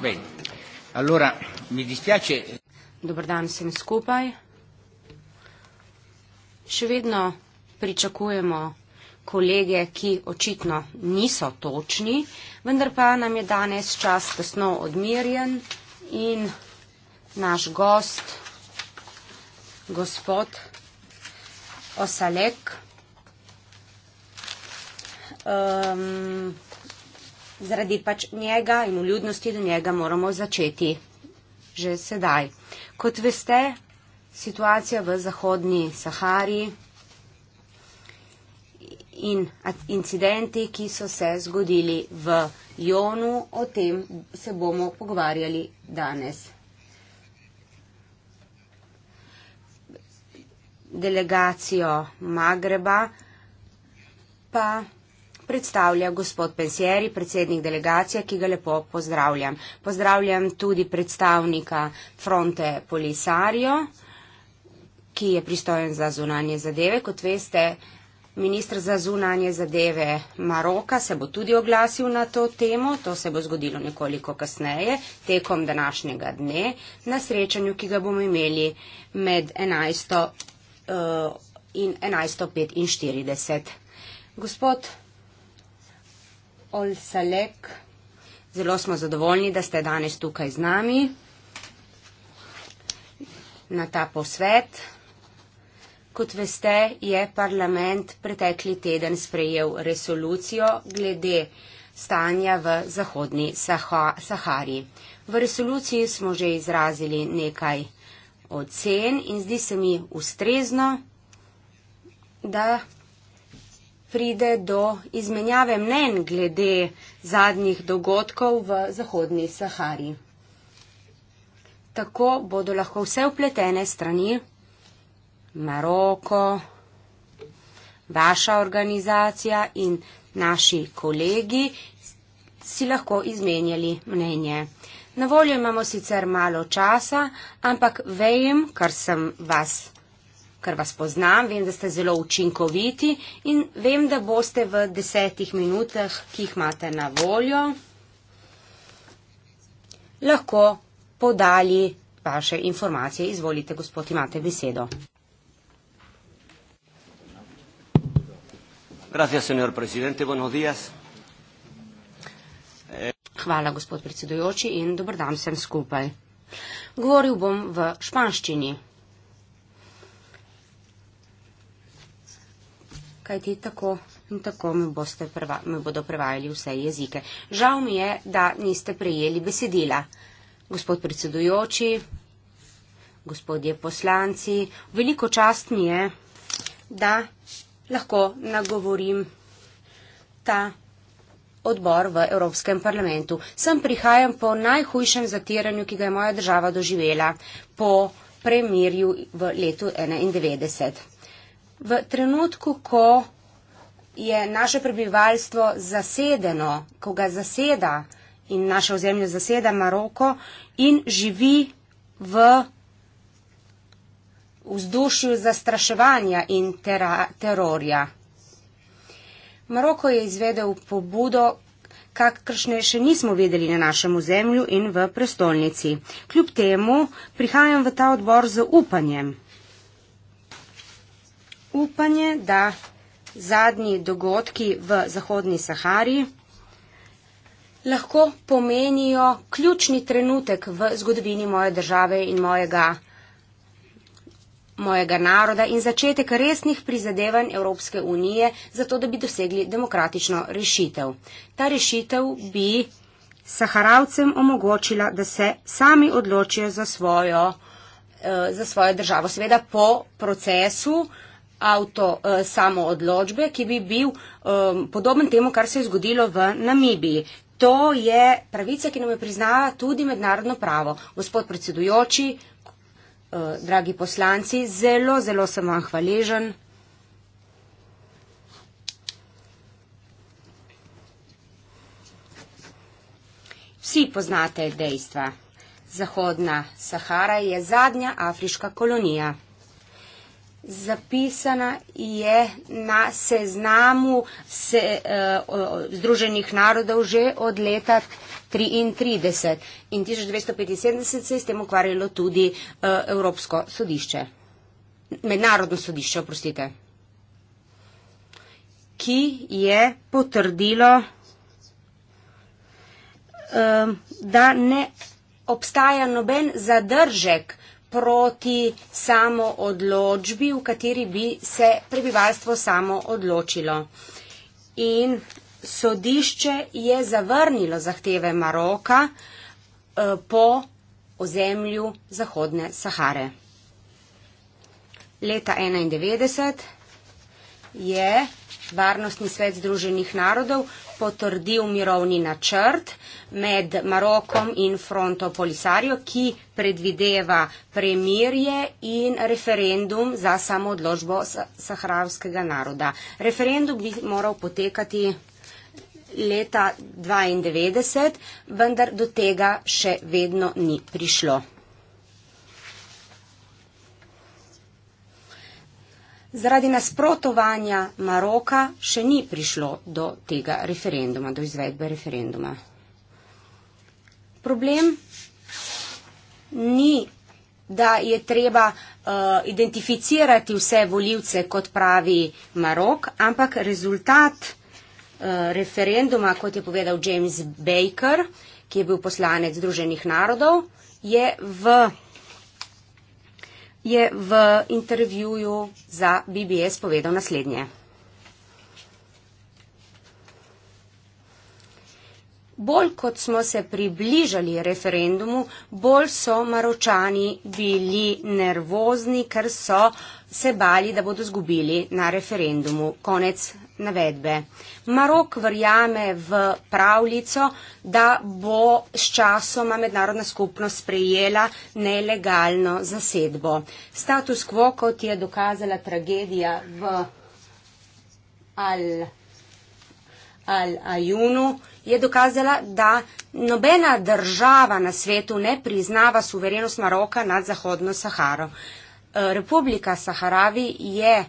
Beh, allora mi dispiace. Dobrodan vsem skupaj. Še vedno pričakujemo kolege, ki očitno niso točni, vendar pa nam je danes čas tesno odmirjen in naš gost, gospod Osalek. Um, zaradi pač njega in vljudnosti do njega moramo začeti že sedaj. Kot veste, situacija v Zahodni Sahari in incidenti, ki so se zgodili v Jonu, o tem se bomo pogovarjali danes. Delegacijo Magreba pa predstavlja gospod Pensieri, predsednik delegacije, ki ga lepo pozdravljam. Pozdravljam tudi predstavnika fronte Polisario, ki je pristojen za zunanje zadeve. Kot veste, ministr za zunanje zadeve Maroka se bo tudi oglasil na to temo. To se bo zgodilo nekoliko kasneje, tekom današnjega dne, na srečanju, ki ga bomo imeli med 11. Uh, eh, in 11.45. Gospod Ol Salek. Zelo smo zadovoljni, da ste danes tukaj z nami na ta posvet. Kot veste, je parlament pretekli teden sprejel resolucijo glede stanja v Zahodni Sahari. V resoluciji smo že izrazili nekaj ocen in zdi se mi ustrezno, da pride do izmenjave mnen glede zadnjih dogodkov v Zahodni Sahari. Tako bodo lahko vse upletene strani, Maroko, vaša organizacija in naši kolegi, si lahko izmenjali mnenje. Na voljo imamo sicer malo časa, ampak vejem, kar sem vas ker vas poznam, vem, da ste zelo učinkoviti in vem, da boste v desetih minutah, ki jih imate na voljo, lahko podali vaše informacije. Izvolite, gospod, imate besedo. Gracias, señor presidente. Buenos días. Hvala, gospod predsedujoči, in dobrodan sem skupaj. Govoril bom v španščini. kaj ti tako in tako me, preva, me bodo prevajali vse jezike. Žal mi je, da niste prejeli besedila. Gospod predsedujoči, gospodje poslanci, veliko čast mi je, da lahko nagovorim ta odbor v Evropskem parlamentu. Sem prihajam po najhujšem zatiranju, ki ga je moja država doživela, po premirju v letu 1991 v trenutku, ko je naše prebivalstvo zasedeno, ko ga zaseda in naše ozemlje zaseda Maroko in živi v vzdušju zastraševanja in tera, terorja. Maroko je izvedel pobudo, kakršne še nismo videli na našem ozemlju in v prestolnici. Kljub temu prihajam v ta odbor z upanjem upanje, da zadnji dogodki v Zahodni Sahari lahko pomenijo ključni trenutek v zgodovini moje države in mojega, mojega naroda in začetek resnih prizadevanj Evropske unije za to, da bi dosegli demokratično rešitev. Ta rešitev bi Saharavcem omogočila, da se sami odločijo za svojo, eh, za svojo državo. Seveda po procesu, avto e, samoodločbe, ki bi bil e, podoben temu, kar se je zgodilo v Namibiji. To je pravica, ki nam je priznala tudi mednarodno pravo. Gospod predsedujoči, e, dragi poslanci, zelo, zelo sem vam hvaležen. Vsi poznate dejstva. Zahodna Sahara je zadnja afriška kolonija zapisana je na seznamu se, uh, Združenih narodov že od leta 1933 in 1975 se je s tem ukvarjalo tudi uh, Evropsko sodišče, mednarodno sodišče, oprostite, ki je potrdilo, uh, da ne obstaja noben zadržek uh, proti samo odločbi, v kateri bi se prebivalstvo samo odločilo. In sodišče je zavrnilo zahteve Maroka eh, po ozemlju Zahodne Sahare. Leta 1991 je Varnostni svet Združenih narodov potrdil mirovni načrt med Marokom in Fronto Polisario, ki predvideva premirje in referendum za samoodložbo saharavskega naroda. Referendum bi moral potekati leta 1992, vendar do tega še vedno ni prišlo. Zaradi nasprotovanja Maroka še ni prišlo do tega referenduma, do izvedbe referenduma. Problem ni, da je treba uh, identificirati vse voljivce, kot pravi Marok, ampak rezultat eh, referenduma, kot je povedal James Baker, ki je bil poslanec Združenih narodov, je v je v intervjuju za BBS povedal naslednje. Bolj kot smo se približali referendumu, bolj so maročani bili nervozni, ker so se bali, da bodo zgubili na referendumu. Konec navedbe. Marok verjame v pravljico, da bo s časoma mednarodna skupnost sprejela nelegalno zasedbo. Status quo, kot je dokazala tragedija v Al-Ajunu, Al je dokazala, da nobena država na svetu ne priznava suverenost Maroka nad Zahodno Saharo. Eh, Republika Saharavi je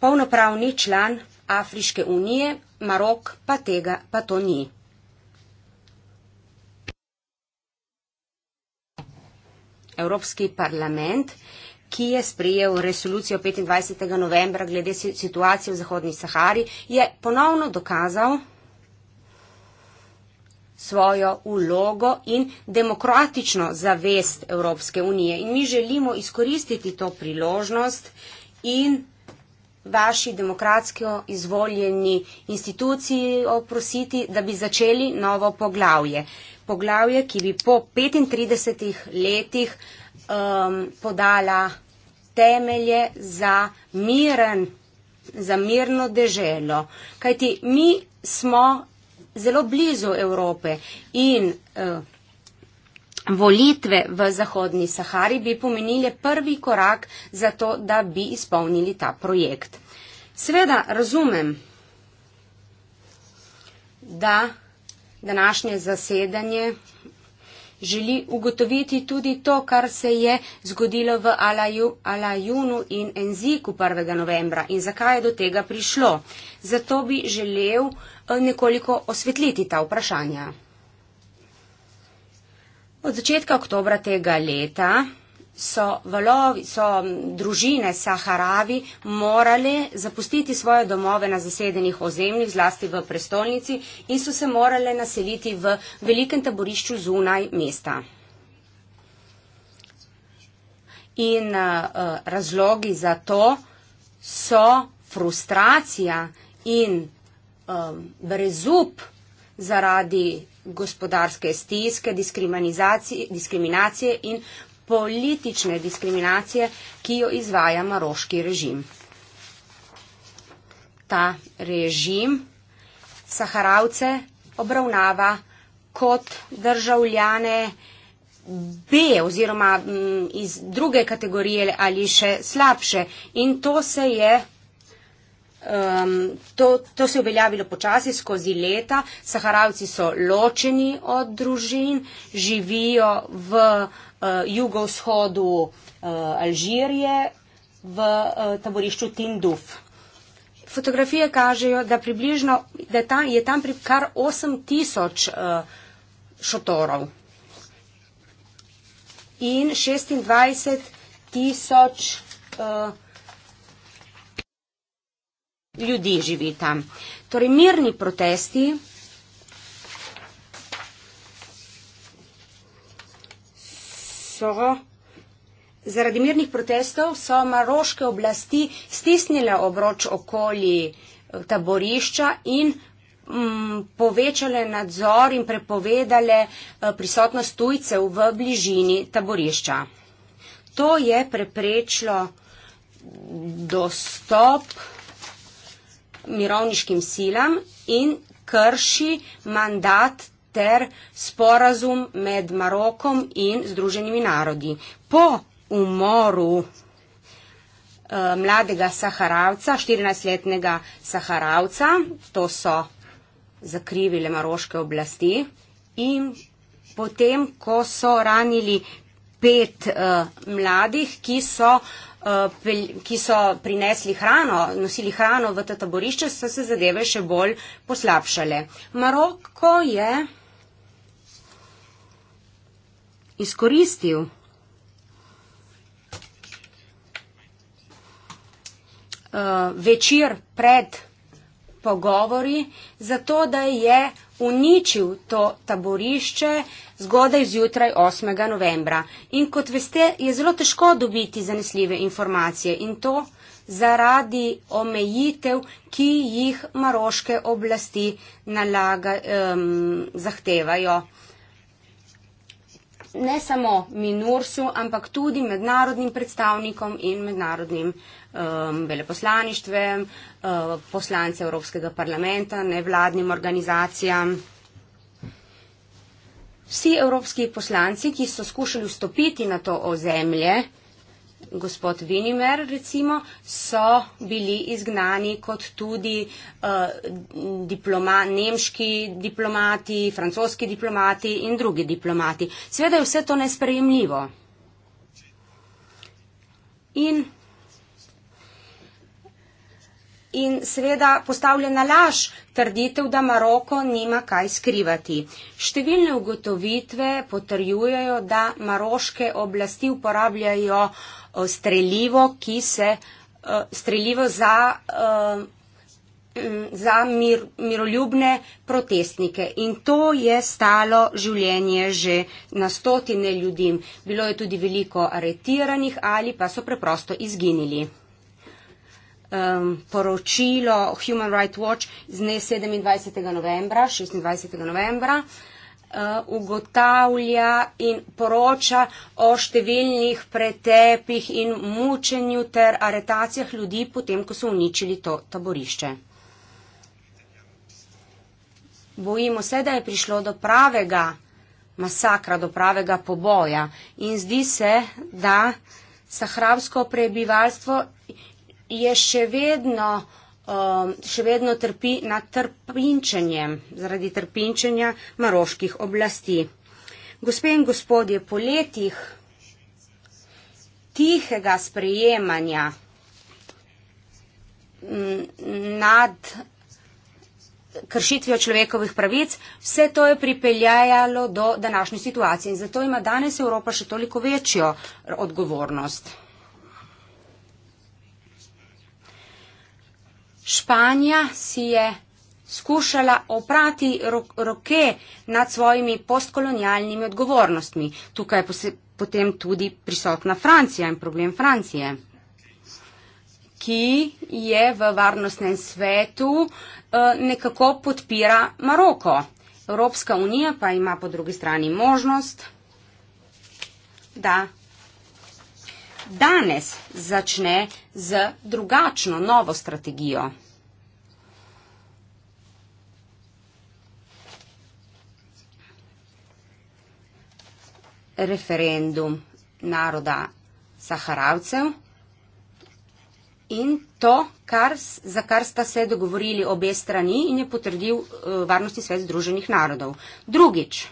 polnopravni član Afriške unije, Marok pa tega pa to ni. Evropski parlament, ki je sprijel resolucijo 25. novembra glede situacije v Zahodni Sahari, je ponovno dokazal svojo ulogo in demokratično zavest Evropske unije. In mi želimo izkoristiti to priložnost in vaši demokratsko izvoljeni instituciji oprositi, da bi začeli novo poglavje. Poglavje, ki bi po 35 letih um, podala temelje za, miren, za mirno deželo. Kajti mi smo zelo blizu Evrope in uh, Volitve v Zahodni Sahari bi pomenile prvi korak za to, da bi izpolnili ta projekt. Sveda razumem, da današnje zasedanje želi ugotoviti tudi to, kar se je zgodilo v Alaju, Alajunu in Enziku 1. novembra in zakaj je do tega prišlo. Zato bi želel eh, nekoliko osvetliti ta vprašanja. Od začetka oktobra tega leta so, valovi, so družine Saharavi morale zapustiti svoje domove na zasedenih ozemljih, zlasti v prestolnici, in so se morale naseliti v velikem taborišču zunaj mesta. In uh, razlogi za to so frustracija in um, brezup zaradi gospodarske stiske, diskriminacije in politične diskriminacije, ki jo izvaja maroški režim. Ta režim Saharavce obravnava kot državljane B oziroma m, mm, iz druge kategorije ali še slabše. In to se je Um, to, to se je uveljavilo počasi skozi leta. Saharavci so ločeni od družin, živijo v uh, jugovzhodu uh, Alžirije v uh, taborišču Tinduf. Fotografije kažejo, da, približno, da je, tam, je tam kar 8000 uh, šotorov in 26000 uh, ljudi živi tam. Torej, mirni protesti so zaradi mirnih protestov so maroške oblasti stisnile obroč okoli eh, taborišča in mm, povečale nadzor in prepovedale eh, prisotnost tujcev v bližini taborišča. To je preprečilo dostop mirovniškim silam in krši mandat ter sporazum med Marokom in Združenimi narodi. Po umoru e, mladega Saharavca, 14-letnega Saharavca, to so zakrivile maroške oblasti in potem, ko so ranili pet e, mladih, ki so Eh, ki so prinesli hrano, nosili hrano v ta taborišče, so se zadeve še bolj poslabšale. Maroko je izkoristil eh, večer pred pogovori, zato da je uničil to taborišče, zgodaj zjutraj 8. novembra. In kot veste, je zelo težko dobiti zanesljive informacije in to zaradi omejitev, ki jih maroške oblasti nalaga, um, zahtevajo. Ne samo Minursu, ampak tudi mednarodnim predstavnikom in mednarodnim um, veleposlaništvem, uh, poslance Evropskega parlamenta, nevladnim organizacijam. Vsi evropski poslanci, ki so skušali vstopiti na to ozemlje, gospod Vinimer recimo, so bili izgnani kot tudi uh, diploma, nemški diplomati, francoski diplomati in drugi diplomati. Sveda je vse to nespremljivo. In in seveda postavljena laž trditev, da Maroko nima kaj skrivati. Številne ugotovitve potrjujejo, da maroške oblasti uporabljajo eh, strelivo, ki se eh, strelivo za eh, za mir, miroljubne protestnike. In to je stalo življenje že na stotine ljudi. Bilo je tudi veliko aretiranih ali pa so preprosto izginili um, poročilo Human Rights Watch z dne 27. novembra, 26. novembra, uh, ugotavlja in poroča o številnih pretepih in mučenju ter aretacijah ljudi, potem ko so uničili to taborišče. Bojimo se, da je prišlo do pravega masakra, do pravega poboja in zdi se, da sahrabsko prebivalstvo je še vedno, um, še vedno trpi nad trpinčenjem, zaradi trpinčenja maroških oblasti. Gospe in gospodje, po letih tihega sprejemanja mm, nad kršitvijo človekovih pravic, vse to je pripeljalo do današnje situacije in zato ima danes Evropa še toliko večjo odgovornost. Španija si je skušala oprati roke nad svojimi postkolonialnimi odgovornostmi. Tukaj je potem tudi prisotna Francija in problem Francije, ki je v varnostnem svetu eh, nekako podpira Maroko. Evropska unija pa ima po drugi strani možnost, da danes začne z drugačno novo strategijo. referendum naroda Saharavcev in to, kar, za kar sta se dogovorili obe strani in je potrdil eh, Varnostni svet Združenih narodov. Drugič.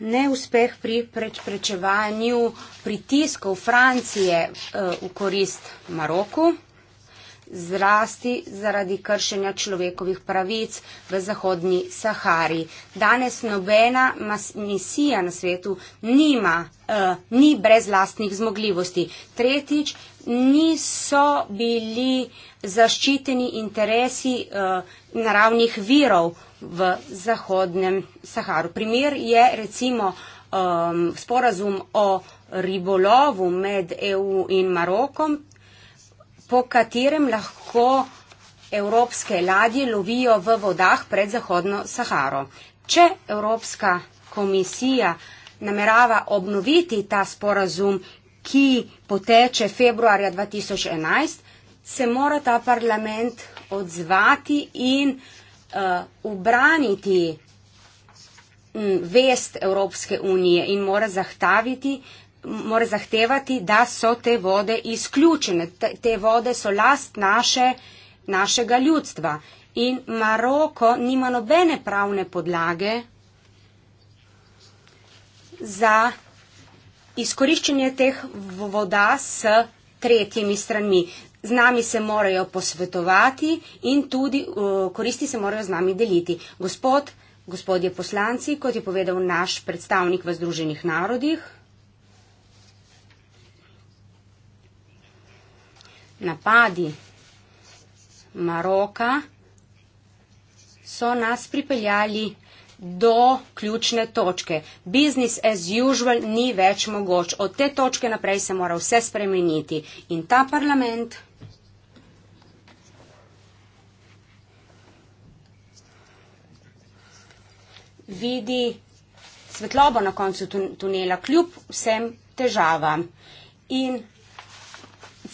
neuspeh pri preprečevanju pritiskov Francije eh, v korist Maroku, zrasti zaradi kršenja človekovih pravic v Zahodnji Sahari. Danes nobena misija na svetu nima, eh, ni brez lastnih zmogljivosti. Tretjič, niso bili zaščiteni interesi eh, naravnih virov v Zahodnem Saharu. Primer je recimo um, sporazum o ribolovu med EU in Marokom, po katerem lahko evropske ladje lovijo v vodah pred Zahodno Saharo. Če Evropska komisija namerava obnoviti ta sporazum, ki poteče februarja 2011, se mora ta parlament odzvati in uh, ubraniti um, vest Evropske unije in mora zahtaviti mora zahtevati, da so te vode izključene. Te, te vode so last naše, našega ljudstva. In Maroko nima nobene pravne podlage za izkoriščenje teh voda s tretjimi stranmi z nami se morajo posvetovati in tudi uh, koristi se morajo z nami deliti. Gospod, gospodje poslanci, kot je povedal naš predstavnik v Združenih narodih, napadi Maroka so nas pripeljali do ključne točke. Business as usual ni več mogoč. Od te točke naprej se mora vse spremeniti. In ta parlament. vidi svetlobo na koncu tunela, kljub vsem težavam. In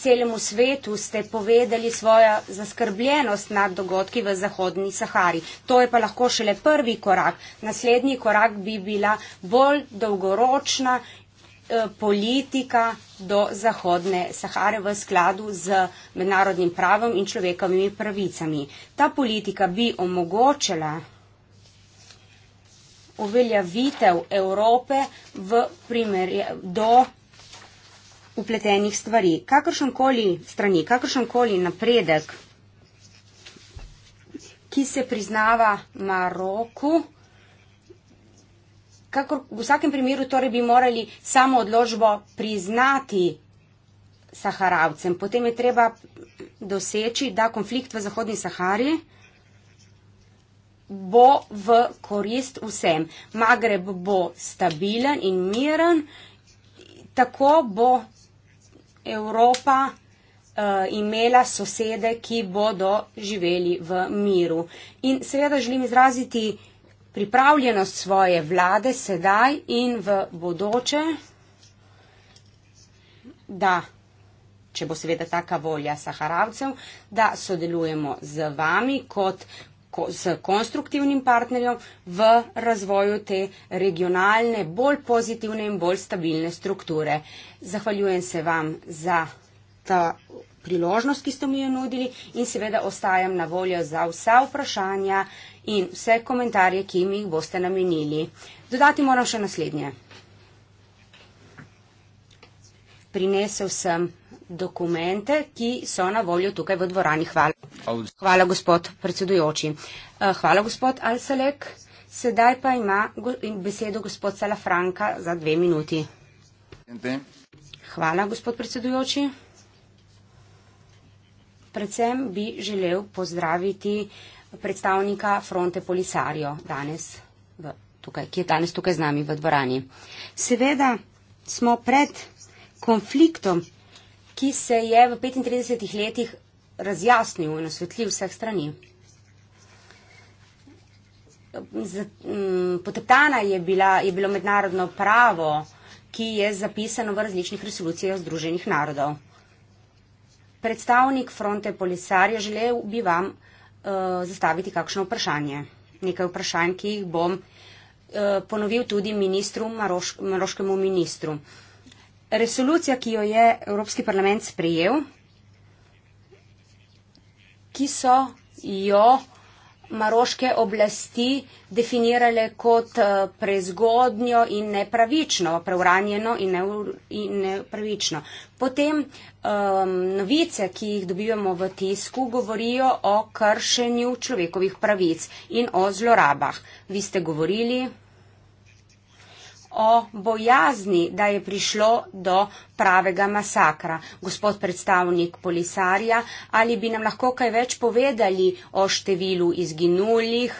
celemu svetu ste povedali svojo zaskrbljenost nad dogodki v Zahodni Sahari. To je pa lahko šele prvi korak. Naslednji korak bi bila bolj dolgoročna eh, politika do Zahodne Sahare v skladu z mednarodnim pravom in človekovimi pravicami. Ta politika bi omogočila uveljavitev Evrope v primerjav do upletenih stvari. Kakršenkoli strani, kakršenkoli napredek, ki se priznava Maroku, kakor, v vsakem primeru torej bi morali samo odložbo priznati Saharavcem. Potem je treba doseči, da konflikt v Zahodni Sahari bo v korist vsem. Magreb bo stabilen in miren, tako bo Evropa uh, imela sosede, ki bodo živeli v miru. In seveda želim izraziti pripravljenost svoje vlade sedaj in v bodoče, da če bo seveda taka volja saharavcev, da sodelujemo z vami kot s konstruktivnim partnerjem v razvoju te regionalne, bolj pozitivne in bolj stabilne strukture. Zahvaljujem se vam za ta priložnost, ki ste mi jo nudili in seveda ostajam na voljo za vsa vprašanja in vse komentarje, ki mi jih boste namenili. Dodati moram še naslednje. Prinesel sem dokumente, ki so na voljo tukaj v dvorani. Hvala. Hvala, gospod predsedujoči. Eh, hvala, gospod Alselek. Sedaj pa ima besedo gospod Salafranka za dve minuti. Hvala, gospod predsedujoči. Predvsem bi želel pozdraviti predstavnika Fronte Polisario, danes v, tukaj, ki je danes tukaj z nami v dvorani. Seveda smo pred konfliktom ki se je v 35 letih razjasnil in osvetlil vseh strani. Mm, poteptana je, bila, je bilo mednarodno pravo, ki je zapisano v različnih resolucijah Združenih narodov. Predstavnik fronte Polisarja želel bi vam uh, zastaviti kakšno vprašanje. Nekaj vprašanj, ki jih bom uh, ponovil tudi ministru, maroškemu ministru. Uh, resolucija, ki jo je Evropski parlament sprejel, ki so jo maroške oblasti definirale kot eh, prezgodnjo in nepravično, preuranjeno in, ne, in nepravično. Potem um, novice, ki jih dobivamo v tisku, govorijo o kršenju človekovih pravic in o zlorabah. Vi ste govorili o bojazni, da je prišlo do pravega masakra. Gospod predstavnik polisarja, ali bi nam lahko kaj več povedali o številu izginulih,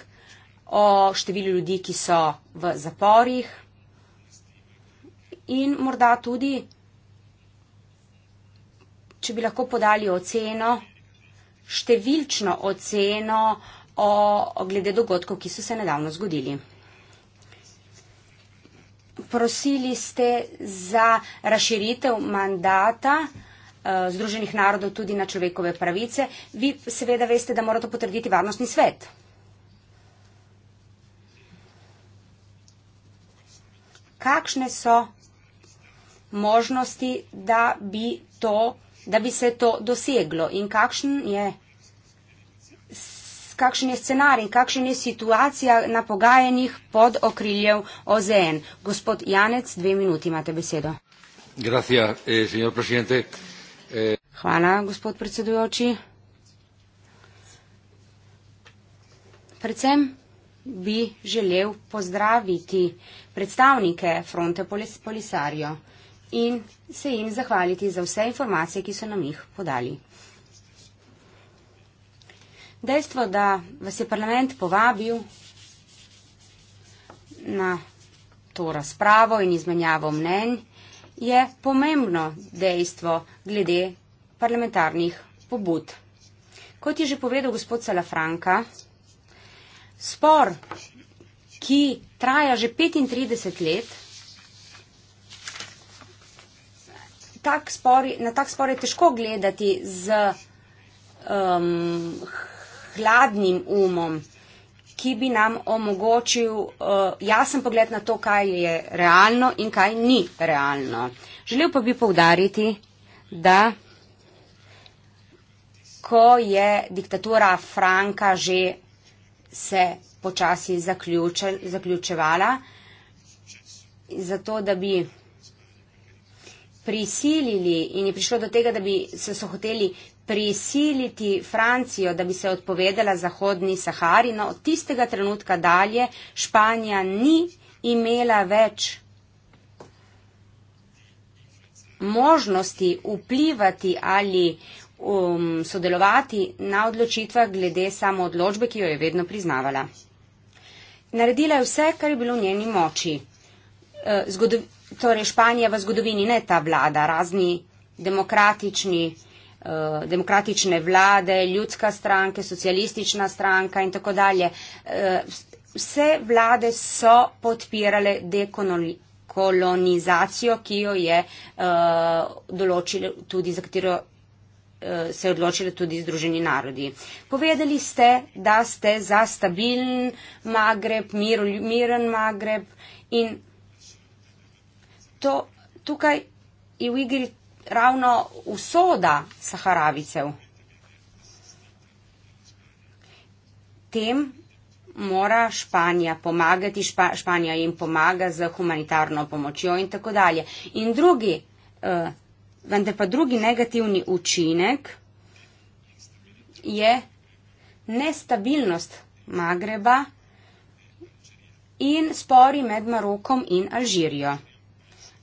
o številu ljudi, ki so v zaporih in morda tudi, če bi lahko podali oceno, številčno oceno o, o glede dogodkov, ki so se nedavno zgodili prosili ste za razširitev mandata eh, Združenih narodov tudi na človekove pravice. Vi seveda veste, da mora to potrditi varnostni svet. Kakšne so možnosti, da bi, to, da bi se to doseglo in kakšen je kakšen je scenarij, kakšen je situacija na pogajanjih pod okriljev OZN. Gospod Janec, dve minuti imate besedo. Eh, eh, Hvala, gospod predsedujoči. Predvsem bi želel pozdraviti predstavnike fronte Polisario in se jim zahvaliti za vse informacije, ki so nam jih podali. Dejstvo, da vas je parlament povabil na to razpravo in izmenjavo mnenj, je pomembno dejstvo glede parlamentarnih pobud. Kot je že povedal gospod Salafranka, spor, ki traja že 35 let, tak spor, na tak spor je težko gledati z um, hladnim umom, ki bi nam omogočil uh, jasen pogled na to, kaj je realno in kaj ni realno. Želel pa bi povdariti, da ko je diktatura Franka že se počasi zaključe, zaključevala, zato da bi prisilili in je prišlo do tega, da bi se so hoteli prisiliti Francijo, da bi se odpovedala Zahodni Sahari, no od tistega trenutka dalje Španija ni imela več možnosti vplivati ali um, sodelovati na odločitvah glede samo odločbe, ki jo je vedno priznavala. Naredila je vse, kar je bilo v njeni moči. E, torej Španija v zgodovini, ne ta vlada, razni demokratični Eh, demokratične vlade, ljudska stranke, socialistična stranka in tako dalje. Eh, vse vlade so podpirale dekolonizacijo, ki jo je eh, določila tudi, za katero se je odločila tudi Združeni narodi. Povedali ste, da ste za stabilen Magreb, mir, miren Magreb in to tukaj je v igri ravno usoda saharavicev. Tem mora Španija pomagati, Špa, Španija jim pomaga z humanitarno pomočjo in tako dalje. In drugi, uh, vendar pa drugi negativni učinek je nestabilnost Magreba in spori med Marokom in Alžirijo.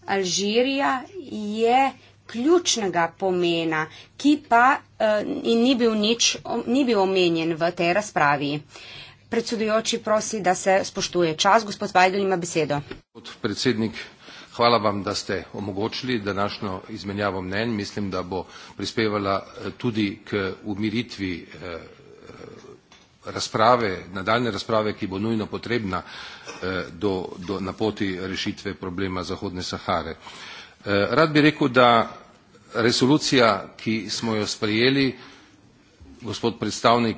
Alžirija je ključnega pomena, ki pa uh, in ni bil nič, ni bil omenjen v tej razpravi. Predsedujoči prosi, da se spoštuje čas. Gospod Vajdel ima besedo. Gospod predsednik, hvala vam, da ste omogočili današnjo izmenjavo mnen. Mislim, da bo prispevala eh, tudi k umiritvi eh, razprave, nadaljne razprave, ki bo nujno potrebna do, do, na poti rešitve problema Zahodne Sahare. Uh, Eh, rad bi rekel, da resolucija, ki smo jo sprejeli, gospod predstavnik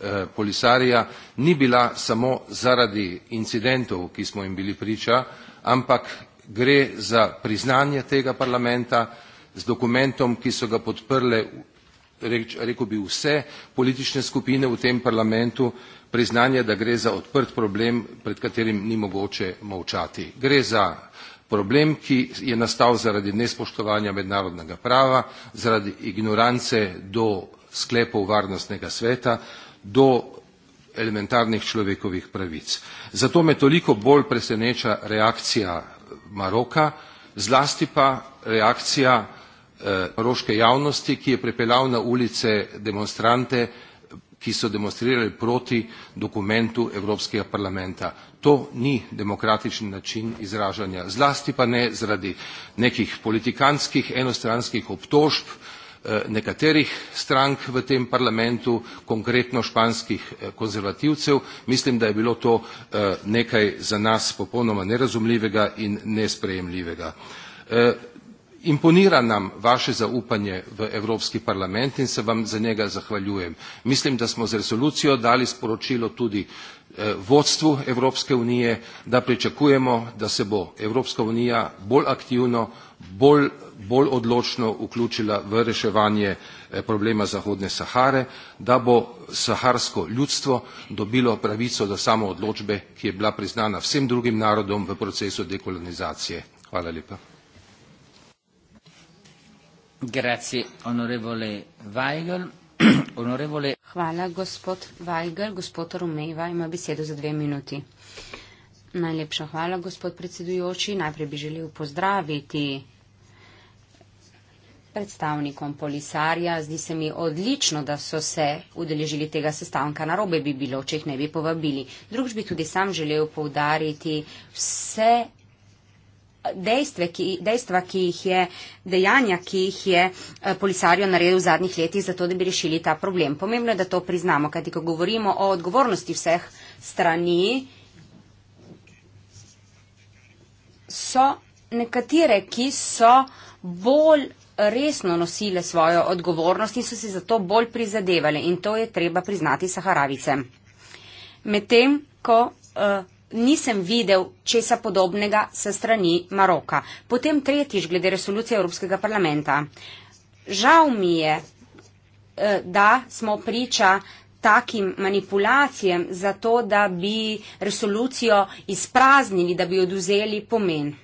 eh, Polisarija, ni bila samo zaradi incidentov, ki smo jim bili priča, ampak gre za priznanje tega parlamenta z dokumentom, ki so ga podprle, reč, rekel bi, vse politične skupine v tem parlamentu, priznanje, da gre za odprt problem, pred katerim ni mogoče molčati. Gre za problem, ki je nastal zaradi nespoštovanja mednarodnega prava, zaradi ignorance do sklepov varnostnega sveta, do elementarnih človekovih pravic. Zato me toliko bolj preseneča reakcija Maroka, zlasti pa reakcija eh, maroške javnosti, ki je prepeljal na ulice demonstrante, ki so demonstrirali proti dokumentu Evropskega parlamenta. To ni demokratičen način izražanja, zlasti pa ne zaradi nekih politikanskih enostranskih obtožb eh, nekaterih strank v tem parlamentu, konkretno španskih eh, konzervativcev. Mislim, da je bilo to eh, nekaj za nas popolnoma nerazumljivega in nesprejemljivega. Imponira nam vaše zaupanje v Evropski parlament in se vam za njega zahvaljujem. Mislim, da smo z resolucijo dali sporočilo tudi eh, vodstvu Evropske unije, da pričakujemo, da se bo Evropska unija bolj aktivno, bolj, bolj odločno vključila v reševanje eh, problema Zahodne Sahare, da bo saharsko ljudstvo dobilo pravico do samo odločbe, ki je bila priznana vsem drugim narodom v procesu dekolonizacije. Hvala lepa. Grazie, onorevole Weigel. onorevole... Hvala, gospod Weigel. Gospod Romeva ima besedo za dve minuti. Najlepša hvala, gospod predsedujoči. Najprej bi želel pozdraviti predstavnikom polisarja. Zdi se mi odlično, da so se udeležili tega sestanka. Narobe bi bilo, če jih ne bi povabili. Drugič bi tudi sam želel poudariti vse dejstve, ki, dejstva, ki jih je, dejanja, ki jih je eh, polisarijo naredil v zadnjih letih, zato da bi rešili ta problem. Pomembno je, da to priznamo, kajti ko govorimo o odgovornosti vseh strani, so nekatere, ki so bolj resno nosile svojo odgovornost in so si zato bolj prizadevali in to je treba priznati saharavice. Medtem, ko uh, nisem videl česa podobnega se strani Maroka. Potem tretjič glede resolucije Evropskega parlamenta. Žal mi je, eh, da smo priča takim manipulacijam za to, da bi resolucijo izpraznili, da bi oduzeli pomen.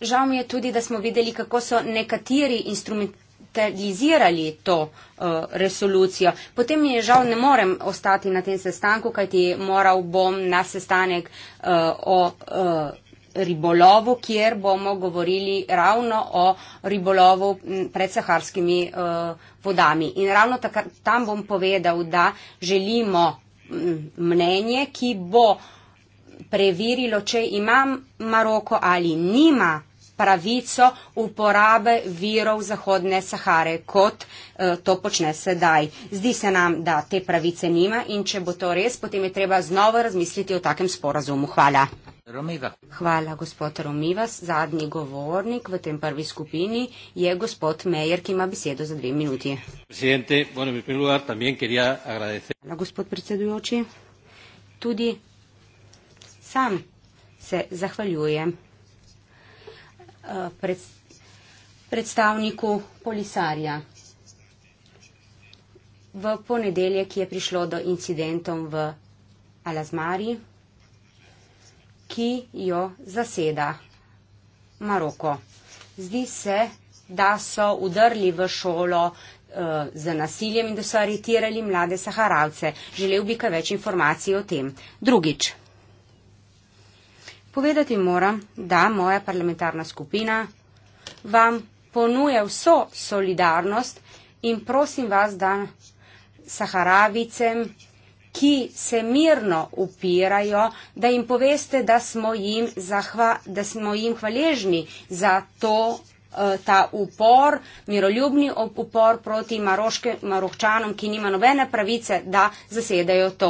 Žal mi je tudi, da smo videli, kako so nekateri instrumenti instrumentalizirali to uh, resolucijo. Potem mi je žal, ne morem ostati na tem sestanku, kajti moral bom na sestanek uh, o. Uh, ribolovu, kjer bomo govorili ravno o ribolovu pred saharskimi uh, vodami. In ravno takar, tam bom povedal, da želimo mnenje, ki bo preverilo, če ima Maroko ali nima pravico uporabe virov Zahodne Sahare, kot eh, to počne sedaj. Zdi se nam, da te pravice nima in če bo to res, potem je treba znova razmisliti o takem sporazumu. Hvala. Romiva. Hvala, gospod Romivas. Zadnji govornik v tem prvi skupini je gospod Mejer, ki ima besedo za dve minuti. Hvala, gospod predsedujoči. Tudi sam se zahvaljujem. Eh, pred, predstavniku Polisarja. V ponedeljek je prišlo do incidentov v Alazmari, ki jo zaseda Maroko. Zdi se, da so udrli v šolo eh, z nasiljem in da so aretirali mlade saharavce. Želel bi kaj več informacij o tem. Drugič. Povedati moram, da moja parlamentarna skupina vam ponuja vso solidarnost in prosim vas, da Saharavicem, ki se mirno upirajo, da jim poveste, da smo jim, zahva, da smo jim hvaležni za to Eh, ta upor, miroljubni upor proti maroške, marokčanom, ki nima nobene pravice, da zasedajo to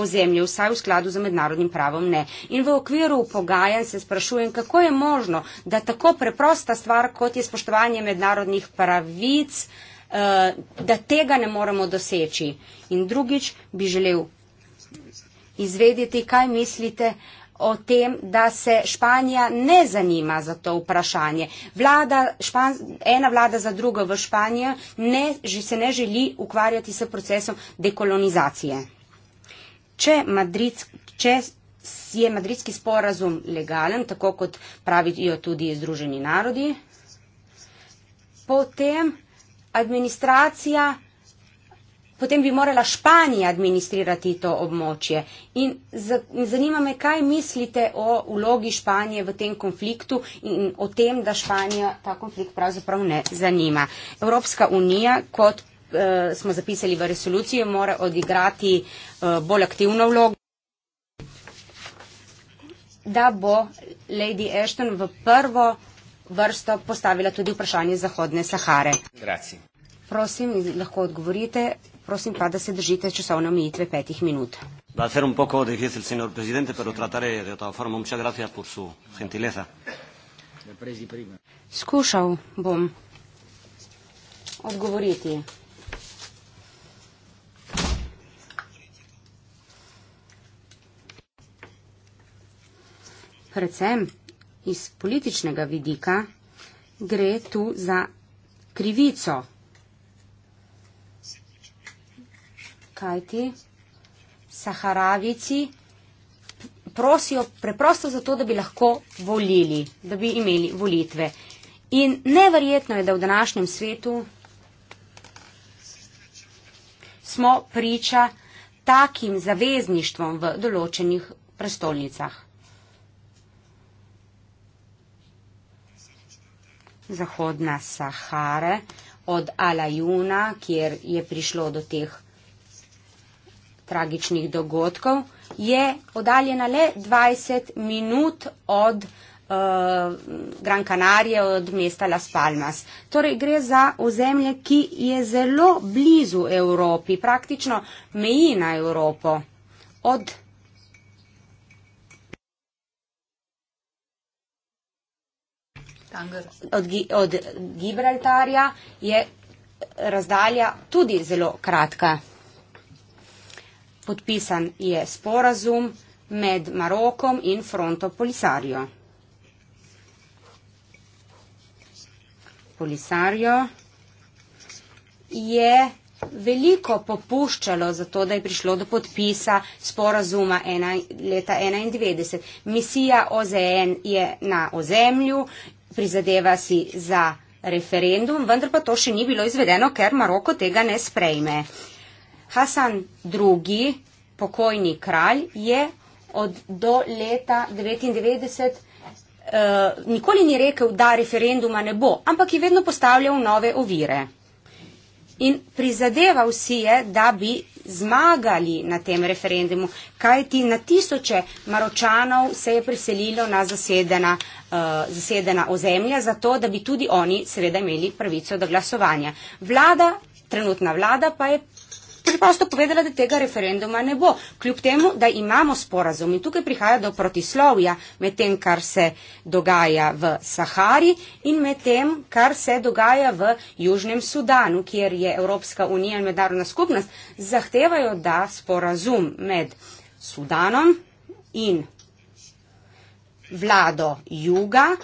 ozemlje, vsaj v skladu z mednarodnim pravom ne. In v okviru pogajanj se sprašujem, kako je možno, da tako preprosta stvar, kot je spoštovanje mednarodnih pravic, eh, da tega ne moremo doseči. In drugič bi želel izvedeti, kaj mislite, o tem, da se Španija ne zanima za to vprašanje. Vlada, špan, ena vlada za drugo v Španiji ne, se ne želi ukvarjati s procesom dekolonizacije. Če, Madrid, če je madridski sporazum legalen, tako kot pravijo tudi Združeni narodi, potem administracija potem bi morala Španija administrirati to območje. In zanima me, kaj mislite o vlogi Španije v tem konfliktu in o tem, da Španija ta konflikt pravzaprav ne zanima. Evropska unija, kot eh, smo zapisali v resoluciji, mora odigrati eh, bolj aktivno vlogo da bo Lady Ashton v prvo vrsto postavila tudi vprašanje Zahodne Sahare. Grazie. Prosim, lahko odgovorite. Prosim pa, da se držite časovne omejitve petih minut. Va a ser un poco difícil, señor presidente, pero trataré de otra forma. Muchas gracias por su gentileza. Skušal bom odgovoriti. Predvsem iz političnega vidika gre tu za krivico kaj ti saharavici prosijo preprosto zato, da bi lahko volili, da bi imeli volitve. In neverjetno je, da v današnjem svetu smo priča takim zavezništvom v določenih prestolnicah. Zahodna Sahare od Alajuna, kjer je prišlo do teh tragičnih dogodkov, je oddaljena le 20 minut od uh, Gran Canarije, od mesta Las Palmas. Torej gre za ozemlje, ki je zelo blizu Evropi, praktično meji na Evropo. Od Od, od Gibraltarja je razdalja tudi zelo kratka. Podpisan je sporazum med Marokom in Fronto Polisario. Polisario je veliko popuščalo za to, da je prišlo do podpisa sporazuma ena, leta 1991. Misija OZN je na ozemlju, prizadeva si za referendum, vendar pa to še ni bilo izvedeno, ker Maroko tega ne sprejme. Hasan II, pokojni kralj, je od do leta 99 uh, eh, nikoli ni rekel, da referenduma ne bo, ampak je vedno postavljal nove ovire. In prizadeval si je, da bi zmagali na tem referendumu, kajti na tisoče maročanov se je priselilo na zasedena, uh, zasedena ozemlja, zato da bi tudi oni seveda imeli pravico do glasovanja. Vlada, trenutna vlada pa je preprosto povedala, da tega referenduma ne bo. Kljub temu, da imamo sporazum in tukaj prihaja do protislovja med tem, kar se dogaja v Sahari in med tem, kar se dogaja v Južnem Sudanu, kjer je Evropska unija in mednarodna skupnost zahtevajo, da sporazum med Sudanom in vlado juga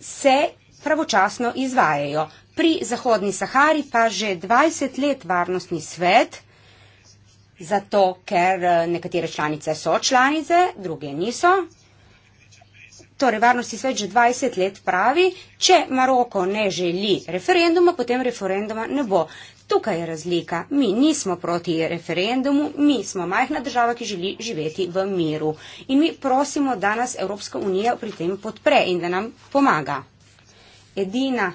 se pravočasno izvajajo pri Zahodni Sahari pa že 20 let varnostni svet, zato ker eh, nekatere članice so članice, druge niso. Torej, varnostni svet že 20 let pravi, če Maroko ne želi referenduma, potem referenduma ne bo. Tukaj je razlika. Mi nismo proti referendumu, mi smo majhna država, ki želi živeti v miru. In mi prosimo, da nas Evropska unija pri tem podpre in da nam pomaga. Edina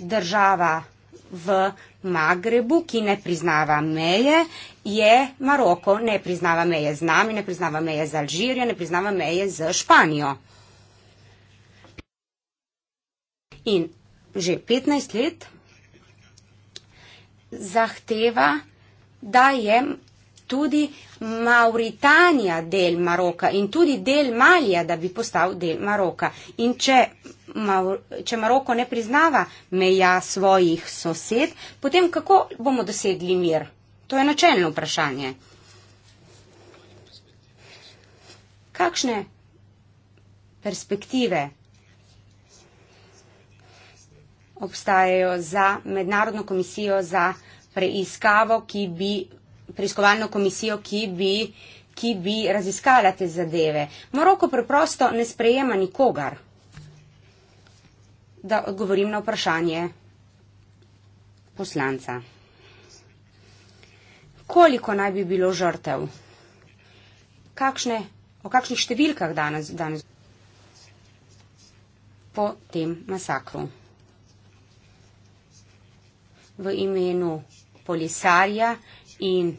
država v Magrebu, ki ne priznava meje, je Maroko, ne priznava meje z nami, ne priznava meje z Alžirijo, ne priznava meje z Španijo. In že 15 let zahteva, da je tudi Mauritanija del Maroka in tudi del Malija, da bi postal del Maroka. In če če Maroko ne priznava meja svojih sosed, potem kako bomo dosegli mir? To je načeljno vprašanje. Kakšne perspektive obstajajo za mednarodno komisijo za preiskavo, ki bi, preiskovalno komisijo, ki bi, ki bi raziskala te zadeve? Moroko preprosto ne sprejema nikogar da odgovorim na vprašanje poslanca. Koliko naj bi bilo žrtev? Kakšne, o kakšnih številkah danes, danes po tem masakru? V imenu polisarja in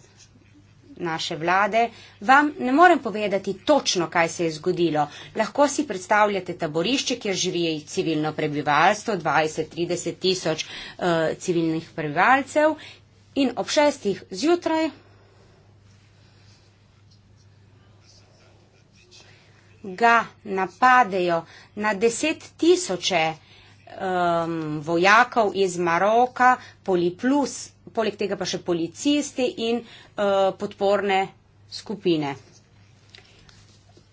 naše vlade, vam ne morem povedati točno, kaj se je zgodilo. Lahko si predstavljate taborišče, kjer živi civilno prebivalstvo, 20-30 tisoč uh, civilnih prebivalcev in ob šestih zjutraj ga napadejo na deset tisoče um, vojakov iz Maroka, Poliplus, poleg tega pa še policisti in uh, podporne skupine.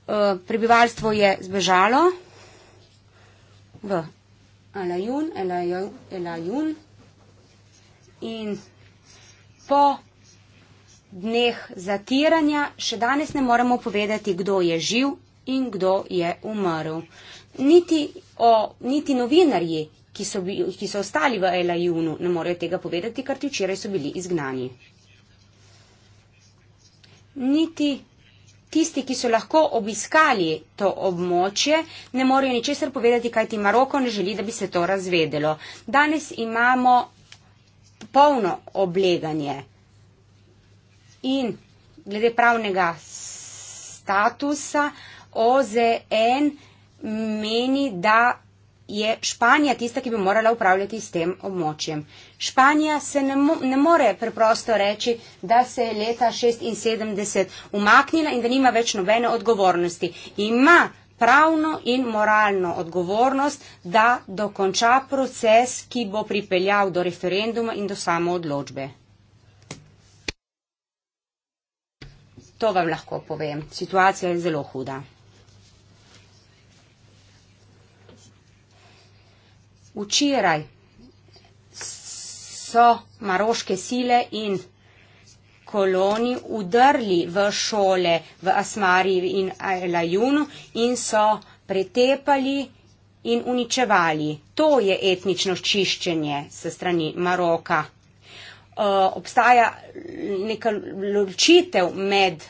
Uh, prebivalstvo je zbežalo v Elajun, Elajun in po dneh zatiranja še danes ne moremo povedati, kdo je živ in kdo je umrl. Niti, o, niti novinarji ki so, bi, ki so ostali v Elajunu, no, ne morejo tega povedati, ker ti včeraj so bili izgnani. Niti tisti, ki so lahko obiskali to območje, ne morejo ničesar povedati, kaj ti Maroko ne želi, da bi se to razvedelo. Danes imamo polno obleganje in glede pravnega statusa OZN meni, da je Španija tista, ki bi morala upravljati s tem območjem. Španija se ne, mo ne more preprosto reči, da se je leta 76 umaknila in da nima več nobene odgovornosti. Ima pravno in moralno odgovornost, da dokonča proces, ki bo pripeljal do referenduma in do samoodločbe. To vam lahko povem. Situacija je zelo huda. včeraj so maroške sile in koloni udrli v šole v Asmariji in Elajunu in so pretepali in uničevali. To je etnično čiščenje se strani Maroka. Uh, obstaja neka ločitev med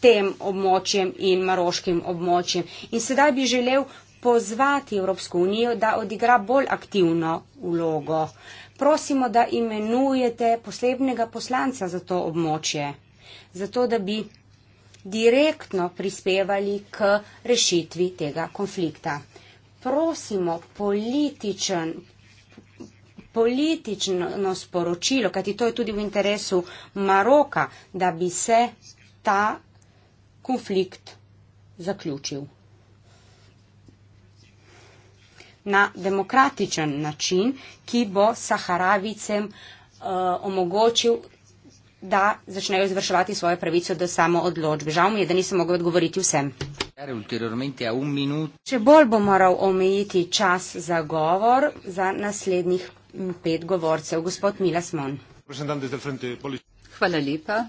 tem območjem in maroškim območjem. In sedaj bi želel pozvati Evropsko unijo, da odigra bolj aktivno vlogo. Prosimo, da imenujete posebnega poslanca za to območje, zato da bi direktno prispevali k rešitvi tega konflikta. Prosimo političen, politično sporočilo, kajti to je tudi v interesu Maroka, da bi se ta konflikt zaključil na demokratičen način, ki bo Saharavicem uh, omogočil, da začnejo izvrševati svojo pravico do samo odločbe. Žal mi je, da nisem mogel odgovoriti vsem. Če bolj bo moral omejiti čas za govor za naslednjih pet govorcev. Gospod Milas Mon. Hvala lepa.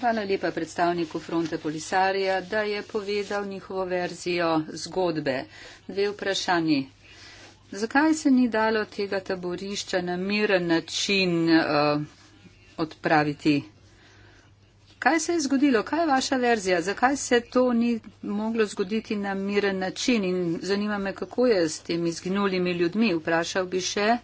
Hvala lepa predstavniku Fronte Polisarija, da je povedal njihovo verzijo zgodbe. Dve vprašanji. Zakaj se ni dalo tega taborišča na miren način uh, odpraviti? Kaj se je zgodilo? Kaj je vaša verzija? Zakaj se to ni moglo zgoditi na miren način? In zanima me, kako je s temi izginulimi ljudmi. Vprašal bi še.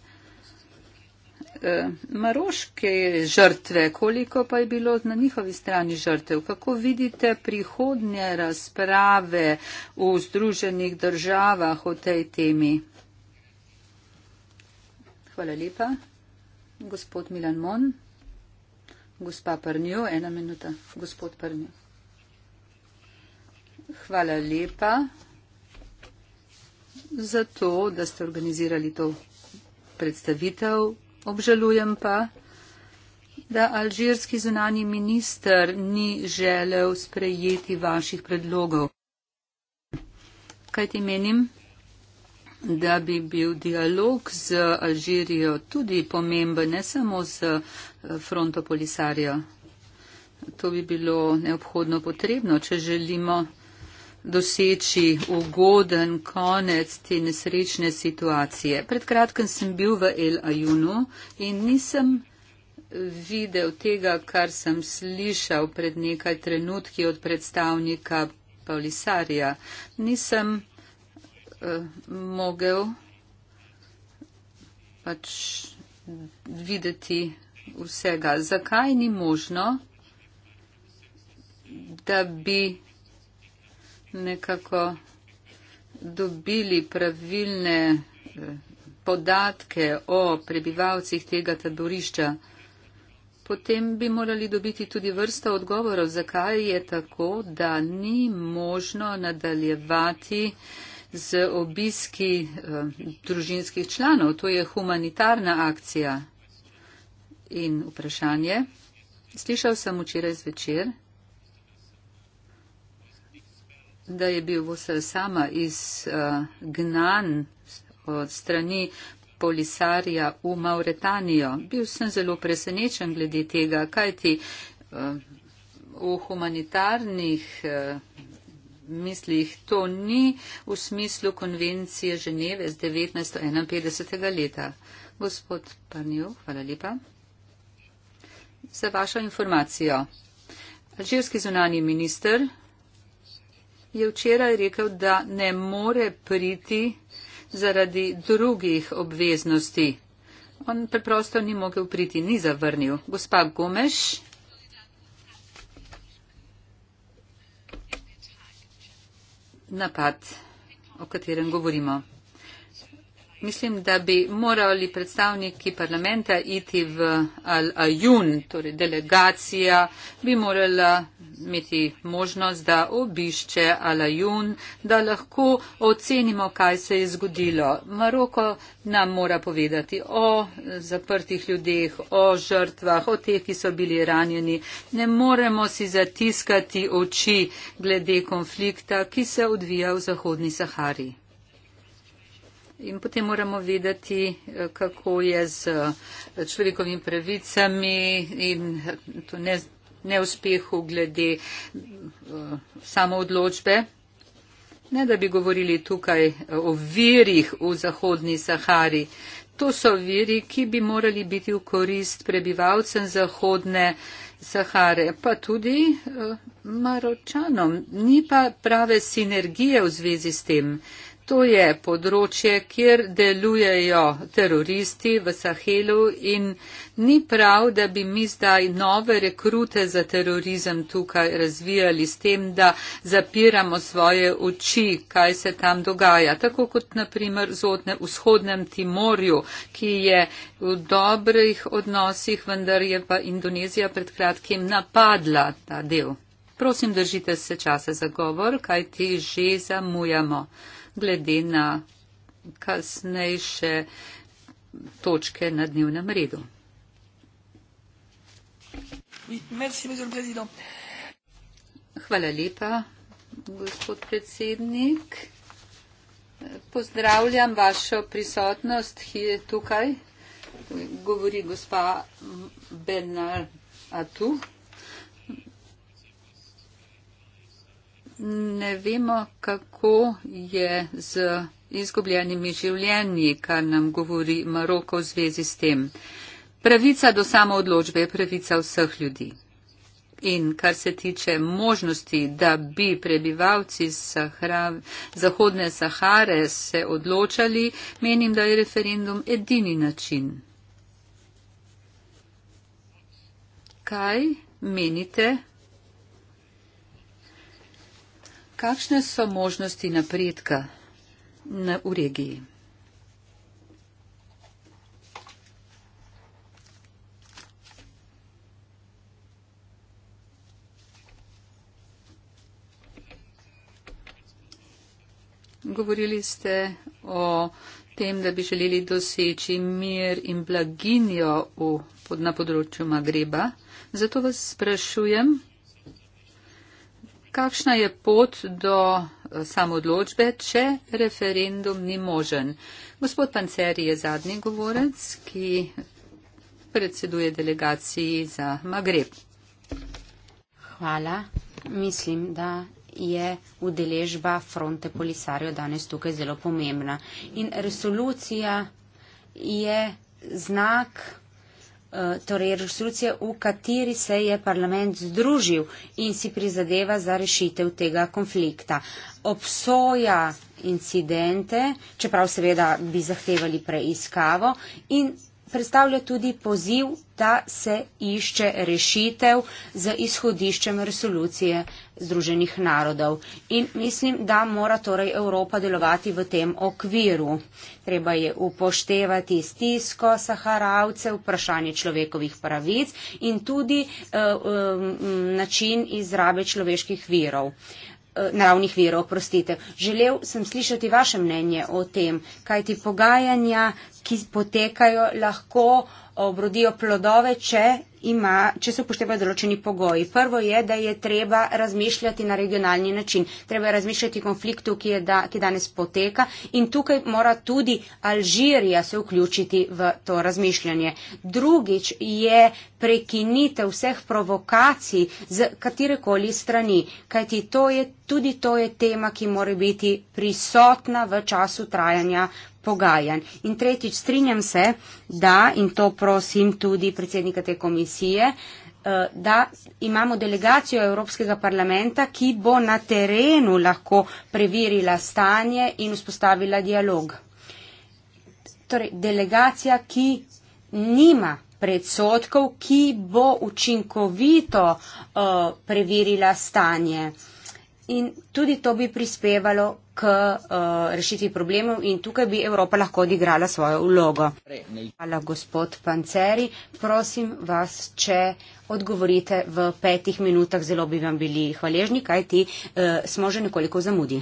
Eh, maroške žrtve, koliko pa je bilo na njihovi strani žrtev? Kako vidite prihodnje razprave v Združenih državah o tej temi? Hvala lepa. Gospod Milan Mon, gospa Prnjo, ena minuta. Gospod Prnjo. Hvala lepa za to, da ste organizirali to predstavitev Obžalujem pa, da alžirski zunani minister ni želel sprejeti vaših predlogov. Kaj ti menim? da bi bil dialog z Alžirijo tudi pomemben, ne samo z eh, fronto polisarijo. To bi bilo neobhodno potrebno, če želimo doseči ugoden konec te nesrečne situacije. Pred kratkem sem bil v El Ayunu in nisem videl tega, kar sem slišal pred nekaj trenutki od predstavnika Paulisarja. Nisem uh, mogel pač videti vsega. Zakaj ni možno, da bi nekako dobili pravilne eh, podatke o prebivalcih tega taborišča, potem bi morali dobiti tudi vrsta odgovorov, zakaj je tako, da ni možno nadaljevati z obiski eh, družinskih članov. To je humanitarna akcija. In vprašanje. Slišal sem včeraj zvečer da je bil Vosel sama izgnan eh, od strani polisarja v Mauretanijo. Bil sem zelo presenečen glede tega, kajti eh, v humanitarnih eh, mislih to ni v smislu konvencije Ženeve z 1951. leta. Gospod Panjo, hvala lepa. Za vašo informacijo. Alžirski zunani minister je včeraj rekel, da ne more priti zaradi drugih obveznosti. On preprosto ni mogel priti, ni zavrnil. Gospa Gomeš. Napad, o katerem govorimo. Mislim, da bi morali predstavniki parlamenta iti v Al-Ajun, torej delegacija bi morala imeti možnost, da obišče Al-Ajun, da lahko ocenimo, kaj se je zgodilo. Maroko nam mora povedati o zaprtih ljudeh, o žrtvah, o teh, ki so bili ranjeni. Ne moremo si zatiskati oči glede konflikta, ki se odvija v Zahodni Sahari. In potem moramo videti, eh, kako je z eh, človekovimi pravicami in eh, to neuspehu ne glede samoodločbe. Ne da bi govorili tukaj o virih v Zahodni Sahari. To so viri, ki bi morali biti v korist prebivalcem Zahodne Sahare, pa tudi Maročanom. Ni pa prave sinergije v zvezi s tem. To je področje, kjer delujejo teroristi v Sahelu in ni prav, da bi mi zdaj nove rekrute za terorizem tukaj razvijali s tem, da zapiramo svoje oči, kaj se tam dogaja, tako kot naprimer v vzhodnem Timorju, ki je v dobrih odnosih, vendar je pa Indonezija pred kratkim napadla ta del. Prosim, držite se časa za govor, kaj ti že zamujamo glede na kasnejše točke na dnevnem redu. Hvala lepa, gospod predsednik. Pozdravljam vašo prisotnost, ki je tukaj, govori gospa Benar Atu. ne vemo, kako je z izgubljenimi življenji, kar nam govori Maroko v zvezi s tem. Pravica do samoodločbe je pravica vseh ljudi. In kar se tiče možnosti, da bi prebivalci Sahra, Zahodne Sahare se odločali, menim, da je referendum edini način. Kaj menite? Kakšne so možnosti napredka na, v regiji? Govorili ste o tem, da bi želeli doseči mir in blaginjo v, na področju Magreba. Zato vas sprašujem, kakšna je pot do eh, samodločbe, če referendum ni možen. Gospod Panceri je zadnji govorec, ki predseduje delegaciji za Magreb. Hvala. Mislim, da je udeležba fronte polisarjo danes tukaj zelo pomembna. In resolucija je znak Eh, torej resolucije, v kateri se je parlament združil in si prizadeva za rešitev tega konflikta. Obsoja incidente, čeprav seveda bi zahtevali preiskavo in predstavlja tudi poziv, da se išče rešitev z izhodiščem resolucije Združenih narodov. In mislim, da mora torej Evropa delovati v tem okviru. Treba je upoštevati stisko saharavcev, vprašanje človekovih pravic in tudi uh, um, način izrabe človeških virov. Uh, Eh, naravnih virov, oprostite. Želel sem slišati vaše mnenje o tem, kaj ti pogajanja, ki potekajo, lahko obrodijo plodove, če ima, če se upoštevajo določeni pogoji. Prvo je, da je treba razmišljati na regionalni način. Treba je razmišljati o konfliktu, ki, je da, ki danes poteka in tukaj mora tudi Alžirija se vključiti v to razmišljanje. Drugič je prekinitev vseh provokacij z katerekoli strani, kajti to je, tudi to je tema, ki mora biti prisotna v času trajanja pogajanj. In tretjič, strinjam se, da, in to prosim tudi predsednika te komisije, eh, da imamo delegacijo Evropskega parlamenta, ki bo na terenu lahko preverila stanje in vzpostavila dialog. Torej, delegacija, ki nima predsotkov, ki bo učinkovito uh, preverila stanje. In tudi to bi prispevalo k uh, rešitvi problemov in tukaj bi Evropa lahko odigrala svojo vlogo. Hvala, gospod Panceri. Prosim vas, če odgovorite v petih minutah, zelo bi vam bili hvaležni, kaj ti uh, eh, smo že nekoliko zamudi.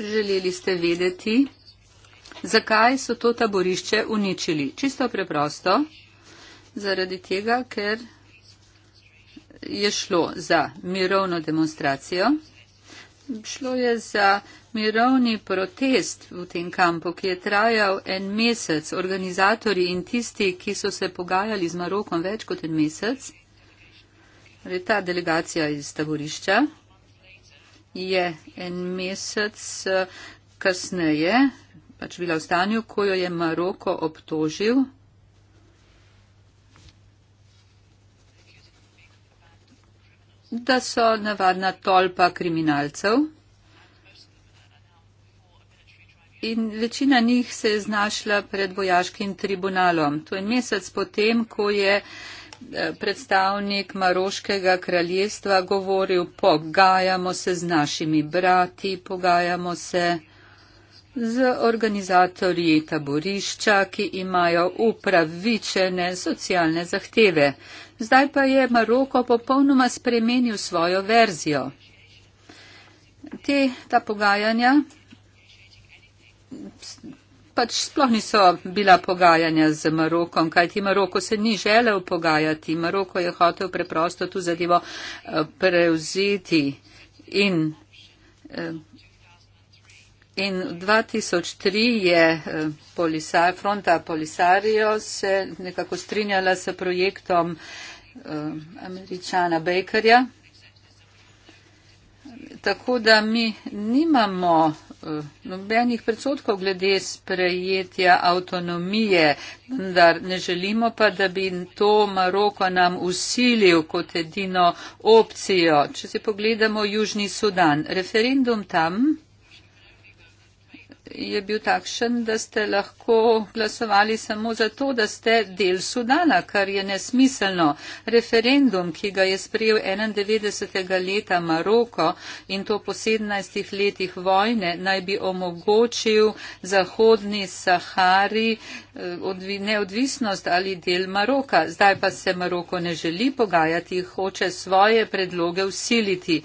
Želeli ste vedeti, zakaj so to taborišče uničili? Čisto preprosto zaradi tega, ker je šlo za mirovno demonstracijo, šlo je za mirovni protest v tem kampu, ki je trajal en mesec, organizatori in tisti, ki so se pogajali z Marokom več kot en mesec, torej ta delegacija iz taborišča je en mesec eh, kasneje pač bila v stanju, ko jo je Maroko obtožil da so navadna tolpa kriminalcev in večina njih se je znašla pred vojaškim tribunalom. To je mesec potem, ko je eh, predstavnik Maroškega kraljestva govoril, pogajamo se z našimi brati, pogajamo se z našimi brati z organizatorji taborišča, ki imajo upravičene socialne zahteve. Zdaj pa je Maroko popolnoma spremenil svojo verzijo. Te, ta pogajanja pač sploh niso bila pogajanja z Marokom, kajti Maroko se ni želel pogajati. Maroko je hotel preprosto tu zadevo eh, prevzeti in eh, In 2003 je eh, polisar, fronta Polisario se nekako strinjala s projektom eh, američana Bakerja. Tako da mi nimamo eh, nobenih predsotkov glede sprejetja avtonomije, vendar ne želimo pa, da bi to Maroko nam usilil kot edino opcijo. Če si pogledamo Južni Sudan, referendum tam je bil takšen, da ste lahko glasovali samo zato, da ste del Sudana, kar je nesmiselno. Referendum, ki ga je sprejel 91. leta Maroko in to po 17 letih vojne, naj bi omogočil Zahodni Sahari eh, neodvisnost ali del Maroka. Zdaj pa se Maroko ne želi pogajati, hoče svoje predloge usiliti.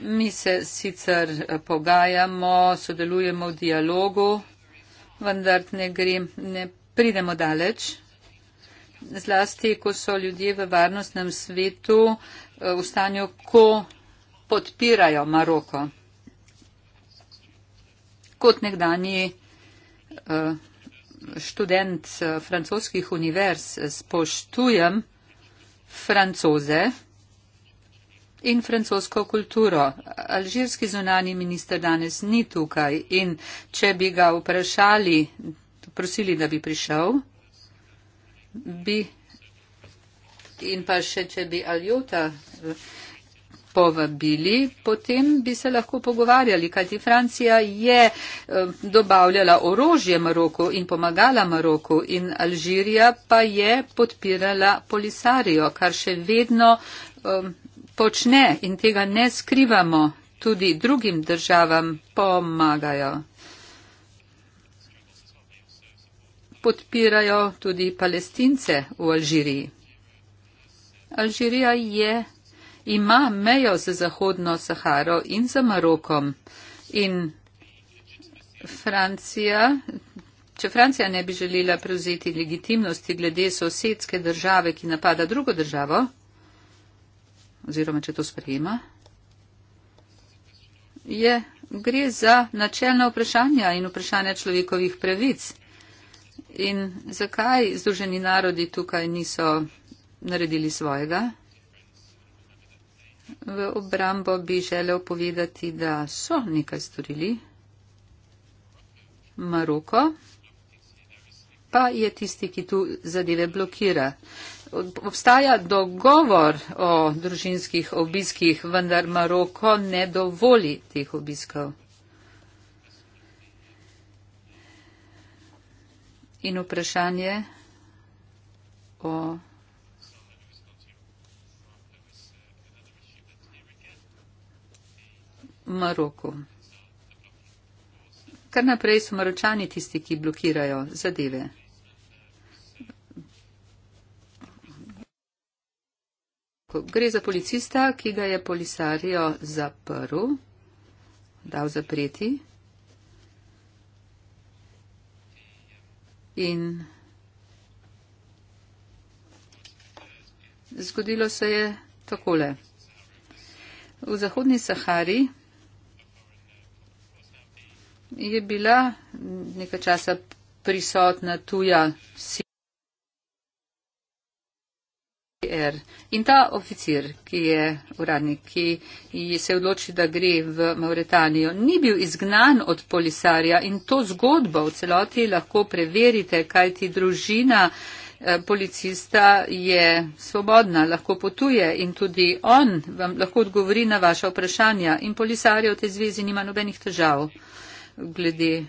Mi se sicer eh, pogajamo, sodelujemo v dialogu, vendar ne, gre, ne pridemo daleč. Zlasti, ko so ljudje v varnostnem svetu eh, v stanju, ko podpirajo Maroko. Kot nekdani eh, študent francoskih univerz spoštujem francoze in francosko kulturo. Alžirski zunani minister danes ni tukaj in če bi ga vprašali, prosili, da bi prišel, bi in pa še, če bi Aljota eh, povabili, potem bi se lahko pogovarjali, kajti Francija je eh, dobavljala orožje Maroku in pomagala Maroku in Alžirija pa je podpirala Polisario, kar še vedno um, počne in tega ne skrivamo, tudi drugim državam pomagajo. Podpirajo tudi palestince v Alžiriji. Alžirija je, ima mejo z Zahodno Saharo in z Marokom. In Francija, če Francija ne bi želela prevzeti legitimnosti glede sosedske države, ki napada drugo državo, oziroma če to sprejema. Je, gre za načelna vprašanja in vprašanja človekovih pravic. In zakaj Združeni narodi tukaj niso naredili svojega? V obrambo bi želel povedati, da so nekaj storili. Maroko pa je tisti, ki tu zadeve blokira obstaja dogovor o družinskih obiskih, vendar Maroko ne dovoli teh obiskov. In vprašanje o. Maroku. Kar naprej so maročani tisti, ki blokirajo zadeve. Gre za policista, ki ga je polisarijo zaprl, dal zapreti. In zgodilo se je takole. V Zahodni Sahari je bila nekaj časa prisotna tuja sila. R. In ta oficir, ki je uradnik, ki se je odločil, da gre v Mauretanijo, ni bil izgnan od polisarja in to zgodbo v celoti lahko preverite, kaj ti družina eh, policista je svobodna, lahko potuje in tudi on vam lahko odgovori na vaše vprašanja in polisarja v tej zvezi nima nobenih težav glede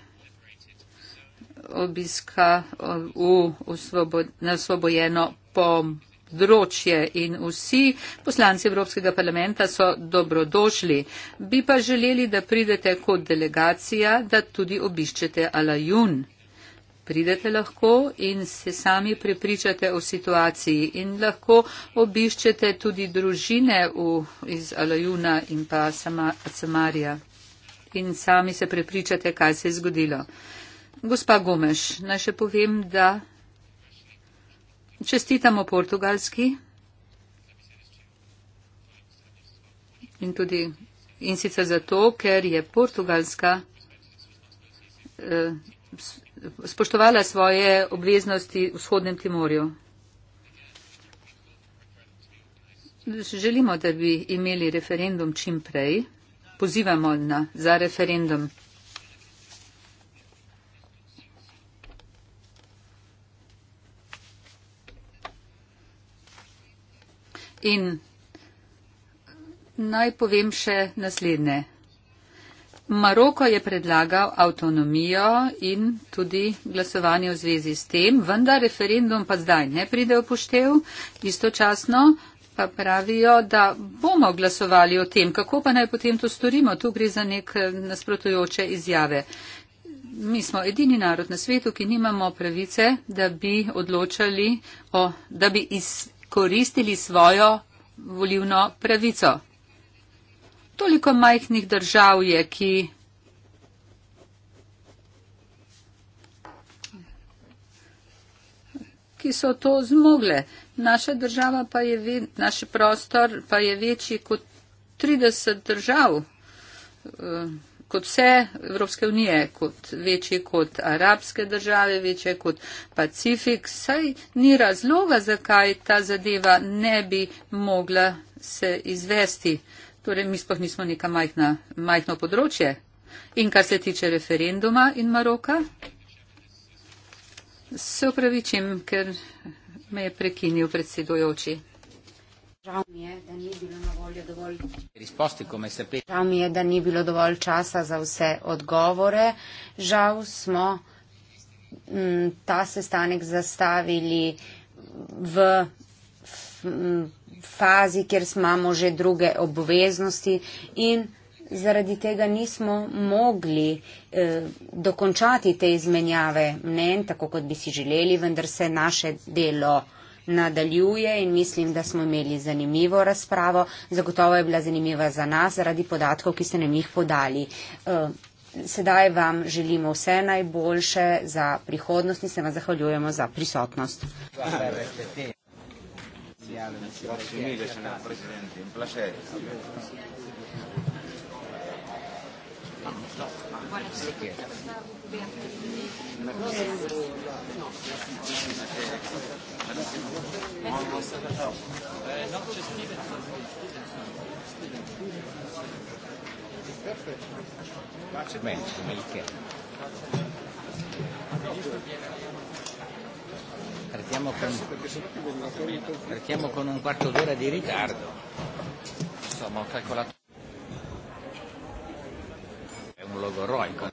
obiska eh, v, v svobo, na svobojeno pomoč področje in vsi poslanci Evropskega parlamenta so dobrodošli. Bi pa želeli, da pridete kot delegacija, da tudi obiščete Alajun. Pridete lahko in se sami prepričate o situaciji in lahko obiščete tudi družine v, iz Alajuna in pa sama, Samarija in sami se prepričate, kaj se je zgodilo. Gospa Gomeš, naj še povem, da Čestitamo portugalski in tudi in sicer zato, ker je portugalska eh, spoštovala svoje obveznosti v vzhodnem Timorju. Želimo, da bi imeli referendum čim prej. Pozivamo na, za referendum. In naj povem še naslednje. Maroko je predlagal avtonomijo in tudi glasovanje v zvezi s tem, vendar referendum pa zdaj ne pride upoštev. Istočasno pa pravijo, da bomo glasovali o tem, kako pa naj potem to storimo. Tu gre za nek eh, nasprotujoče izjave. Mi smo edini narod na svetu, ki nimamo pravice, da bi odločali, o, da bi iz, izkoristili svojo volivno pravico. Toliko majhnih držav je, ki ki so to zmogle. Naša država pa je, naš prostor pa je večji kot 30 držav. Uh, kot vse Evropske unije, kot večje kot arabske države, večje kot Pacifik, saj ni razloga, zakaj ta zadeva ne bi mogla se izvesti. Torej, mi sploh nismo neka majhna, majhno področje. In kar se tiče referenduma in Maroka, se upravičim, ker me je prekinil predsedujoči. Žal mi je, da ni bilo dovolj časa za vse odgovore. Žal smo m, mm, ta sestanek zastavili v f, m, mm, fazi, kjer smo že druge obveznosti in zaradi tega nismo mogli eh, dokončati te izmenjave mnen, tako kot bi si želeli, vendar se naše delo nadaljuje in mislim, da smo imeli zanimivo razpravo. Zagotovo je bila zanimiva za nas zaradi podatkov, ki ste nam jih podali. Eh, sedaj vam želimo vse najboljše za prihodnost in se vam zahvaljujemo za prisotnost. Grazie. Partiamo con, partiamo con un quarto d'ora di ritardo. Insomma, ho calcolato. ลกร้อยก่อน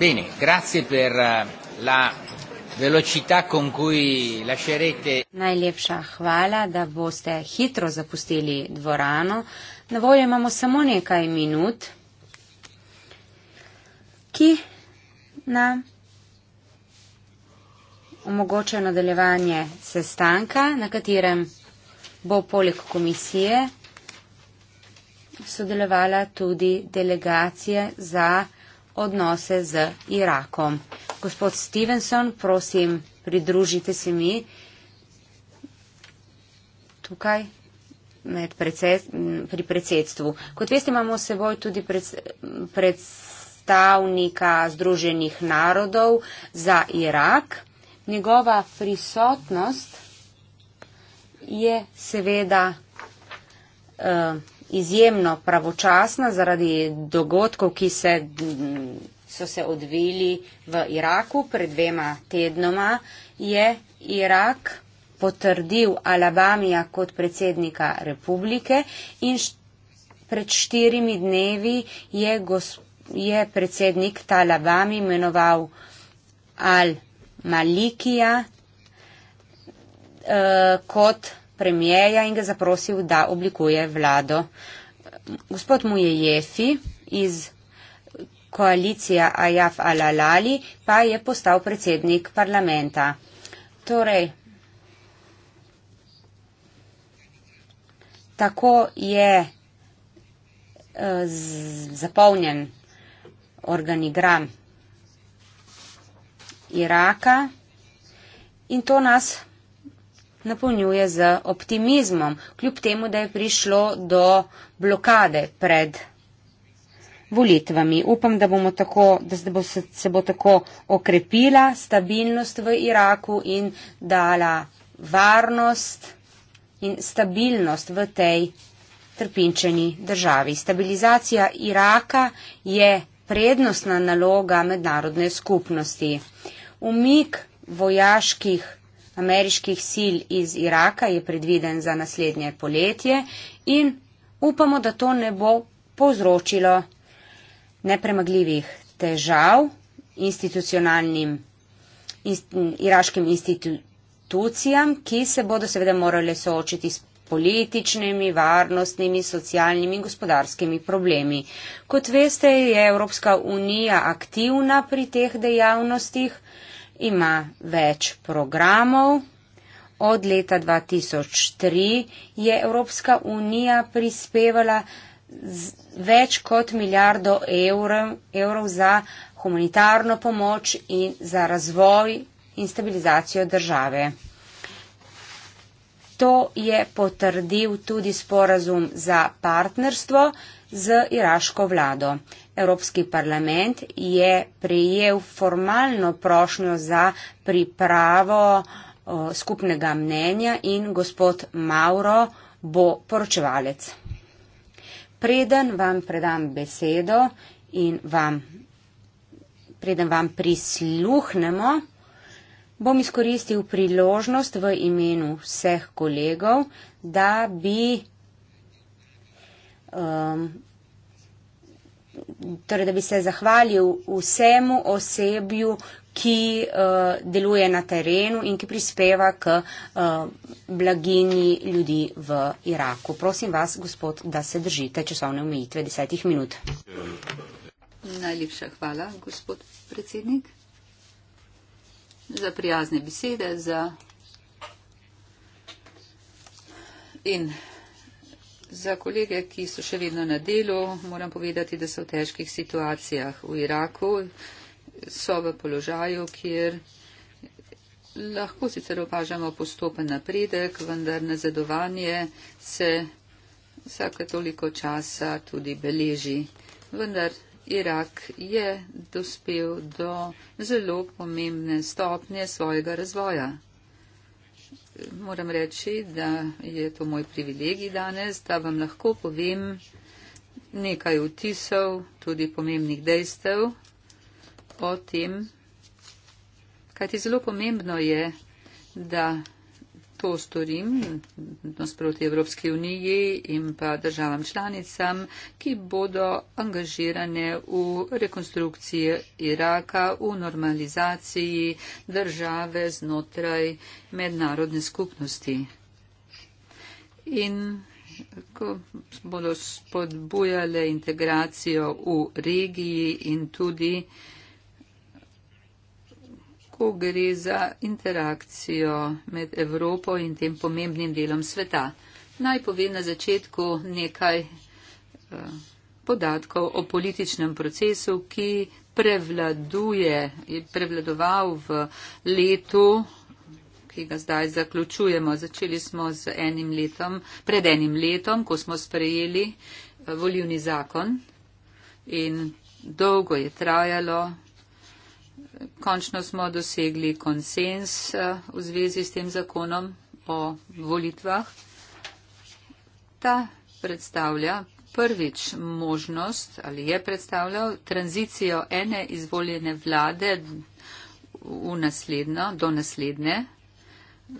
Bene, grazie per eh, la velocità con cui lascerete. Najlepša hvala, da boste hitro zapustili dvorano. Na voljo imamo samo nekaj minut, ki nam omogočajo nadaljevanje sestanka, na katerem bo poleg komisije sodelovala tudi delegacija za odnose z Irakom. Gospod Stevenson, prosim, pridružite se mi tukaj med predsed, pri predsedstvu. Kot veste, imamo s seboj tudi pred, predstavnika Združenih narodov za Irak. Njegova prisotnost je seveda. Uh, izjemno pravočasna zaradi dogodkov, ki se, so se odvili v Iraku pred dvema tednoma, je Irak potrdil Alabamija kot predsednika republike in št, pred štirimi dnevi je, gos, je predsednik Talabami imenoval Al-Malikija uh, kot predsednika premijeja in ga zaprosil, da oblikuje vlado. Gospod mu je Jefi iz koalicija Ajaf Alalali, pa je postal predsednik parlamenta. Torej, tako je eh, zapolnjen organigram Iraka in to nas napolnjuje z optimizmom, kljub temu, da je prišlo do blokade pred volitvami. Upam, da, tako, da se, bo, se bo tako okrepila stabilnost v Iraku in dala varnost in stabilnost v tej trpinčeni državi. Stabilizacija Iraka je prednostna naloga mednarodne skupnosti. Umik vojaških ameriških sil iz Iraka je predviden za naslednje poletje in upamo, da to ne bo povzročilo nepremagljivih težav institucionalnim inst, iraškim institucijam, ki se bodo seveda morali soočiti s političnimi, varnostnimi, socialnimi in gospodarskimi problemi. Kot veste, je Evropska unija aktivna pri teh dejavnostih ima več programov. Od leta 2003 je Evropska unija prispevala več kot milijardo evrov, evrov za humanitarno pomoč in za razvoj in stabilizacijo države. To je potrdil tudi sporazum za partnerstvo z iraško vlado. Evropski parlament je prejel formalno prošnjo za pripravo o, skupnega mnenja in gospod Mauro bo poročevalec. Preden vam predam besedo in vam, preden vam prisluhnemo, bom izkoristil priložnost v imenu vseh kolegov, da bi um, torej da bi se zahvalil vsemu osebju, ki uh, deluje na terenu in ki prispeva k uh, blaginji ljudi v Iraku. Prosim vas, gospod, da se držite časovne omejitve desetih minut. Najlepša hvala, gospod predsednik, za prijazne besede za in Za kolege, ki so še vedno na delu, moram povedati, da so v težkih situacijah v Iraku, so v položaju, kjer lahko sicer opažamo postopen napredek, vendar nazadovanje se vsake toliko časa tudi beleži. Vendar Irak je dospel do zelo pomembne stopnje svojega razvoja moram reči, da je to moj privilegij danes, da vam lahko povem nekaj vtisov, tudi pomembnih dejstev o tem, kajti zelo pomembno je, da to storim nasproti Evropski uniji in pa državam članicam, ki bodo angažirane v rekonstrukciji Iraka, v normalizaciji države znotraj mednarodne skupnosti. In ko bodo spodbujale integracijo v regiji in tudi strahu gre za interakcijo med Evropo in tem pomembnim delom sveta. Naj povem na začetku nekaj eh, podatkov o političnem procesu, ki prevladuje, je prevladoval v letu, ki ga zdaj zaključujemo. Začeli smo z enim letom, pred enim letom, ko smo sprejeli eh, volivni zakon in dolgo je trajalo, končno smo dosegli konsens eh, v zvezi s tem zakonom o volitvah. Ta predstavlja prvič možnost ali je predstavljal tranzicijo ene izvoljene vlade v naslednjo, do naslednje,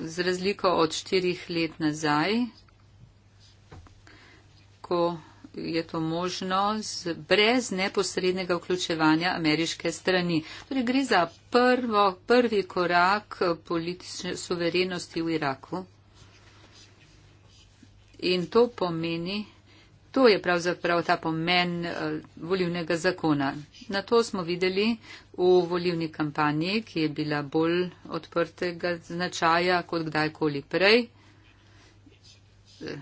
z razliko od štirih let nazaj, ko je to možno z, brez neposrednega vključevanja ameriške strani. Torej gre za prvo, prvi korak politične suverenosti v Iraku. In to pomeni, to je pravzaprav ta pomen eh, volivnega zakona. Na to smo videli v volivni kampanji, ki je bila bolj odprtega značaja kot kdajkoli prej. Eh,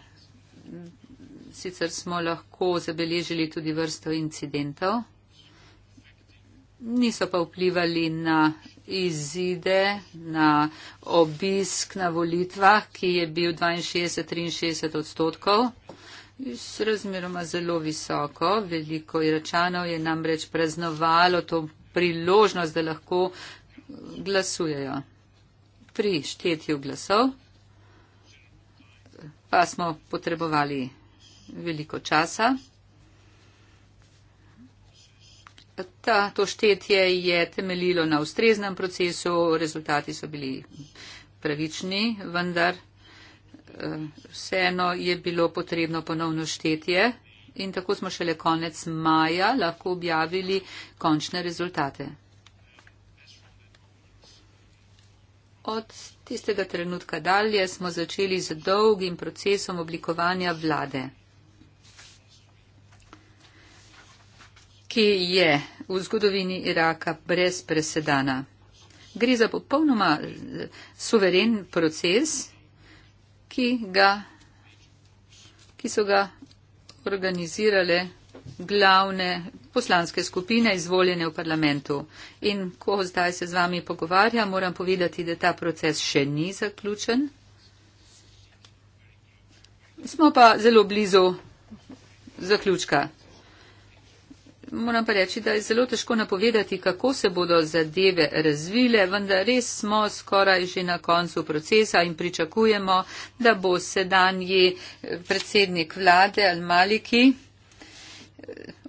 sicer smo lahko zabeležili tudi vrsto incidentov, niso pa vplivali na izide, na obisk na volitvah, ki je bil 62-63 odstotkov. S razmeroma zelo visoko, veliko iračanov je namreč praznovalo to priložnost, da lahko glasujejo. Pri štetju glasov pa smo potrebovali veliko časa. Ta, to štetje je temeljilo na ustreznem procesu, rezultati so bili pravični, vendar eh, vseeno je bilo potrebno ponovno štetje in tako smo šele konec maja lahko objavili končne rezultate. Od tistega trenutka dalje smo začeli z dolgim procesom oblikovanja vlade. ki je v zgodovini Iraka brez presedana. Gre za popolnoma eh, suveren proces, ki, ga, ki so ga organizirale glavne poslanske skupine izvoljene v parlamentu. In ko zdaj se z vami pogovarja, moram povedati, da ta proces še ni zaključen. Smo pa zelo blizu zaključka moram pa reči, da je zelo težko napovedati, kako se bodo zadeve razvile, vendar res smo skoraj že na koncu procesa in pričakujemo, da bo sedanji eh, predsednik vlade Al-Maliki eh,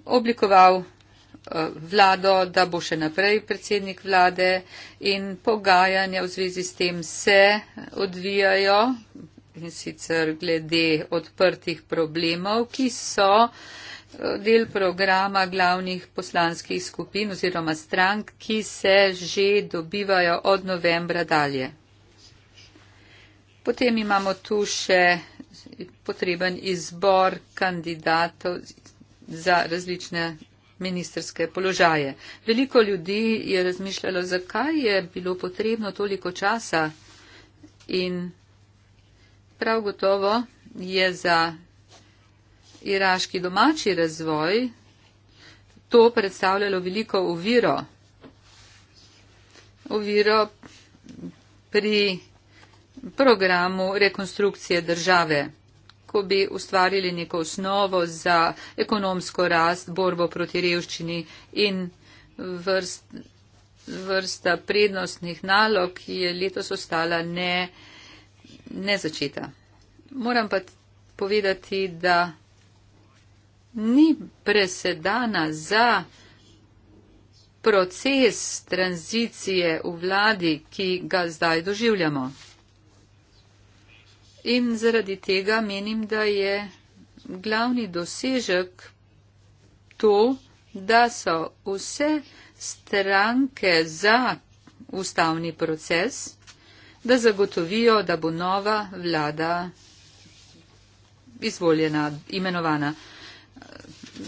oblikoval eh, vlado, da bo še naprej predsednik vlade in pogajanja v zvezi s tem se odvijajo in sicer glede odprtih problemov, ki so del programa glavnih poslanskih skupin oziroma strank, ki se že dobivajo od novembra dalje. Potem imamo tu še potreben izbor kandidatov za različne ministerske položaje. Veliko ljudi je razmišljalo, zakaj je bilo potrebno toliko časa in prav gotovo je za iraški domači razvoj to predstavljalo veliko oviro. Oviro pri programu rekonstrukcije države, ko bi ustvarili neko osnovo za ekonomsko rast, borbo proti revščini in vrst, vrsta prednostnih nalog, ki je letos ostala ne, ne začeta. Moram pa povedati, da ni presedana za proces tranzicije v vladi, ki ga zdaj doživljamo. In zaradi tega menim, da je glavni dosežek to, da so vse stranke za ustavni proces, da zagotovijo, da bo nova vlada izvoljena, imenovana.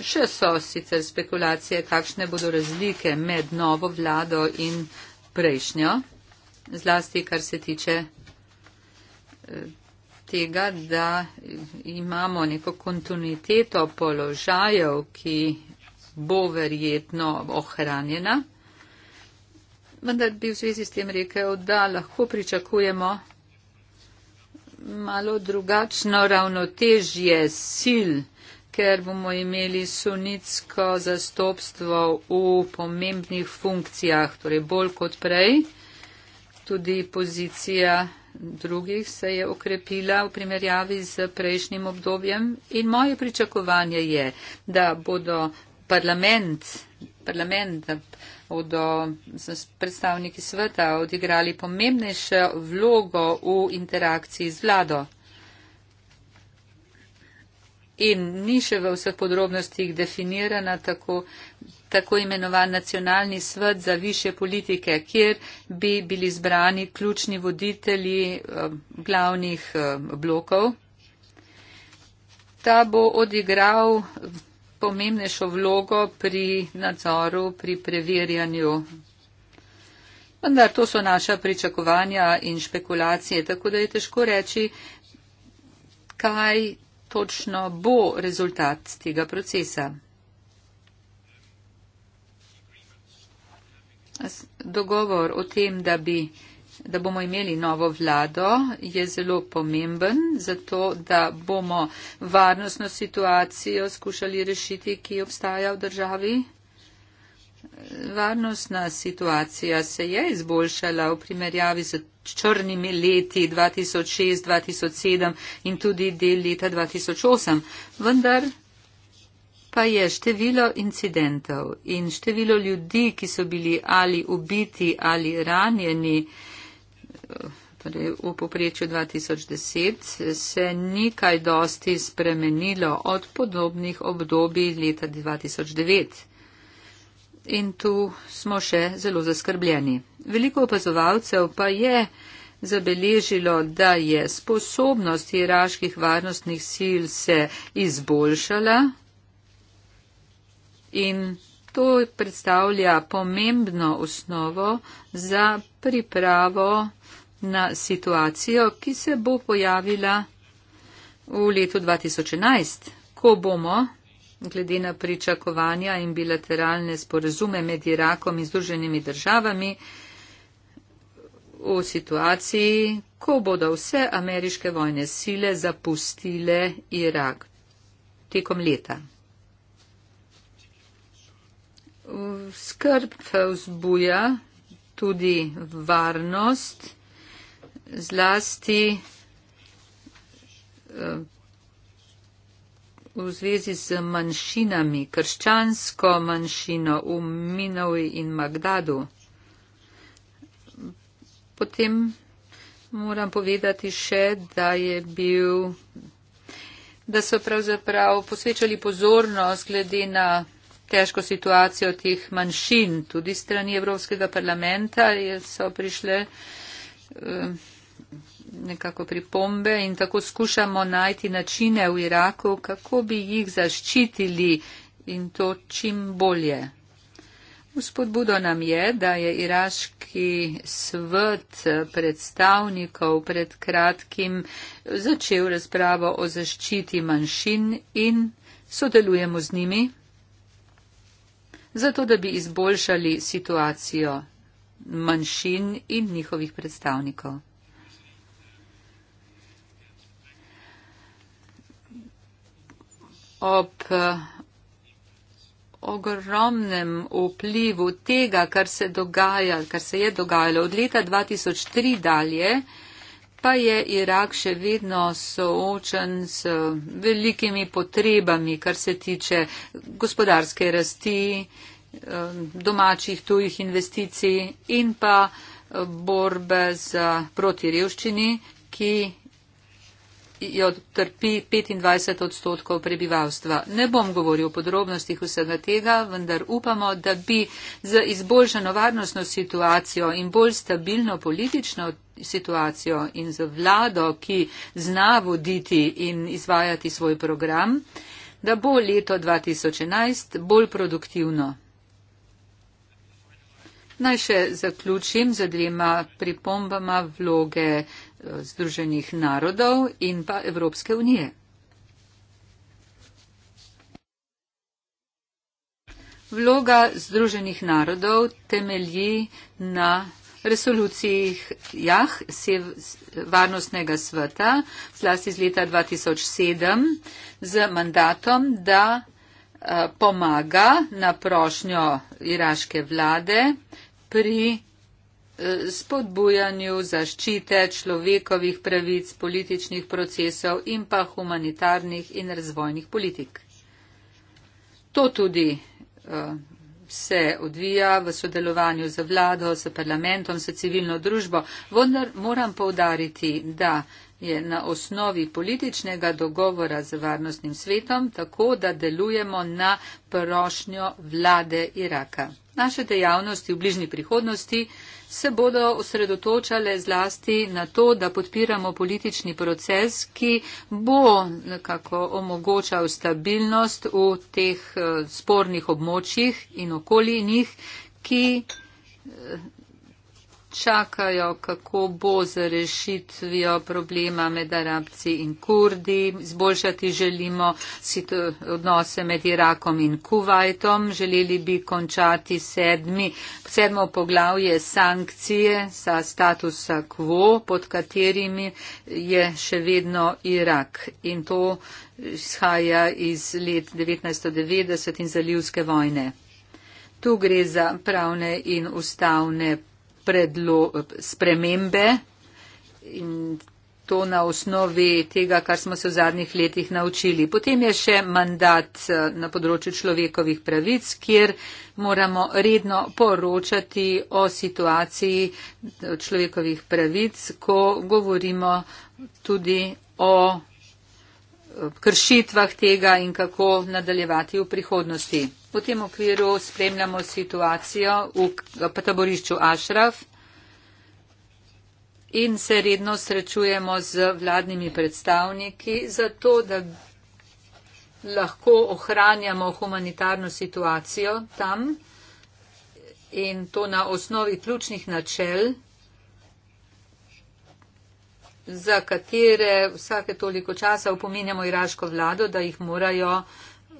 Še so sicer spekulacije, kakšne bodo razlike med novo vlado in prejšnjo, zlasti kar se tiče eh, tega, da imamo neko kontinuiteto položajev, ki bo verjetno ohranjena. Vendar bi v zvezi s tem rekel, da lahko pričakujemo malo drugačno ravnotežje sil ker bomo imeli sunitsko zastopstvo v pomembnih funkcijah, torej bolj kot prej. Tudi pozicija drugih se je okrepila v primerjavi z prejšnjim obdobjem in moje pričakovanje je, da bodo parlament, parlament bodo predstavniki sveta odigrali pomembnejšo vlogo v interakciji z vlado in ni še v vseh podrobnostih definirana tako, tako imenovan nacionalni svet za više politike, kjer bi bili zbrani ključni voditelji eh, glavnih eh, blokov. Ta bo odigral pomembnejšo vlogo pri nadzoru, pri preverjanju. Vendar to so naša pričakovanja in špekulacije, tako da je težko reči, kaj točno bo rezultat tega procesa. Dogovor o tem, da, bi, da bomo imeli novo vlado, je zelo pomemben, zato da bomo varnostno situacijo skušali rešiti, ki obstaja v državi. Varnostna situacija se je izboljšala v primerjavi z črnimi leti 2006-2007 in tudi del leta 2008, vendar pa je število incidentov in število ljudi, ki so bili ali ubiti ali ranjeni torej v poprečju 2010, se ni kaj dosti spremenilo od podobnih obdobij leta 2009 in tu smo še zelo zaskrbljeni. Veliko opazovalcev pa je zabeležilo, da je sposobnost iraških varnostnih sil se izboljšala in to predstavlja pomembno osnovo za pripravo na situacijo, ki se bo pojavila v letu 2011, ko bomo glede na pričakovanja in bilateralne sporezume med Irakom in Združenimi državami v situaciji, ko bodo vse ameriške vojne sile zapustile Irak tekom leta. Skrb vzbuja tudi varnost, zlasti eh, v zvezi z manjšinami, krščansko manjšino v Minovi in Magdadu. Potem moram povedati še, da je bil da so pravzaprav posvečali pozornost glede na težko situacijo teh manjšin, tudi strani Evropskega parlamenta so prišle uh, nekako pripombe in tako skušamo najti načine v Iraku, kako bi jih zaščitili in to čim bolje. Vzpodbudo nam je, da je iraški svet predstavnikov pred kratkim začel razpravo o zaščiti manjšin in sodelujemo z njimi, zato da bi izboljšali situacijo manjšin in njihovih predstavnikov. ob ogromnem vplivu tega, kar se dogaja, kar se je dogajalo od leta 2003 dalje, pa je Irak še vedno soočen s velikimi potrebami, kar se tiče gospodarske rasti, eh, domačih tujih investicij in pa eh, borbe z protirevščini, ki jo trpi 25 odstotkov prebivalstva. Ne bom govoril o podrobnostih vsega tega, vendar upamo, da bi z izboljšano varnostno situacijo in bolj stabilno politično situacijo in z vlado, ki zna voditi in izvajati svoj program, da bo leto 2011 bolj produktivno. Naj še zaključim z dvema pripombama vloge Združenih narodov in pa Evropske unije. Vloga Združenih narodov temelji na resolucijah Varnostnega sveta, zlasti iz leta 2007, z mandatom, da eh, pomaga na prošnjo iraške vlade pri spodbujanju zaščite človekovih pravic, političnih procesov in pa humanitarnih in razvojnih politik. To tudi eh, se odvija v sodelovanju z vlado, s parlamentom, s civilno družbo, vendar moram povdariti, da je na osnovi političnega dogovora z varnostnim svetom tako, da delujemo na prošnjo vlade Iraka. Naše dejavnosti v bližnji prihodnosti se bodo osredotočale zlasti na to, da podpiramo politični proces, ki bo nekako omogočal stabilnost v teh eh, spornih območjih in okoljih, ki eh, čakajo, kako bo z rešitvijo problema med arabci in kurdi. Zboljšati želimo odnose med Irakom in Kuwaitom. Želeli bi končati sedmi, sedmo poglavje sankcije za statusa quo, pod katerimi je še vedno Irak. In to izhaja iz let 1990 in zalivske vojne. Tu gre za pravne in ustavne predlo, spremembe in to na osnovi tega, kar smo se v zadnjih letih naučili. Potem je še mandat eh, na področju človekovih pravic, kjer moramo redno poročati o situaciji eh, človekovih pravic, ko govorimo tudi o eh, kršitvah tega in kako nadaljevati v prihodnosti. V tem okviru spremljamo situacijo v pataborišču Ašraf in se redno srečujemo z vladnimi predstavniki, zato da lahko ohranjamo humanitarno situacijo tam in to na osnovi ključnih načel, za katere vsake toliko časa upominjamo iraško vlado, da jih morajo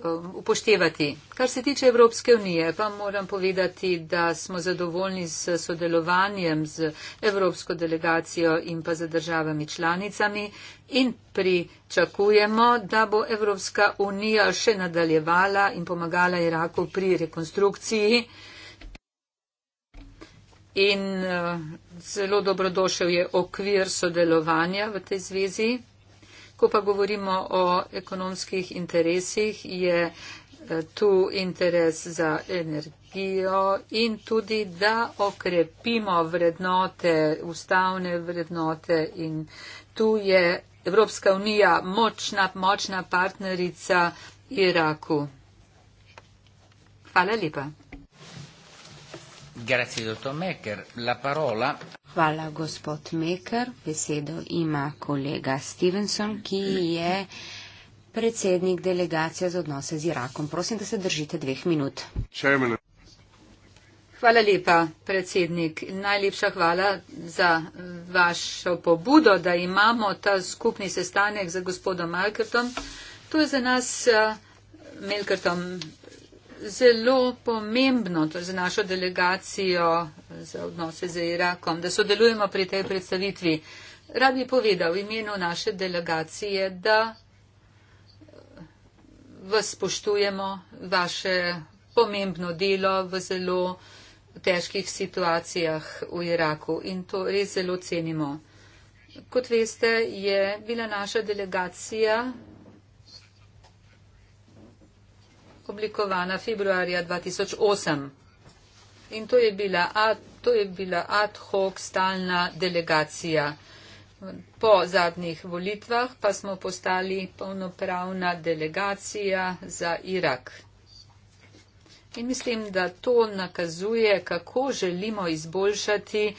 Um, upoštevati. Kar se tiče Evropske unije, pa moram povedati, da smo zadovoljni s sodelovanjem z Evropsko delegacijo in pa z državami članicami in pričakujemo, da bo Evropska unija še nadaljevala in pomagala Iraku pri rekonstrukciji. In uh, zelo dobrodošel je okvir sodelovanja v tej zvezi. Ko pa govorimo o ekonomskih interesih, je eh, tu interes za energijo in tudi, da okrepimo vrednote, ustavne vrednote in tu je Evropska unija močna, močna partnerica Iraku. Hvala lepa. Hvala, gospod Meker. Besedo ima kolega Stevenson, ki je predsednik delegacije za odnose z Irakom. Prosim, da se držite dveh minut. Hvala lepa, predsednik. Najlepša hvala za vašo pobudo, da imamo ta skupni sestanek z gospodom Melkertom. To je za nas eh, Melkertom zelo pomembno torej za našo delegacijo za odnose z Irakom, da sodelujemo pri tej predstavitvi. Rad bi povedal v imenu naše delegacije, da vas spoštujemo, vaše pomembno delo v zelo težkih situacijah v Iraku in to res zelo cenimo. Kot veste, je bila naša delegacija opublikovana februarja 2008. In to je bila, to je bila ad hoc stalna delegacija. Po zadnjih volitvah pa smo postali polnopravna delegacija za Irak. In mislim, da to nakazuje, kako želimo izboljšati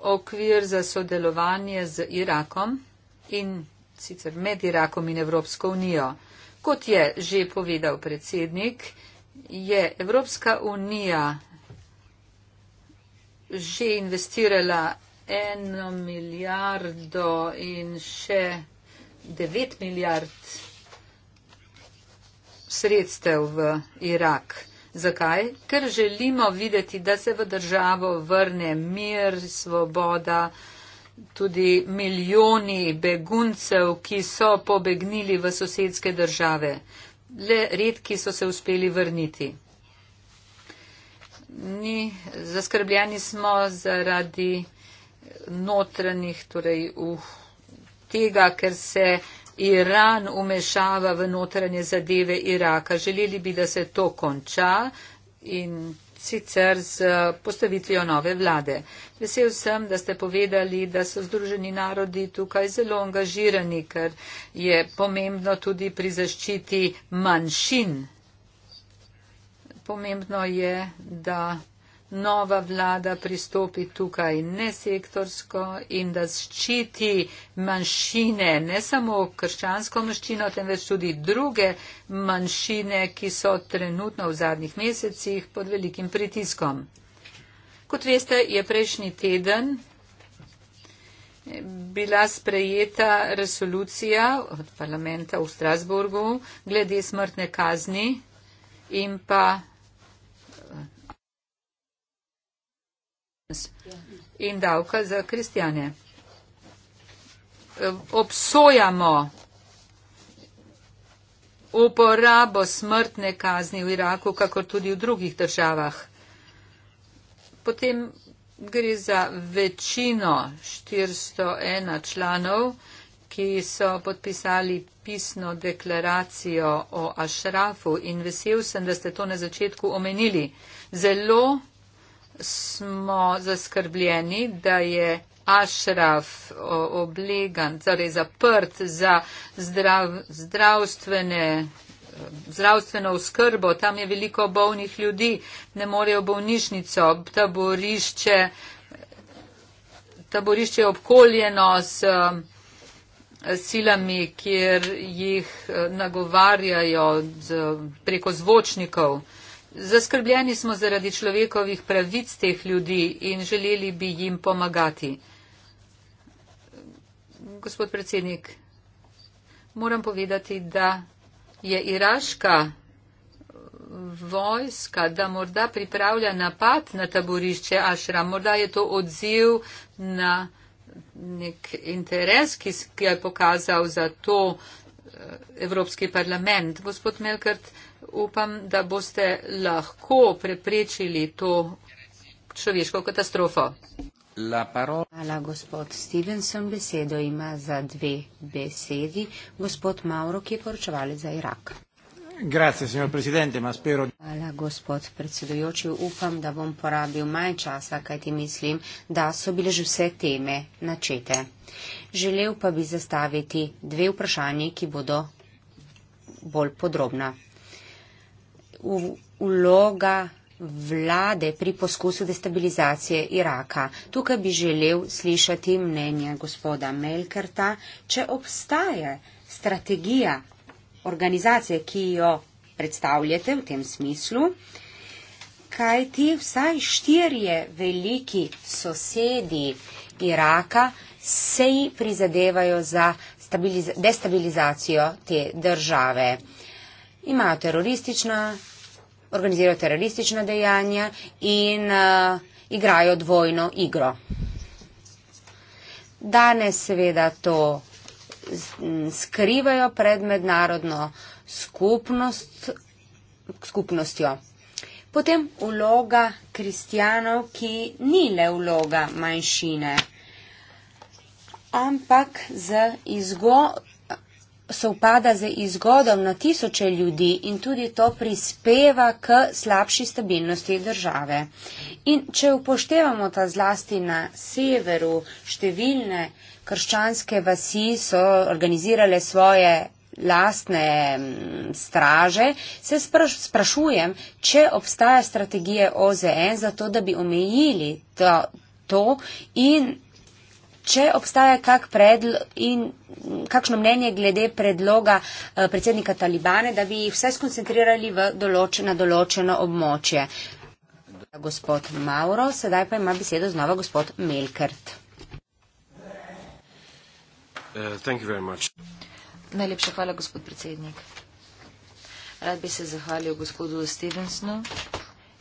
okvir za sodelovanje z Irakom in sicer med Irakom in Evropsko unijo. Kot je že povedal predsednik, je Evropska unija že investirala eno milijardo in še devet milijard sredstev v Irak. Zakaj? Ker želimo videti, da se v državo vrne mir, svoboda, tudi milijoni beguncev, ki so pobegnili v sosedske države. Le redki so se uspeli vrniti. Ni, zaskrbljeni smo zaradi notranjih, torej uh, tega, ker se Iran umešava v notranje zadeve Iraka. Želeli bi, da se to konča in sicer z eh, postavitvijo nove vlade. Vesel sem, da ste povedali, da so Združeni narodi tukaj zelo angažirani, ker je pomembno tudi pri zaščiti manjšin. Pomembno je, da nova vlada pristopi tukaj nesektorsko in da ščiti manjšine, ne samo krščansko manjšino, temveč tudi druge manjšine, ki so trenutno v zadnjih mesecih pod velikim pritiskom. Kot veste, je prejšnji teden bila sprejeta resolucija od parlamenta v Strasburgu glede smrtne kazni in pa in davka za kristjane. Obsojamo uporabo smrtne kazni v Iraku, kakor tudi v drugih državah. Potem gre za večino 401 članov, ki so podpisali pisno deklaracijo o Ašrafu in vesel sem, da ste to na začetku omenili. Zelo smo zaskrbljeni, da je Ašraf oblegan, torej zaprt za zdrav, zdravstvene zdravstveno oskrbo, tam je veliko bolnih ljudi, ne morejo bolnišnico, taborišče, taborišče je obkoljeno s silami, kjer jih eh, nagovarjajo z, preko zvočnikov. Zaskrbljeni smo zaradi človekovih pravic teh ljudi in želeli bi jim pomagati. Gospod predsednik, moram povedati, da je iraška vojska, da morda pripravlja napad na taborišče Ašra, morda je to odziv na nek interes, ki je pokazal za to eh, Evropski parlament. Gospod Melkert, upam, da boste lahko preprečili to človeško katastrofo. Hvala, gospod Stevenson. Besedo ima za dve besedi gospod Mauro, ki je poročevalec za Irak. Grazie, spero... Hvala, gospod predsedujoči. Upam, da bom porabil manj časa, kajti mislim, da so bile že vse teme načete. Želel pa bi zastaviti dve vprašanje, ki bodo bolj podrobna vloga vlade pri poskusu destabilizacije Iraka. Tukaj bi želel slišati mnenje gospoda Melkerta, če obstaja strategija organizacije, ki jo predstavljate v tem smislu, kaj ti vsaj štirje veliki sosedi Iraka se ji prizadevajo za destabilizacijo te države. Imajo teroristična organizirajo teroristična dejanja in uh, igrajo dvojno igro. Danes seveda to skrivajo pred mednarodno skupnost, skupnostjo. Potem vloga kristjanov, ki ni le vloga manjšine, ampak z izgo, sovpada z izgodom na tisoče ljudi in tudi to prispeva k slabši stabilnosti države. In če upoštevamo ta zlasti na severu, številne krščanske vasi so organizirale svoje lastne mm, straže, se spraš, sprašujem, če obstaja strategija OZN za to, da bi omejili to, to in Če obstaja kak in, kakšno mnenje glede predloga eh, predsednika Talibane, da bi jih vse skoncentrirali določ, na določeno območje. Gospod Mauro, sedaj pa ima besedo znova gospod Melkert. Uh, Najlepša hvala, gospod predsednik. Rad bi se zahvalil gospodu Stevensonu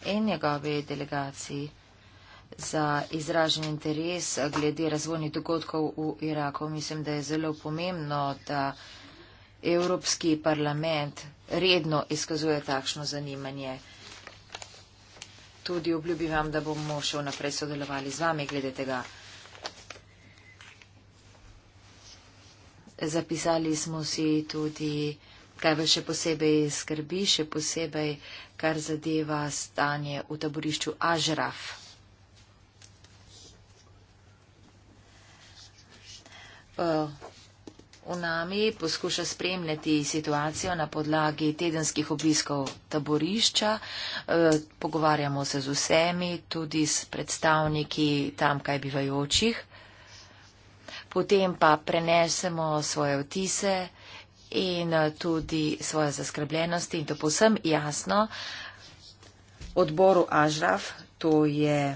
in njegovi delegaciji za izražen interes glede razvojnih dogodkov v Iraku. Mislim, da je zelo pomembno, da Evropski parlament redno izkazuje takšno zanimanje. Tudi obljubim vam, da bomo še vnaprej sodelovali z vami glede tega. Zapisali smo si tudi, kaj vas še posebej skrbi, še posebej, kar zadeva stanje v taborišču Ažraf. v nami poskuša spremljati situacijo na podlagi tedenskih obiskov taborišča. E, pogovarjamo se z vsemi, tudi s predstavniki tamkaj bivajočih. Potem pa prenesemo svoje vtise in e, tudi svoje zaskrbljenosti in to posem jasno odboru Ažraf, to je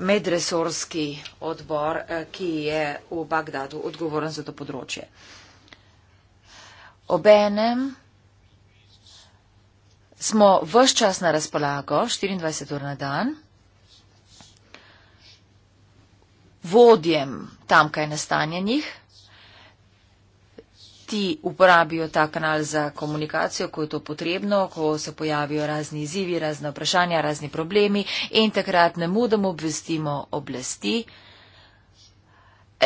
medresorski odbor, eh, ki je v Bagdadu odgovoren za to področje. Obenem smo vse čas na razpolago, 24 ur na dan, vodjem tamkaj nastanjenih, tisti uporabijo ta kanal za komunikacijo, ko je to potrebno, ko se pojavijo razni izzivi, razne vprašanja, razni problemi in takrat ne mudamo obvestimo oblasti.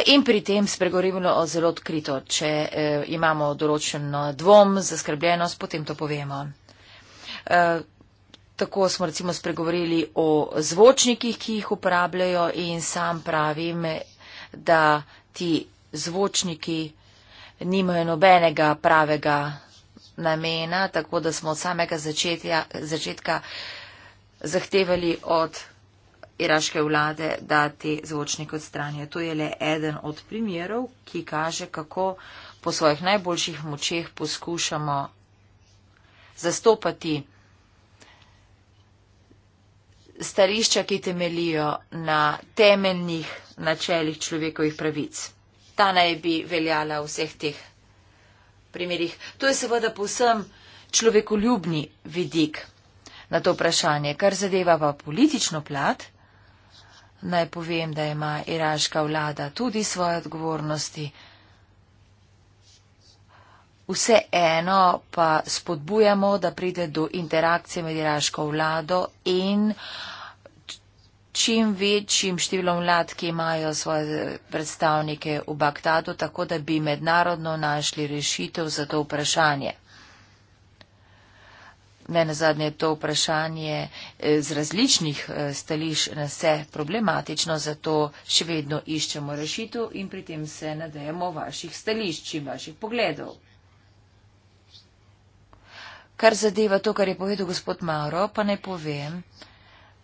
In pri tem spregovorimo zelo odkrito, če eh, imamo določen no, dvom, zaskrbljenost, potem to povemo. Eh, tako smo recimo spregovorili o zvočnikih, ki jih uporabljajo in sam pravim, da ti zvočniki nimajo nobenega pravega namena, tako da smo od samega začetja, začetka zahtevali od iraške vlade, da te zvočnike odstranijo. To je le eden od primerov, ki kaže, kako po svojih najboljših močeh poskušamo zastopati stališča, ki temelijo na temeljnih načelih človekovih pravic ta naj bi veljala v vseh teh primerih. To je seveda posem človekoljubni vidik na to vprašanje. Kar zadeva pa politično plat, naj povem, da ima iraška vlada tudi svoje odgovornosti. Vse eno pa spodbujamo, da pride do interakcije med iraško vlado in uh, čim večjim številom vlad, ki imajo svoje predstavnike v Bagdadu, tako da bi mednarodno našli rešitev za to vprašanje. Ne na zadnje to vprašanje eh, z različnih eh, stališ na vse problematično, zato še vedno iščemo rešitev in pri tem se nadejemo vaših stališč in vaših pogledov. Kar zadeva to, kar je povedal gospod Mauro, pa ne povem,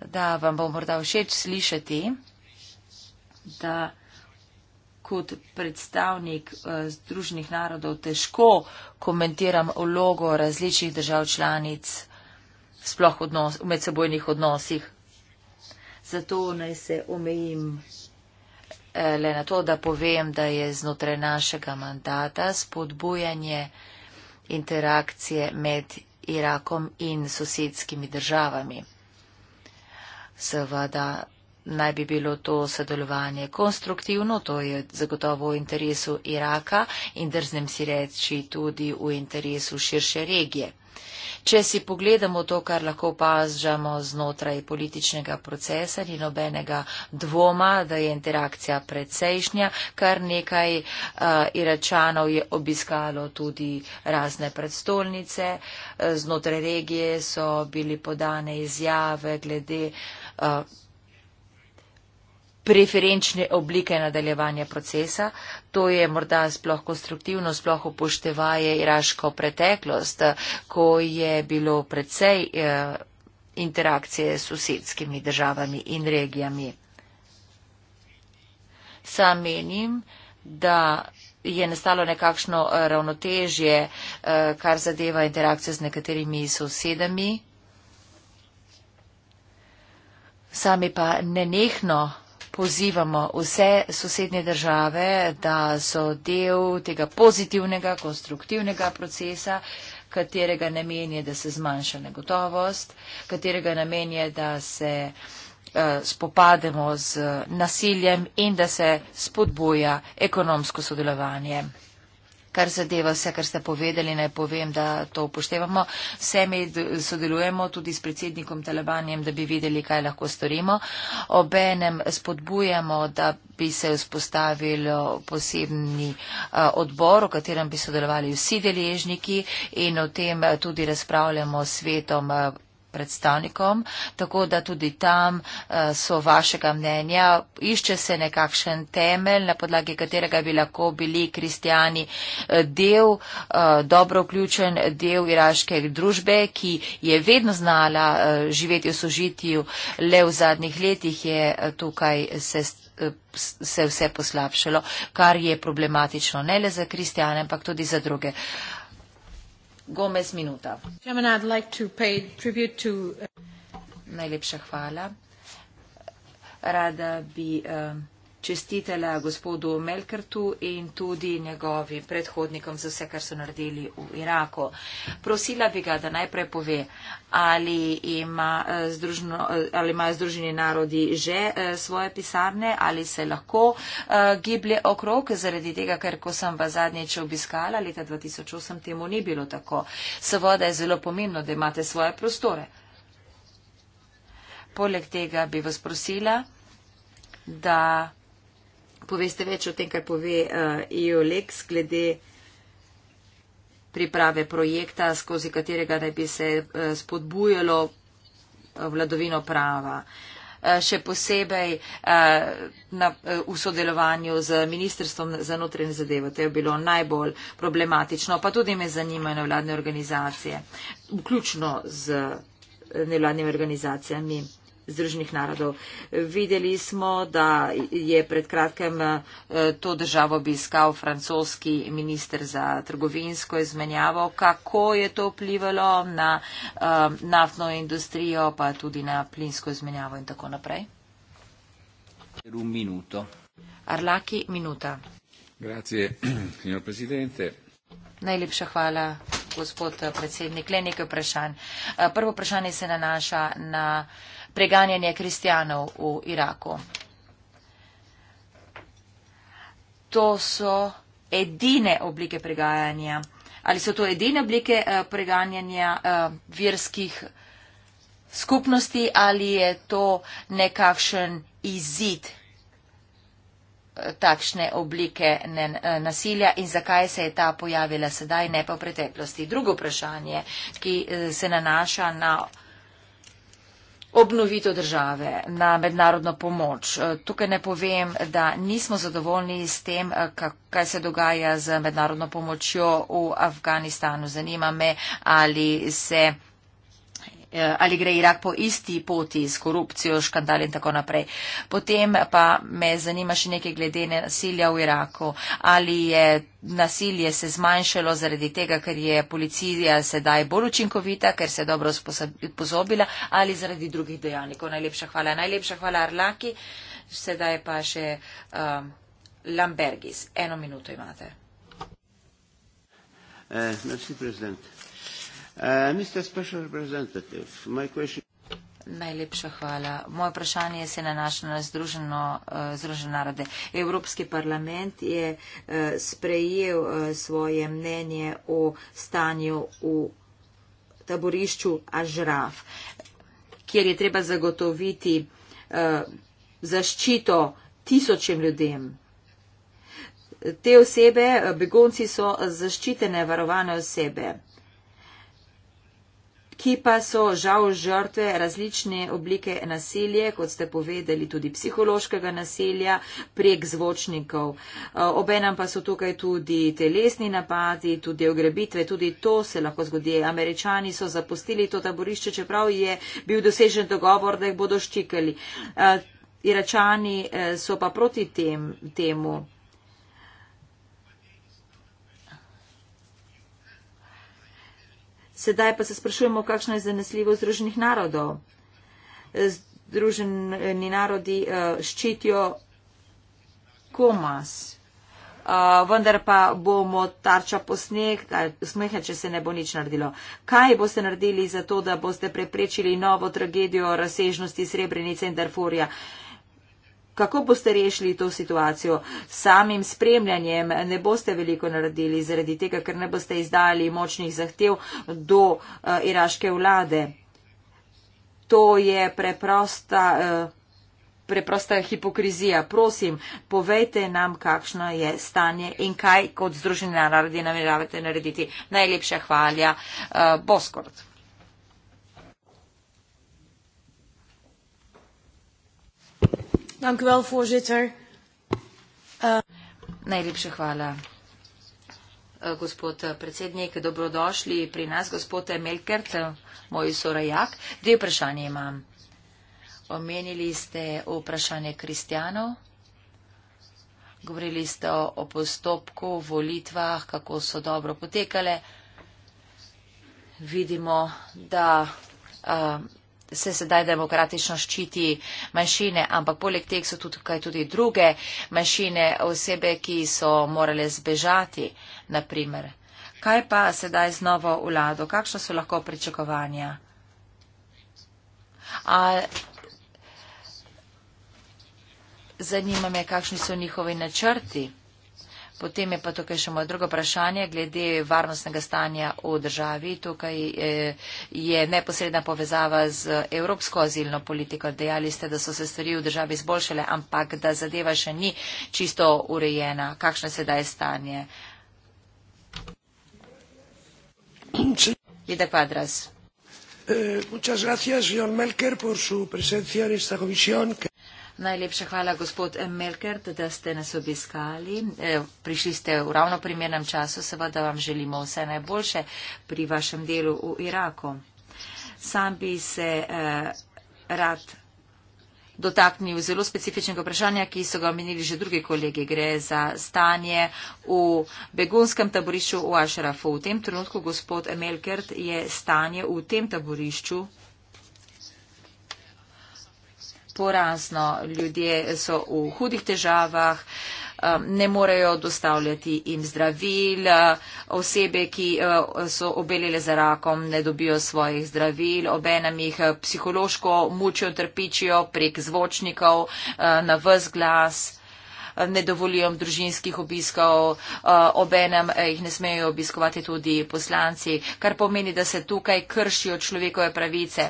da vam bo morda všeč slišati, da kot predstavnik eh, Združenih narodov težko komentiram vlogo različnih držav članic sploh odnos, v medsebojnih odnosih. Zato naj se omejim eh, le na to, da povem, da je znotraj našega mandata spodbujanje interakcije med Irakom in sosedskimi državami. Seveda naj bi bilo to sodelovanje konstruktivno, to je zagotovo v interesu Iraka in drznem si reči tudi v interesu širše regije. Če si pogledamo to, kar lahko opazžamo znotraj političnega procesa, ni nobenega dvoma, da je interakcija precejšnja, kar nekaj uh, iračanov je obiskalo tudi razne predstolnice, eh, znotraj regije so bili podane izjave glede uh, Eh, preferenčne oblike nadaljevanja procesa. To je morda sploh konstruktivno, sploh upoštevaje iraško preteklost, ko je bilo predvsej eh, interakcije s sosedskimi državami in regijami. Sam menim, da je nastalo nekakšno ravnotežje, eh, kar zadeva interakcijo z nekaterimi sosedami. Sami pa nenehno pozivamo vse sosednje države, da so del tega pozitivnega, konstruktivnega procesa, katerega namen je, da se zmanjša negotovost, katerega namen je, da se eh, spopademo z nasiljem in da se spodboja ekonomsko sodelovanje kar zadeva vse, kar ste povedali, naj povem, da to upoštevamo. Vsemi sodelujemo tudi s predsednikom Talebanjem, da bi videli, kaj lahko storimo. Obenem spodbujamo, da bi se vzpostavil eh, posebni eh, odbor, v katerem bi sodelovali vsi deležniki in o tem eh, tudi razpravljamo s svetom predstavnikom, tako da tudi tam eh, so vašega mnenja. Išče se nekakšen temelj, na podlagi katerega bi lahko bili kristijani eh, del, eh, dobro vključen del iraške družbe, ki je vedno znala živeti v sožitju, le v zadnjih letih je tukaj se se vse poslabšalo, kar je problematično ne le za kristijane, ampak tudi za druge. Uh, Gomez Minuta. Chairman, I'd like to pay tribute to... Uh, Najlepša hvala. Rada bi... Uh, čestitela gospodu Melkertu in tudi njegovim predhodnikom za vse, kar so naredili v Iraku. Prosila bi ga, da najprej pove, ali, ima eh, združno, eh, ali imajo Združeni narodi že eh, svoje pisarne, ali se lahko giblje okrog, zaradi tega, ker ko sem vas zadnjič obiskala leta 2008, temu ni bilo tako. Seveda je zelo pomembno, da imate svoje prostore. Poleg tega bi vas prosila, da poveste več o tem, kaj pove eh, EOLEX glede priprave projekta, skozi katerega naj bi se eh, spodbujalo eh, vladovino prava. Še posebej na, v sodelovanju z Ministrstvom za notranje zadeve. To je bilo najbolj problematično, pa tudi me zanimajo nevladne organizacije, vključno z nevladnimi organizacijami. Združenih narodov. Videli smo, da je pred kratkem eh, to državo obiskal francoski minister za trgovinsko izmenjavo, kako je to vplivalo na eh, naftno industrijo, pa tudi na plinsko izmenjavo in tako naprej. Arlaki, minuta. Grazie, signor presidente. Najlepša hvala, gospod eh, predsednik. Le nekaj vprašanj. Prvo vprašanje se nanaša na preganjanje kristijanov v Iraku. To so edine oblike preganjanja. Ali so to edine oblike eh, preganjanja eh, verskih skupnosti ali je to nekakšen izid eh, takšne oblike nasilja in zakaj se je ta pojavila sedaj, ne pa v preteklosti. Drugo vprašanje, ki se nanaša na obnovitev države, na mednarodno pomoč. E, tukaj ne povem, da nismo zadovoljni s tem, e, kaj se dogaja z mednarodno pomočjo v Afganistanu. Zanima me, ali se Eh, ali gre Irak po isti poti s korupcijo, škandal in tako naprej. Potem pa me zanima še nekaj glede nasilja v Iraku. Ali je nasilje se zmanjšalo zaradi tega, ker je policija sedaj bolj učinkovita, ker se je dobro sposobila ali zaradi drugih dejavnikov. Najlepša hvala. Najlepša hvala Arlaki. Sedaj pa še um, Lambergis. Eno minuto imate. Eh, merci, Uh, Najlepša hvala. Moje vprašanje se nanaša na Združeno, uh, Združeno narode. Evropski parlament je uh, sprejel svoje mnenje o stanju v taborišču Ažraf, kjer je treba zagotoviti zaščito tisočem ljudem. Te osebe, begonci so zaščitene, varovane osebe ki pa so žal žrtve različne oblike nasilja, kot ste povedali, tudi psihološkega nasilja prek zvočnikov. Eh, obenem pa so tukaj tudi telesni napadi, tudi ogrebitve, tudi to se lahko zgodi. Američani so zapustili to taborišče, čeprav je bil dosežen dogovor, da jih bodo štikali. Eh, Iračani eh, so pa proti tem, temu. Sedaj pa se sprašujemo, kakšna je zanesljivost Združenih narodov. E, Združeni narodi e, ščitijo komas. Uh, vendar pa bomo tarča posneh, smeha, če se ne bo nič naredilo. Kaj boste naredili za to, da boste preprečili novo tragedijo razsežnosti Srebrenice in Darforja? Uh, kako boste rešili to situacijo. Samim spremljanjem ne boste veliko naredili zaradi tega, ker ne boste izdali močnih zahtev do uh, iraške vlade. To je preprosta, uh, preprosta hipokrizija. Prosim, povejte nam, kakšno je stanje in kaj kot združene narodi nameravate narediti. Najlepša hvala. Uh, eh, Boskort. Dank u wel, voorzitter. Uh... Najlepša hvala, eh, gospod eh, predsednik. Dobrodošli pri nas, gospod Melkert, moj sorajak. Dve vprašanje imam. Omenili ste vprašanje kristjanov. Govorili ste o, o postopku, volitvah, kako so dobro potekale. Vidimo, da. Uh, se sedaj demokratično ščiti manjšine, ampak poleg teh so tukaj tudi druge manjšine, osebe, ki so morale zbežati, naprimer. Kaj pa sedaj z novo vlado? Kakšno so lahko pričakovanja? A zanima me, kakšni so njihovi načrti. Potem je pa tukaj še moje drugo vprašanje glede varnostnega stanja v državi. Tukaj eh, je neposredna povezava z evropsko azilno politiko. Dejali ste, da so se stvari v državi zboljšale, ampak da zadeva še ni čisto urejena. Kakšno sedaj je stanje? Ida Kvadras. Eh, muchas gracias, señor Melker, por su presencia en esta comisión. Que... Najlepša hvala, gospod Melkert, da ste nas obiskali. E, prišli ste v ravno primernem času, seveda vam želimo vse najboljše pri vašem delu v Iraku. Sam bi se eh, rad dotaknil zelo specifičnega vprašanja, ki so ga omenili že drugi kolegi. Gre za stanje v begunskem taborišču v Ašrafu. V tem trenutku, gospod Melkert, je stanje v tem taborišču porazno. Ljudje so v hudih težavah, um, ne morejo dostavljati jim zdravil, uh, osebe, ki uh, so obelile za rakom, ne dobijo svojih zdravil, obenem jih uh, psihološko mučijo, trpičijo prek zvočnikov na vzglas ne dovolijo družinskih obiskov, obenem jih ne smejo obiskovati tudi poslanci, kar pomeni, da se tukaj kršijo človekove pravice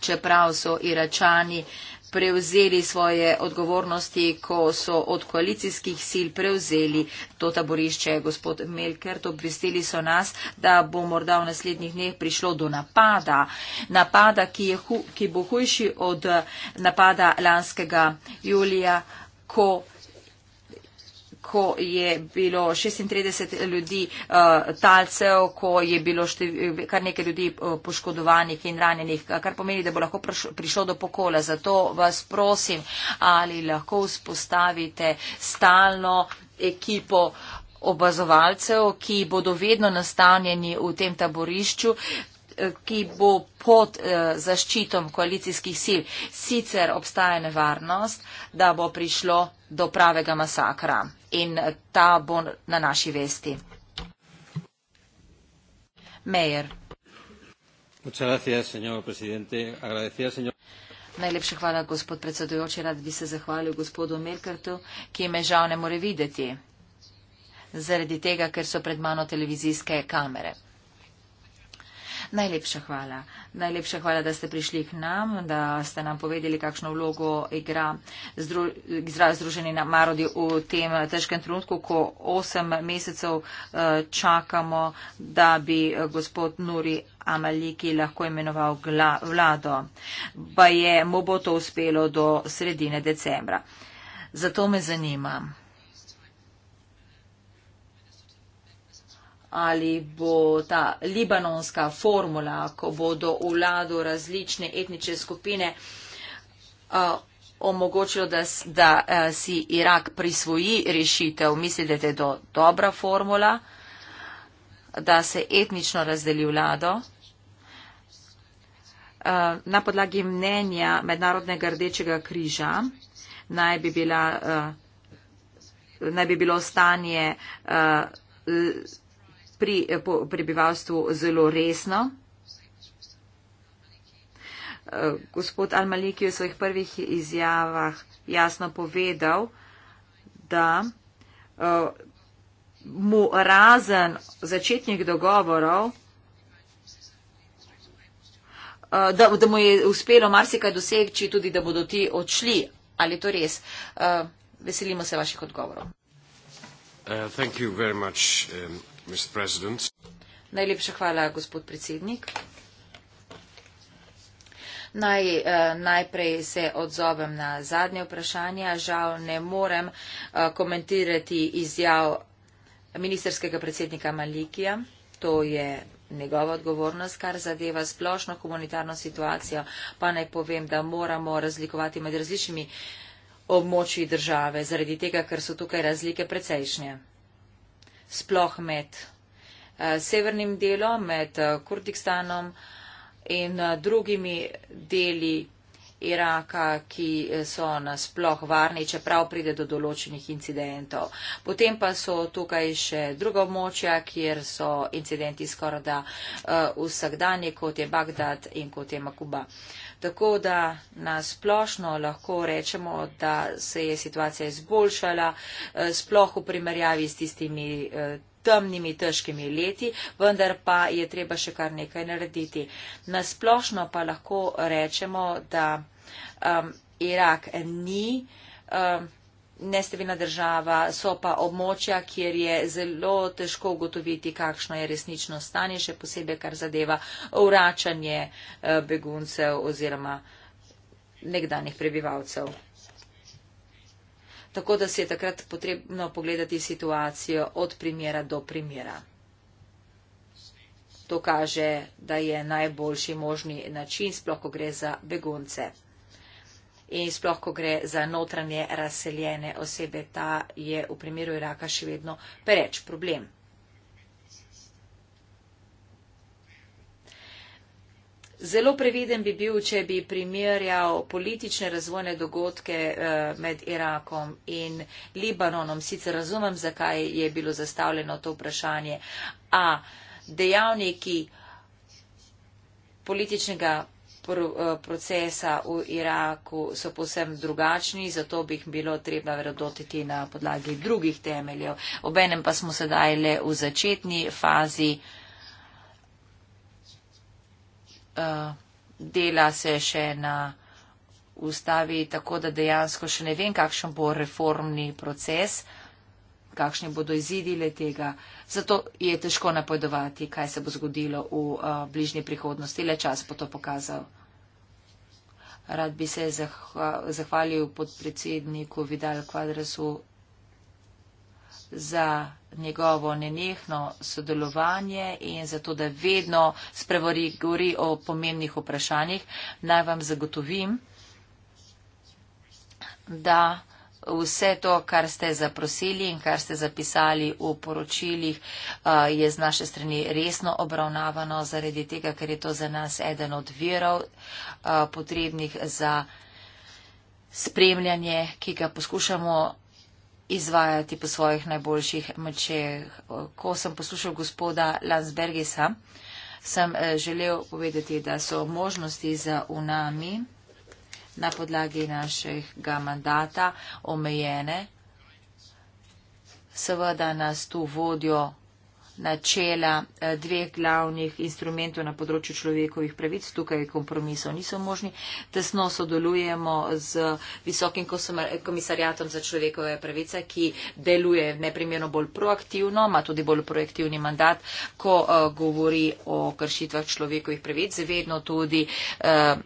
čeprav so iračani prevzeli svoje odgovornosti, ko so od koalicijskih sil prevzeli to taborišče. Gospod Melkert, obvestili so nas, da bo morda v naslednjih dneh prišlo do napada, napada, ki, je, ki bo hujši od napada lanskega julija, ko ko je bilo 36 ljudi uh, talcev, ko je bilo štev, kar nekaj ljudi uh, poškodovanih in ranjenih, kar pomeni, da bo lahko prišlo do pokola. Zato vas prosim, ali lahko vzpostavite stalno ekipo obazovalcev, ki bodo vedno nastanjeni v tem taborišču, ki bo pod eh, zaščitom koalicijskih sil. Sicer obstaja nevarnost, da bo prišlo do pravega masakra in ta bo na naši vesti. Mejer. Najlepša hvala, gospod predsedujoči. Rad bi se zahvalil gospodu Melkartu, ki me žal ne more videti, zaradi tega, ker so pred mano televizijske kamere. Najlepša hvala. Najlepša hvala, da ste prišli k nam, da ste nam povedali, kakšno vlogo igra zdrav združeni narodi v tem težkem trenutku, ko 8 mesecev eh, čakamo, da bi eh, gospod Nuri Amaliki lahko imenoval vlado. Pa je mu bo to uspelo do sredine decembra. Zato me zanima. ali bo ta libanonska formula, ko bodo vlado različne etnične skupine eh, omogočilo, da, da eh, si Irak prisvoji rešitev. Mislite, da je to dobra formula, da se etnično razdeli vlado? Eh, na podlagi mnenja Mednarodnega rdečega križa naj bi, bila, naj bi bilo stanje pri eh, prebivalstvu zelo resno. Eh, gospod Almaliki je v svojih prvih izjavah jasno povedal, da eh, mu razen začetnih dogovorov, da, da mu je uspelo marsikaj doseči, tudi da bodo ti odšli. Ali je to res? Veselimo se vaših odgovorov. Uh, thank you very much, um... Najlepša hvala, gospod predsednik. Naj, eh, najprej se odzovem na zadnje vprašanje. Žal ne morem eh, komentirati izjav ministerskega predsednika Malikija. To je njegova odgovornost, kar zadeva splošno komunitarno situacijo. Pa naj povem, da moramo razlikovati med različnimi območji države, zaradi tega, ker so tukaj razlike precejšnje sploh med eh, severnim delom, med eh, Kurdistanom in eh, drugimi deli Iraka, ki so nasploh varni, čeprav pride do določenih incidentov. Potem pa so tukaj še druga območja, kjer so incidenti skorda vsakdanje, kot je Bagdad in kot je Makuba. Uh, Tako da nasplošno lahko rečemo, da se je situacija izboljšala, eh, sploh v primerjavi s tistimi eh, temnimi, težkimi leti, vendar pa je treba še kar nekaj narediti. Nasplošno pa lahko rečemo, da um, Irak ni. Um, nestabilna država, so pa območja, kjer je zelo težko ugotoviti, kakšno je resnično stanje, še posebej, kar zadeva vračanje eh, beguncev oziroma nekdanjih prebivalcev. Tako da se je takrat potrebno pogledati situacijo od primjera do primjera. To kaže, da je najboljši možni način, sploh ko gre za begunce in sploh, ko gre za notranje razseljene osebe, ta je v primeru Iraka še vedno pereč problem. Zelo previden bi bil, če bi primerjal politične razvojne dogodke eh, med Irakom in Libanonom. Sicer razumem, zakaj je bilo zastavljeno to vprašanje. A dejavniki političnega pr eh, procesa v Iraku so posebno drugačni, zato bi jih bilo treba verodotiti na podlagi drugih temeljev. Obenem pa smo sedaj le v začetni fazi. Uh, dela se še na ustavi, tako da dejansko še ne vem, kakšen bo reformni proces. Uh, kakšni bodo izidile tega. Zato je težko napovedovati, kaj se bo zgodilo v uh, bližnji prihodnosti. Le čas bo to pokazal. Rad bi se zahva zahvalil podpredsedniku Vidal Kvadresu za njegovo nenehno sodelovanje in za to, da vedno sprevori gori o pomembnih vprašanjih. Naj vam zagotovim, da vse to, kar ste zaprosili in kar ste zapisali v poročilih, je z naše strani resno obravnavano zaradi tega, ker je to za nas eden od virov potrebnih za spremljanje, ki ga poskušamo izvajati po svojih najboljših močeh. Ko sem poslušal gospoda Landsbergisa, sem e, želel povedati, da so možnosti za unami na podlagi našega mandata omejene. Seveda nas tu vodijo načela eh, dveh glavnih instrumentov na področju človekovih pravic. Tukaj kompromisov niso možni. Tesno sodelujemo z Visokim komisarjatom za človekove pravice, ki deluje neprimerno bolj proaktivno, ima tudi bolj proaktivni mandat, ko uh, govori o kršitvah človekovih pravic. Vedno tudi uh,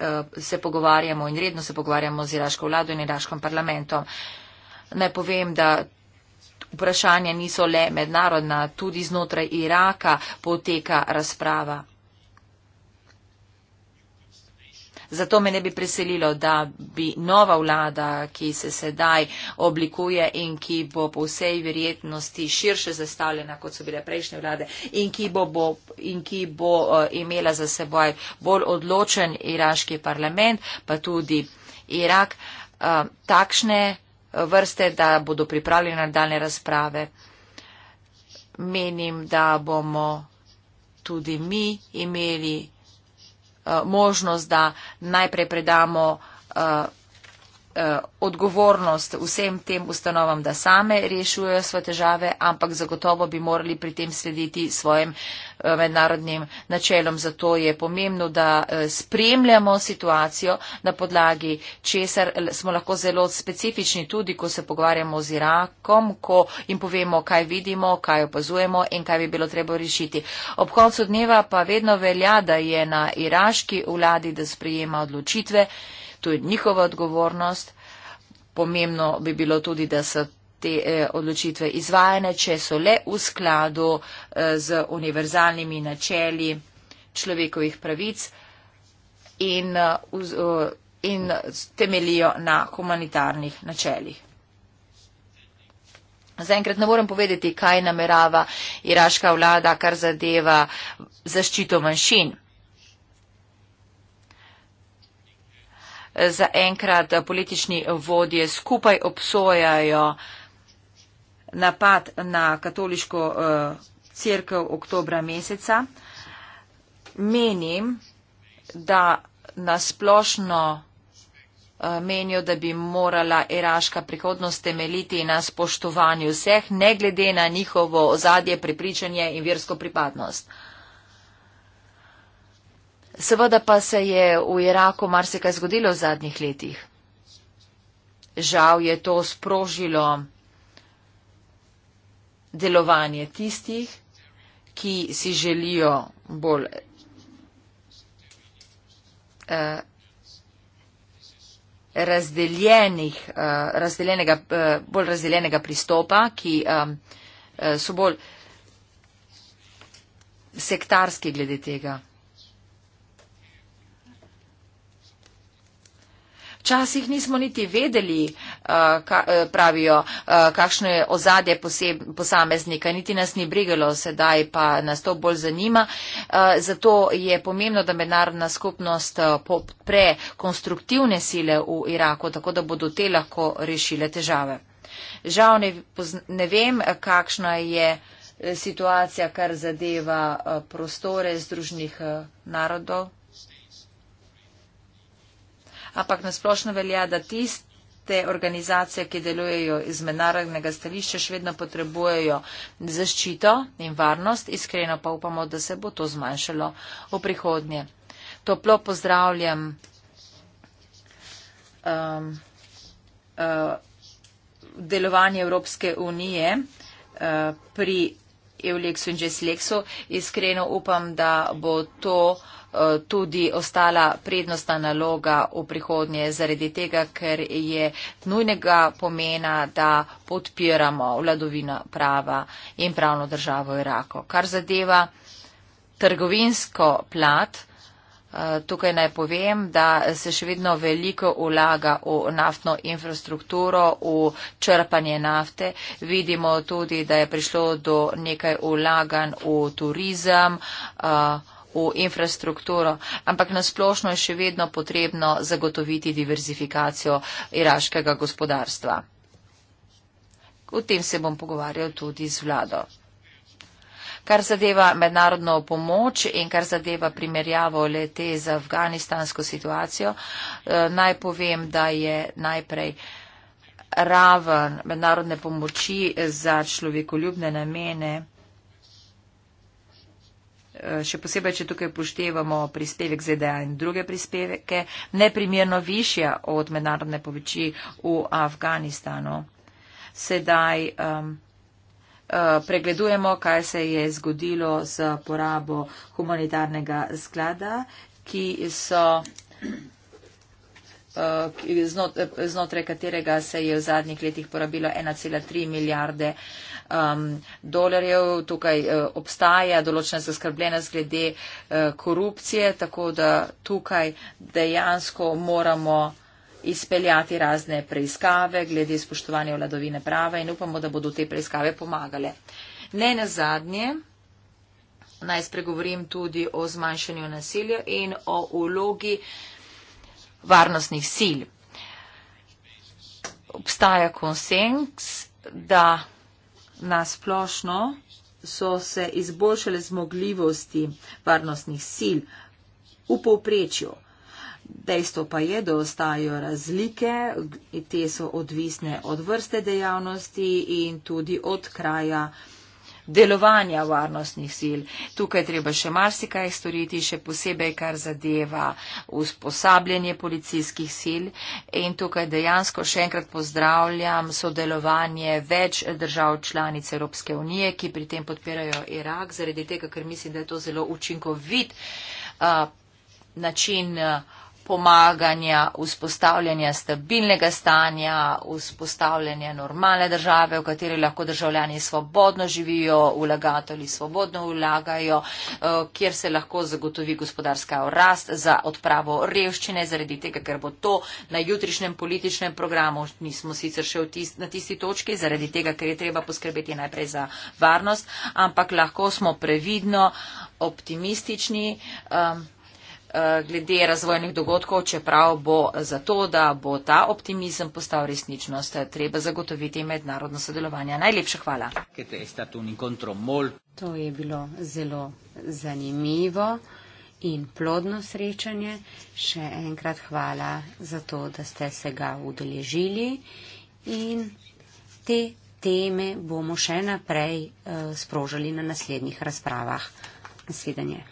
Eh, se pogovarjamo in redno se pogovarjamo z iraško vlado in iraškom parlamentom. Naj povem, da vprašanja niso le mednarodna, tudi znotraj Iraka poteka razprava. Zato me ne bi preselilo, da bi nova vlada, ki se sedaj oblikuje in ki bo po vsej verjetnosti širše zastavljena, kot so bile prejšnje vlade, in ki bo, bo, in ki bo uh, imela za seboj bolj odločen iraški parlament, pa tudi Irak, uh, takšne eh, vrste, da bodo pripravljene na daljne razprave. Menim, da bomo tudi mi imeli Eh, možnost, da najprej predamo eh, Eh, odgovornost vsem tem ustanovam, da same rešujejo svoje težave, ampak zagotovo bi morali pri tem slediti svojim eh, mednarodnim načelom. Zato je pomembno, da eh, spremljamo situacijo na podlagi, česar smo lahko zelo specifični tudi, ko se pogovarjamo z Irakom, ko jim povemo, kaj vidimo, kaj opazujemo in kaj bi bilo treba rešiti. Ob koncu dneva pa vedno velja, da je na iraški vladi, da sprejema odločitve. To je njihova odgovornost. Pomembno bi bilo tudi, da so te eh, odločitve izvajane, če so le v skladu eh, z univerzalnimi načeli človekovih pravic in, eh, in temelijo na humanitarnih načeljih. Zaenkrat ne morem povedati, kaj namerava iraška vlada, kar zadeva zaščito manjšin. zaenkrat politični vodje skupaj obsojajo napad na katoliško eh, crkv oktobra meseca. Menim, da nasplošno eh, menijo, da bi morala iraška prihodnost temeljiti na spoštovanju vseh, ne glede na njihovo ozadje, prepričanje in versko pripadnost. Seveda pa se je v Iraku marsikaj zgodilo v zadnjih letih. Žal je to sprožilo delovanje tistih, ki si želijo bolj eh, eh, eh, bolj razdeljenega pristopa, ki eh, so bolj sektarski glede tega. včasih nismo niti vedeli, eh, ka, eh, pravijo, eh, kakšno je ozadje posameznika, niti nas ni brigalo, sedaj pa nas to bolj zanima. Zato je pomembno, da mednarodna skupnost popre konstruktivne sile v Iraku, tako da bodo te lahko rešile težave. Žal ne, ne vem, kakšna je situacija, kar zadeva prostore združnih narodov ampak nasplošno velja, da tisti, Te organizacije, ki delujejo iz mednarodnega stališča, še vedno potrebujejo zaščito in varnost. Iskreno pa upamo, da se bo to zmanjšalo v prihodnje. Toplo pozdravljam um, uh, delovanje Evropske unije uh, pri Euleksu in Jesleksu. Iskreno upam, da bo to. Uh, Eh, tudi ostala prednostna naloga v prihodnje zaradi tega, ker je nujnega pomena, da podpiramo vladovino prava in pravno državo Irako. Kar zadeva trgovinsko plat, eh, Tukaj naj povem, da se še vedno veliko ulaga v naftno infrastrukturo, v črpanje nafte. Vidimo tudi, da je prišlo do nekaj ulagan v turizem. Uh, v infrastrukturo, ampak nasplošno je še vedno potrebno zagotoviti diverzifikacijo iraškega gospodarstva. O tem se bom pogovarjal tudi z vlado. Kar zadeva mednarodno pomoč in kar zadeva primerjavo lete z afganistansko situacijo, eh, naj povem, da je najprej raven mednarodne pomoči za človekoljubne namene Eh, še posebej, če tukaj poštevamo prispevek ZDA in druge prispevke, neprimerno višja od mednarodne poveči v Afganistanu. Sedaj um, uh, pregledujemo, kaj se je zgodilo z porabo humanitarnega sklada, ki so. Eh, znotraj katerega se je v zadnjih letih porabilo 1,3 milijarde uh, um, dolarjev. Tukaj uh, obstaja določena zaskrbljenost glede uh, korupcije, tako da tukaj dejansko moramo izpeljati razne preiskave glede spoštovanja vladovine prava in upamo, da bodo te preiskave pomagale. Ne na zadnje, naj spregovorim tudi o zmanjšanju nasilja in o ulogi varnostnih sil. Obstaja konsens, da nasplošno so se izboljšale zmogljivosti varnostnih sil v povprečju. Dejstvo pa je, da ostajajo razlike, te so odvisne od vrste dejavnosti in tudi od kraja delovanja varnostnih sil. Tukaj treba še marsikaj storiti, še posebej, kar zadeva usposabljanje policijskih sil. In tukaj dejansko še enkrat pozdravljam sodelovanje več držav članic Evropske unije, ki pri tem podpirajo Irak, zaradi tega, ker mislim, da je to zelo učinkovit uh, način. Uh, pomaganja, vzpostavljanja stabilnega stanja, vzpostavljanja normalne države, v kateri lahko državljani svobodno živijo, vlagatelji svobodno vlagajo, eh, kjer se lahko zagotovi gospodarska rast za odpravo revščine, zaradi tega, ker bo to na jutrišnjem političnem programu, nismo sicer še tist, na tisti točki, zaradi tega, ker je treba poskrbeti najprej za varnost, ampak lahko smo previdno optimistični. Um, Eh, glede razvojnih dogodkov, čeprav bo za to, da bo ta optimizem postal resničnost, treba zagotoviti mednarodno sodelovanje. Najlepša hvala. To je bilo zelo zanimivo in plodno srečanje. Še enkrat hvala za to, da ste se ga udeležili in te teme bomo še naprej eh, sprožali na naslednjih razpravah. Nasvidenje.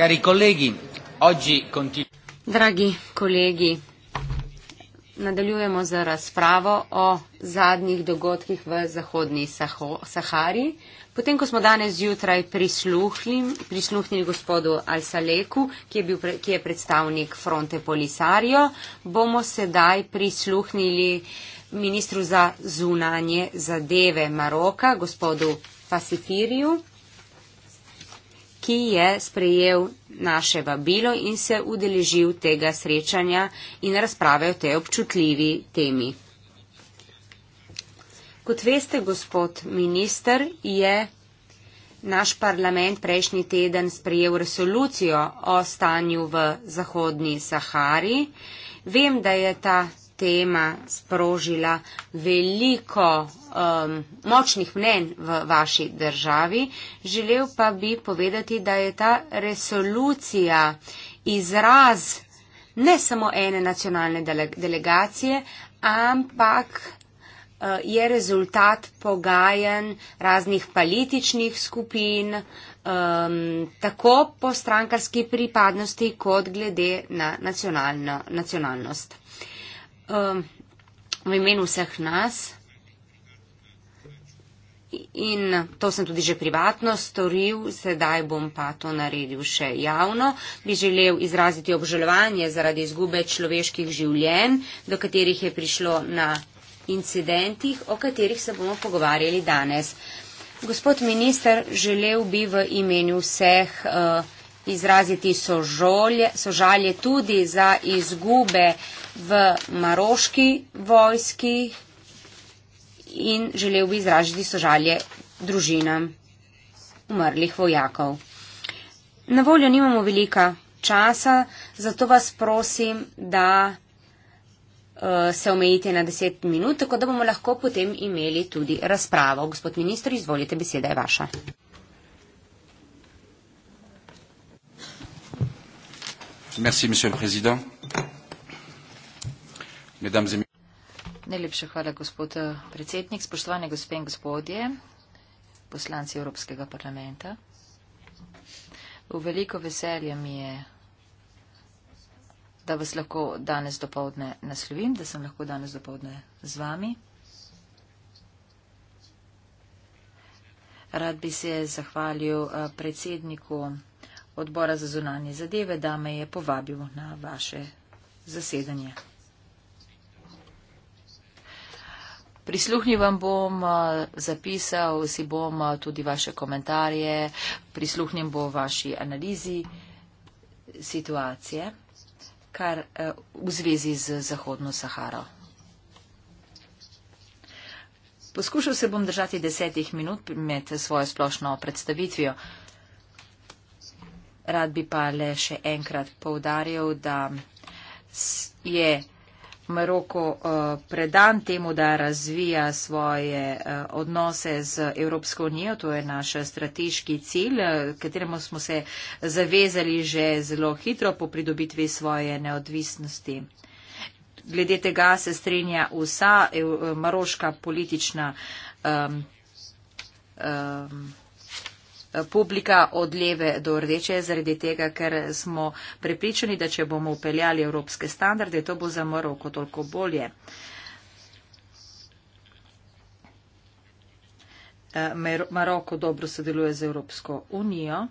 Dragi kolegi, nadaljujemo z razpravo o zadnjih dogodkih v Zahodni Sahari. Potem, ko smo danes zjutraj prisluhli, prisluhnili gospodu Al-Saleku, ki je, bil, ki je predstavnik fronte Polisario, bomo sedaj prisluhnili ministru za zunanje zadeve Maroka, gospodu Pasifiriju ki je sprejel naše vabilo in se udeležil tega srečanja in razprave o tej občutljivi temi. Kot veste, gospod minister, je naš parlament prejšnji teden sprejel resolucijo o stanju v Zahodni Sahari. Vem, da je ta tema sprožila veliko um, močnih mnen v vaši državi. Želel pa bi povedati, da je ta resolucija izraz ne samo ene nacionalne delegacije, ampak uh, je rezultat pogajanj raznih političnih skupin, um, tako po strankarski pripadnosti, kot glede na nacionalno, nacionalnost um, v imenu vseh nas in to sem tudi že privatno storil, sedaj bom pa to naredil še javno. Bi želel izraziti obžalovanje zaradi izgube človeških življenj, do katerih je prišlo na incidentih, o katerih se bomo pogovarjali danes. Gospod minister, želel bi v imenu vseh. Uh, izraziti sožalje, sožalje tudi za izgube v maroški vojski in želel bi izraziti sožalje družinam umrlih vojakov. Na voljo nimamo velika časa, zato vas prosim, da eh, se omejite na 10 minut, tako da bomo lahko potem imeli tudi razpravo. Gospod ministr, izvolite, beseda je vaša. Merci, monsieur le président. Mesdames et Najlepša hvala, gospod eh, predsednik. Spoštovane gospe in gospodje, poslanci Evropskega parlamenta. V veliko veselje mi je, da vas lahko danes dopovdne naslovim, da sem lahko danes dopovdne z vami. Rad bi se zahvalil eh, predsedniku odbora za zunanje zadeve, da me je povabil na vaše zasedanje. Prisluhnil vam bom, eh, zapisal si bom eh, tudi vaše komentarje, prisluhnil bom vaši analizi situacije kar eh, v zvezi z Zahodno Saharo. Poskušal se bom držati desetih minut med svojo splošno predstavitvijo. Rad bi pa le še enkrat povdarjal, da je Maroko eh, predan temu, da razvija svoje eh, odnose z Evropsko unijo. To je naš strateški cilj, eh, kateremu smo se zavezali že zelo hitro po pridobitvi svoje neodvisnosti. Glede tega se strinja vsa maroška politična. Um, um, publika od leve do rdeče, zaradi tega, ker smo prepričani, da če bomo upeljali evropske standarde, to bo za Moroko toliko bolje. Eh, Maroko dobro sodeluje z Evropsko unijo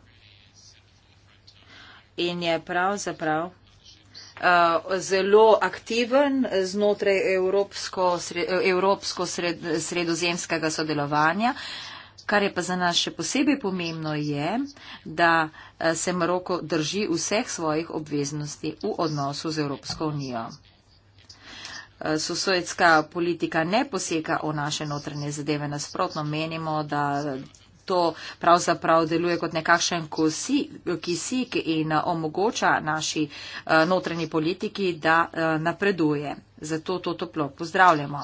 in je pravzaprav eh, zelo aktiven znotraj Evropsko, eh, Evropsko sred, sredozemskega sodelovanja. Kar je pa za nas še posebej pomembno je, da eh, se Maroko drži vseh svojih obveznosti v odnosu z Evropsko unijo. Eh, Sosojetska politika ne poseka v naše notranje zadeve. Nasprotno menimo, da to pravzaprav deluje kot nekakšen kisik in eh, omogoča naši notranji politiki, da napreduje. Zato to toplo pozdravljamo.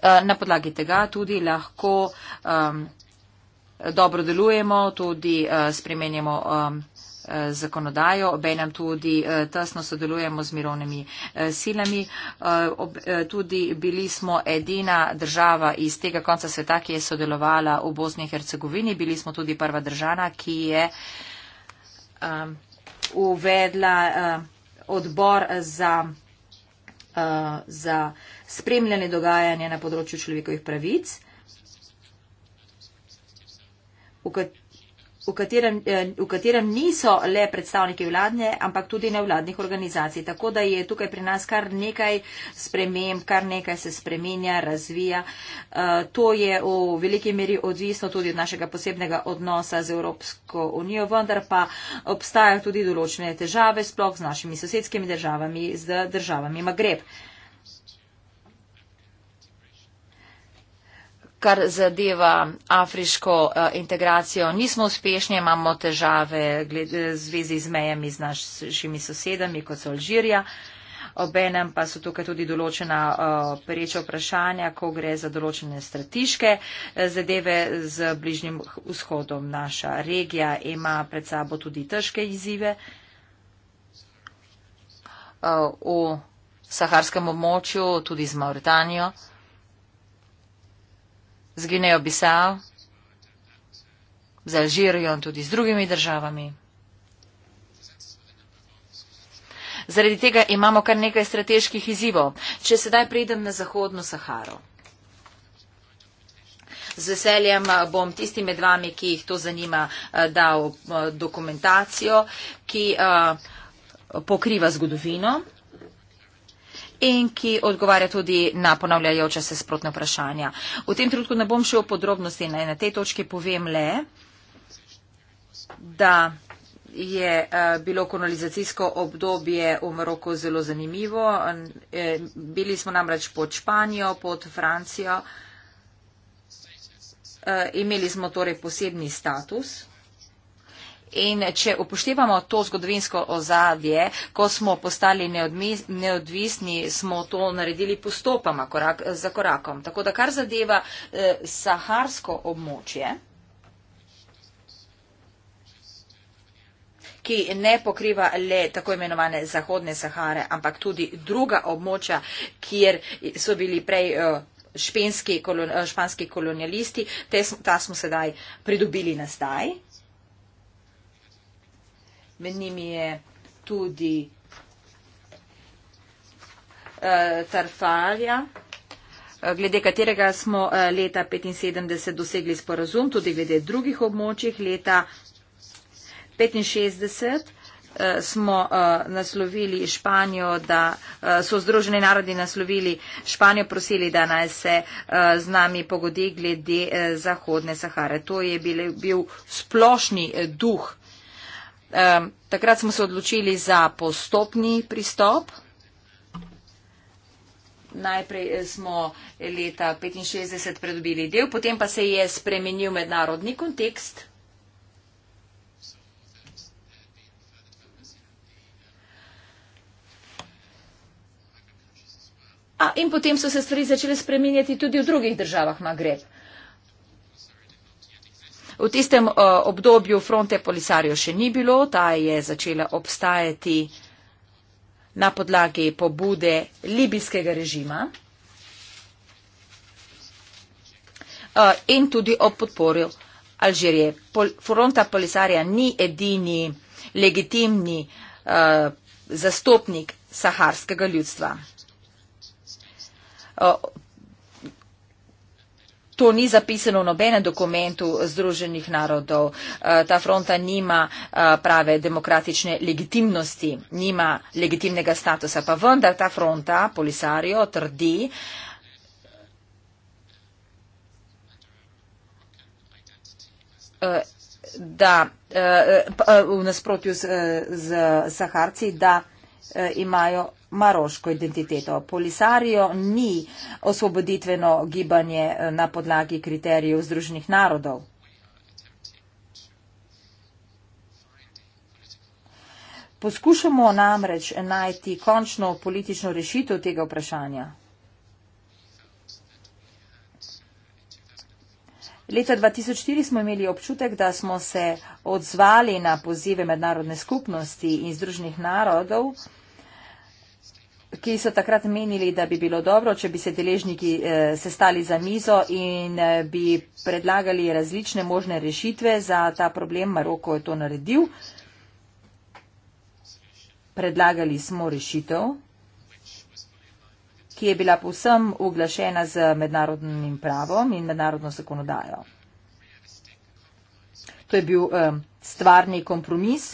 Eh, na podlagi tega tudi lahko um, dobro delujemo, tudi uh, spremenjamo um, zakonodajo, obe nam tudi uh, tesno sodelujemo z mirovnimi uh, silami. Uh, ob, uh, tudi bili smo edina država iz tega konca sveta, ki je sodelovala v Bosni in Hercegovini. Bili smo tudi prva država, ki je um, uvedla uh, odbor za. Eh, za spremljanje dogajanja na področju človekovih pravic, v kateri v katerem, eh, v katerem niso le predstavniki vladne, ampak tudi nevladnih organizacij. Tako da je tukaj pri nas kar nekaj sprememb, kar nekaj se spremenja, razvija. Eh, to je v veliki meri odvisno tudi od našega posebnega odnosa z Evropsko unijo, vendar pa obstajajo tudi določene težave, sploh z našimi sosedskimi državami, z državami Magreb. kar zadeva afriško eh, integracijo, nismo uspešni, imamo težave eh, v zvezi z mejami z našimi sosedami, kot so Alžirija. Obenem pa so tukaj tudi določena eh, pereča vprašanja, ko gre za določene strateške zadeve z bližnjim vzhodom. Naša regija ima pred sabo tudi težke izzive. V saharskem območju, tudi z Mauritanijo z Gvinejo Bisao, z Alžirijo in tudi z drugimi državami. Zaradi tega imamo kar nekaj strateških izzivov. Če sedaj pridem na Zahodno Saharo. Z veseljem eh, bom tistim med vami, ki jih to zanima, eh, dal eh, dokumentacijo, ki pokriva zgodovino in ki odgovarja tudi na ponavljajoče se sprotne vprašanja. V tem trenutku ne bom šel v podrobnosti in na tej točki povem le, da je uh, bilo kanalizacijsko obdobje v Maroku zelo zanimivo. Eh, bili smo namreč pod Španijo, pod Francijo. Uh, imeli smo torej posebni status. Uh, In če upoštevamo to zgodovinsko ozadje, ko smo postali neodvisni, smo to naredili postopoma, korak za korakom. Tako da kar zadeva eh, saharsko območje, ki ne pokriva le tako imenovane Zahodne Sahare, ampak tudi druga območja, kjer so bili prej. Eh, Špenski, kolon, eh, španski kolonialisti, te, ta smo sedaj pridobili na staj med njimi je tudi uh, Tarfalja, eh, glede katerega smo uh, leta 1975 dosegli sporazum, tudi glede drugih območjih. Leta 1965 uh, smo uh, naslovili Španijo, da uh, so Združeni narodi naslovili Španijo, prosili, da naj se uh, z nami pogodi glede uh, Zahodne Sahare. To je bil, bil splošni uh, duh um, takrat smo se odločili za postopni pristop. Najprej eh, smo leta 65 predobili del, potem pa se je spremenil mednarodni kontekst. A, in potem so se stvari začele spreminjati tudi v drugih državah Magreb. V tistem eh, obdobju fronte Polisario še ni bilo, ta je začela obstajati na podlagi pobude libijskega režima eh, in tudi ob podporju Alžirije. Fronta Polisarija ni edini legitimni eh, zastopnik saharskega ljudstva. To ni zapisano v nobenem dokumentu Združenih narodov. Eh, ta fronta nima eh, prave demokratične legitimnosti, nima legitimnega statusa. Pa vendar ta fronta, Polisario, trdi, eh, da v nasprotju z, z Saharci, da imajo maroško identiteto. Polisario ni osvoboditveno gibanje eh, na podlagi kriterijev Združenih narodov. Poskušamo namreč najti končno politično rešitev tega vprašanja. Leta 2004 smo imeli občutek, da smo se odzvali na pozive mednarodne skupnosti in združenih narodov, ki so takrat menili, da bi bilo dobro, če bi se deležniki eh, sestali za mizo in eh, bi predlagali različne možne rešitve za ta problem. Maroko je to naredil. Predlagali smo rešitev, ki je bila povsem uglašena z mednarodnim pravom in mednarodno zakonodajo. To je bil eh, stvarni kompromis.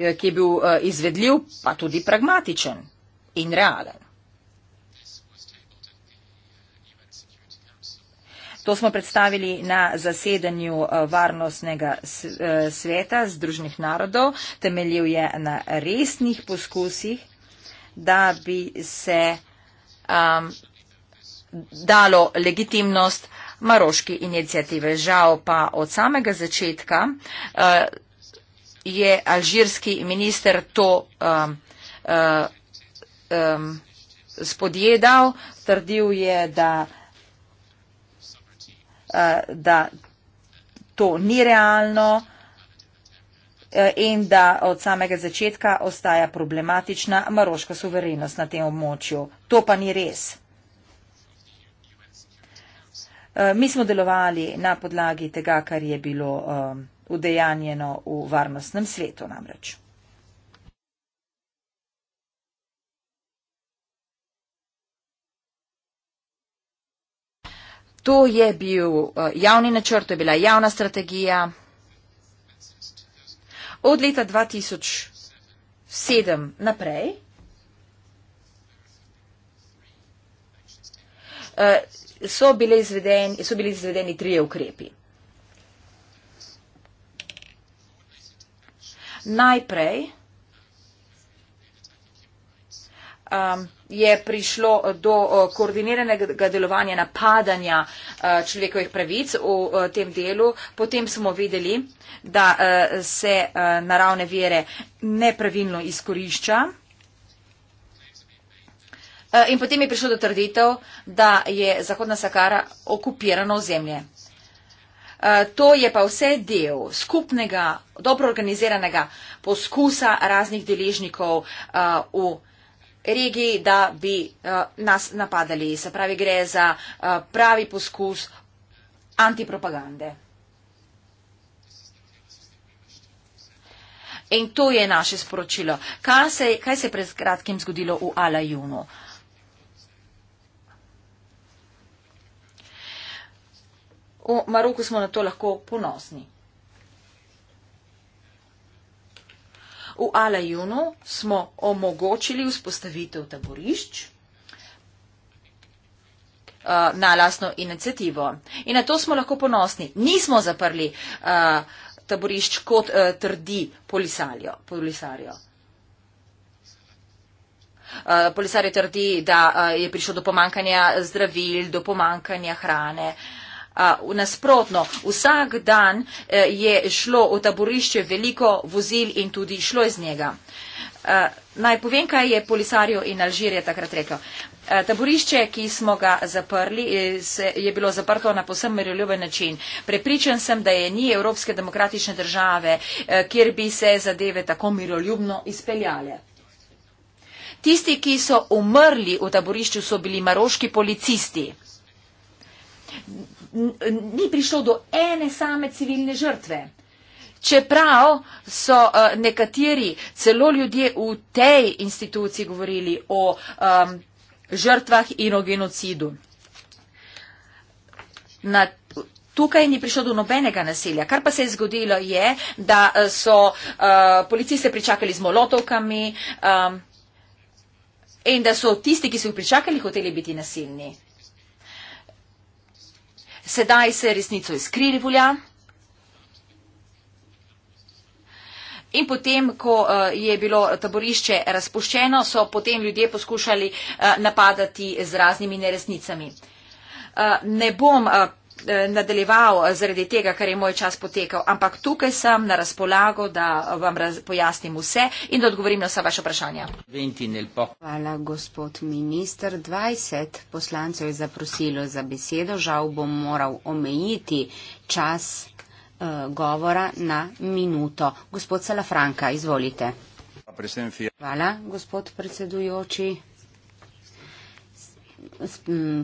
Eh, ki je bil eh, izvedljiv, pa tudi pragmatičen in realen. To smo predstavili na zasedanju eh, Varnostnega sveta Združenih narodov. Temeljil je na resnih poskusih, da bi se um, dalo legitimnost maroški inicijative. Žal pa od samega začetka. Uh, je alžirski minister to um, uh, um, spodjedal. Trdil je, da, uh, da to ni realno uh, in da od samega začetka ostaja problematična maroška suverenost na tem območju. To pa ni res. Uh, mi smo delovali na podlagi tega, kar je bilo um, udejanjeno v varnostnem svetu namreč. To je bil eh, javni načrt, to je bila javna strategija. Od leta 2007 naprej eh, so, bile izveden, so bili izvedeni trije ukrepi. Najprej um, je prišlo do uh, koordiniranega delovanja napadanja uh, človekovih pravic v uh, tem delu. Potem smo videli, da uh, se uh, naravne vere nepravilno izkorišča. Uh, in potem je prišlo do trditev, da je Zahodna Sakara okupirano zemlje. Eh, to je pa vse del skupnega, dobro organiziranega poskusa raznih deležnikov eh, v regiji, da bi eh, nas napadali. Se pravi, gre za pravi poskus antipropagande. In to je naše sporočilo. Kaj se je pred kratkim zgodilo v Alajunu? Uh, V Maroku smo na to lahko ponosni. V Alajunu smo omogočili vzpostavitev taborišč eh, na lasno inicijativo. In na to smo lahko ponosni. Nismo zaprli eh, taborišč, kot eh, trdi polisarjo. Polisarjo trdi, da je prišlo do pomankanja zdravil, do pomankanja hrane. A v nasprotno, vsak dan e, je šlo v taborišče veliko vozil in tudi šlo iz njega. E, naj povem, kaj je Polisario in Alžirija takrat rekel. Taborišče, ki smo ga zaprli, e, je bilo zaprto na posebno miroljuben način. Prepričan sem, da je ni Evropske demokratične države, kjer bi se zadeve tako miroljubno izpeljale. Tisti, ki so umrli v taborišču, so bili maroški policisti ni prišlo do ene same civilne žrtve. Čeprav so uh, nekateri, celo ljudje v tej instituciji, govorili o um, žrtvah in o genocidu. Na, tukaj ni prišlo do nobenega nasilja. Kar pa se je zgodilo, je, da eh, so uh, policiste pričakali z molotovkami um, in da so tisti, ki so jih pričakali, hoteli biti nasilni sedaj se resnico izkrivlja. In potem, ko eh, je bilo taborišče razpuščeno, so potem ljudje poskušali eh, napadati z raznimi neresnicami. Eh, ne bom Eh, nadaljeval zaradi tega, ker je moj čas potekal, ampak tukaj sem na razpolago, da vam raz, pojasnim vse in da odgovorim na vsa vaša vprašanja. Hvala, gospod minister. 20 poslancev je zaprosilo za besedo. Žal bom moral omejiti čas uh, govora na minuto. Gospod Salafranka, izvolite. Hvala, gospod predsedujoči.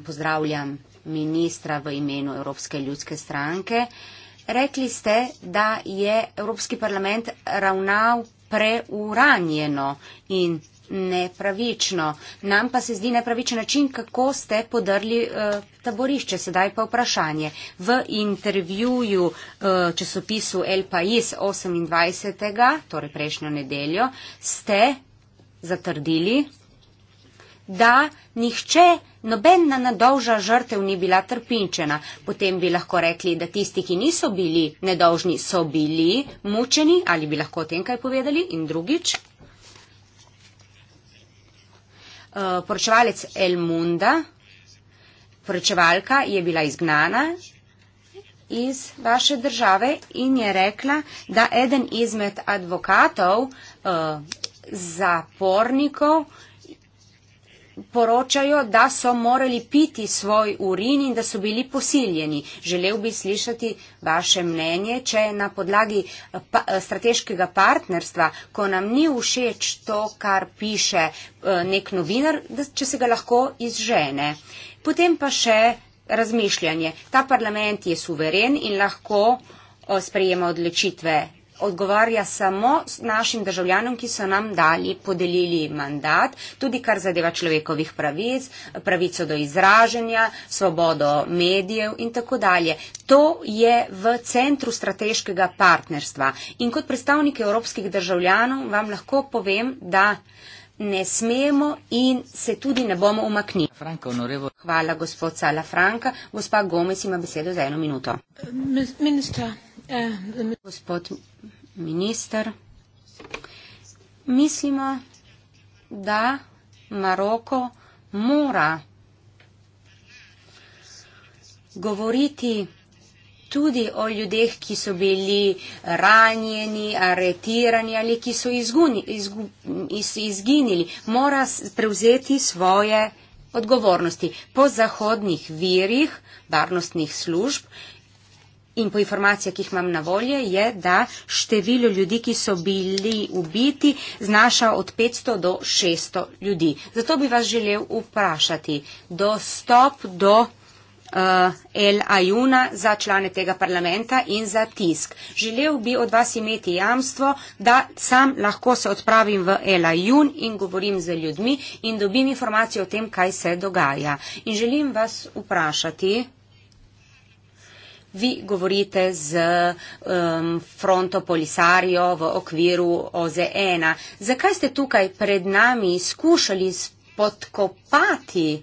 Pozdravljam ministra v imenu Evropske ljudske stranke. Rekli ste, da je Evropski parlament ravnal preuranjeno in nepravično. Nam pa se zdi nepravičen način, kako ste podrli uh, taborišče. Sedaj pa vprašanje. V intervjuju uh, časopisu El Pais 28. torej prejšnjo nedeljo ste zatrdili, da nihče Nobena nedolža žrtev ni bila trpinčena, potem bi lahko rekli, da tisti, ki niso bili nedolžni, so bili mučeni ali bi lahko o tem kaj povedali in drugič. Eh, poročevalec El Munda, poročevalka je bila izgnana iz vaše države in je rekla, da eden izmed advokatov eh, zapornikov poročajo, da so morali piti svoj urin in da so bili posiljeni. Želel bi slišati vaše mnenje, če na podlagi pa, eh, strateškega partnerstva, ko nam ni všeč to, kar piše eh, nek novinar, da, če se ga lahko izžene. Potem pa še razmišljanje. Ta parlament je suveren in lahko eh, sprejema odločitve odgovarja samo našim državljanom, ki so nam dali, podelili mandat, tudi kar zadeva človekovih pravic, pravico do izraženja, svobodo medijev in tako dalje. To je v centru strateškega partnerstva. In kot predstavnik evropskih državljanov vam lahko povem, da ne smemo in se tudi ne bomo umaknili. Franka, Hvala, gospod Sala Franka. Gospa Gomez ima besedo za eno minuto. Minister. Eh, gospod minister. Mislimo, da Maroko mora govoriti tudi o ljudeh, ki so bili ranjeni, aretirani ali ki so izguni, izgu, izginili. Mora prevzeti svoje odgovornosti. Po zahodnih virih varnostnih služb In po informacijah, ki jih imam na volje, je, da število ljudi, ki so bili ubiti, znaša od 500 do 600 ljudi. Zato bi vas želel vprašati, dostop do uh, El Ajuna za člane tega parlamenta in za tisk. Želel bi od vas imeti jamstvo, da sam lahko se odpravim v El Ajun in govorim z ljudmi in dobim informacije o tem, kaj se dogaja. In želim vas vprašati vi govorite z um, fronto Polisario v okviru OZN. -a. Zakaj ste tukaj pred nami skušali spodkopati uh,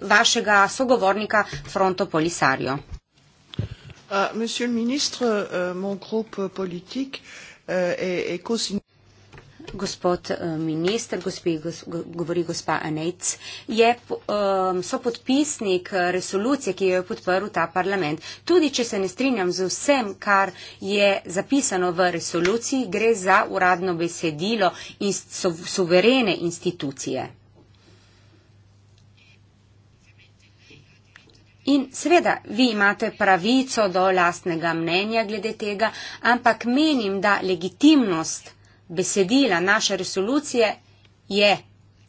vašega sogovornika fronto Polisario? Uh, gospod eh, minister, gospe, govori gospa Anejc, je, eh, so podpisnik eh, resolucije, ki jo je podprl ta parlament. Tudi, če se ne strinjam z vsem, kar je zapisano v resoluciji, gre za uradno besedilo in suverene institucije. In seveda, vi imate pravico do lastnega mnenja glede tega, ampak menim, da legitimnost besedila naše resolucije je,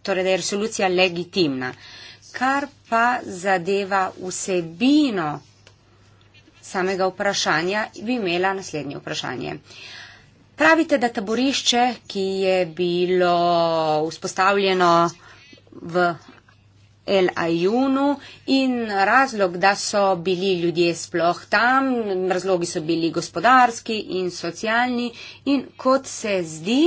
torej da je resolucija legitimna. Kar pa zadeva vsebino samega vprašanja, bi imela naslednje vprašanje. Pravite, da taborišče, ki je bilo vzpostavljeno v El Ajunu in razlog, da so bili ljudje sploh tam, razlogi so bili gospodarski in socialni in kot se zdi,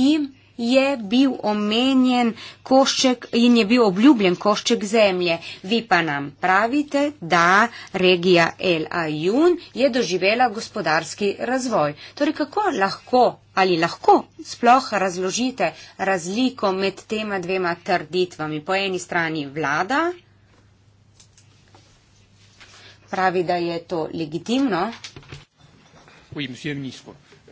jim je bil omenjen košček in je bil obljubljen košček zemlje. Vi pa nam pravite, da regija El Ajun je doživela gospodarski razvoj. Torej, kako lahko ali lahko sploh razložite razliko med tema dvema trditvami? Po eni strani vlada pravi, da je to legitimno. Oui,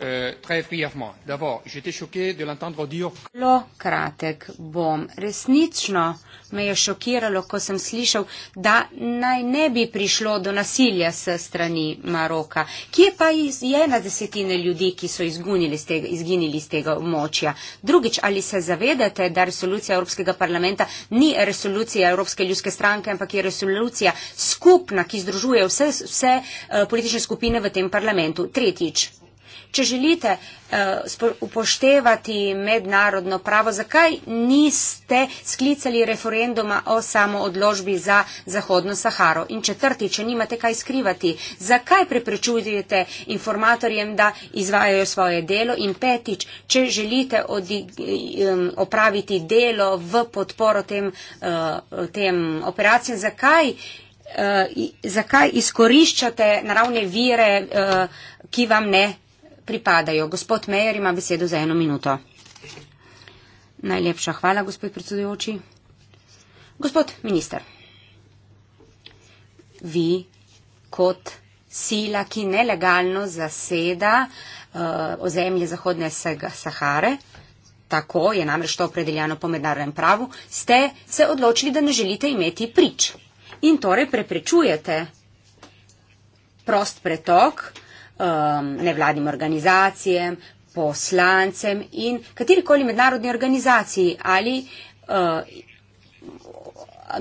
Euh, très brièvement. D'abord, j'étais choqué de l'entendre dire. Lo kratek bom. Resnično me je šokiralo, ko sem slišal, da naj ne bi prišlo do nasilja s strani Maroka. Kje pa je ena desetine ljudi, ki so iz tega, izginili iz tega močja? Drugič, ali se zavedate, da resolucija Evropskega parlamenta ni resolucija Evropske ljudske stranke, ampak je resolucija skupna, ki združuje vse, vse uh, politične skupine v tem parlamentu? Tretjič. Če želite eh, upoštevati mednarodno pravo, zakaj niste sklicali referenduma o samoodložbi za Zahodno Saharo? In četrti, če nimate kaj skrivati, zakaj preprečujete informatorjem, da izvajajo svoje delo? In petič, če želite opraviti delo v podporo tem, eh, tem operacijam, zakaj? Uh, zakaj izkoriščate naravne vire, uh, ki vam ne pripadajo. Gospod Mejer ima besedo za eno minuto. Najlepša hvala, gospod predsedujoči. Gospod minister, vi kot sila, ki nelegalno zaseda uh, ozemlje Zahodne Sahare, tako je namreč to opredeljeno po mednarodnem pravu, ste se odločili, da ne želite imeti prič. In torej preprečujete prost pretok um, nevladnim organizacijam, poslancem in katerikoli mednarodni organizaciji ali uh,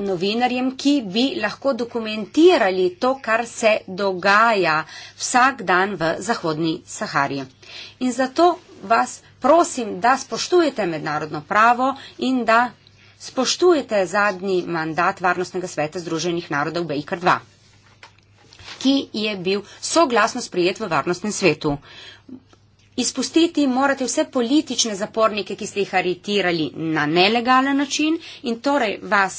novinarjem, ki bi lahko dokumentirali to, kar se dogaja vsak dan v Zahodni Sahariji. In zato vas prosim, da spoštujete mednarodno pravo in da spoštujete zadnji mandat Varnostnega sveta Združenih narodov Baker 2 ki je bil soglasno sprejet v varnostnem svetu. Izpustiti morate vse politične zapornike, ki ste jih aretirali na nelegalen način in torej vas,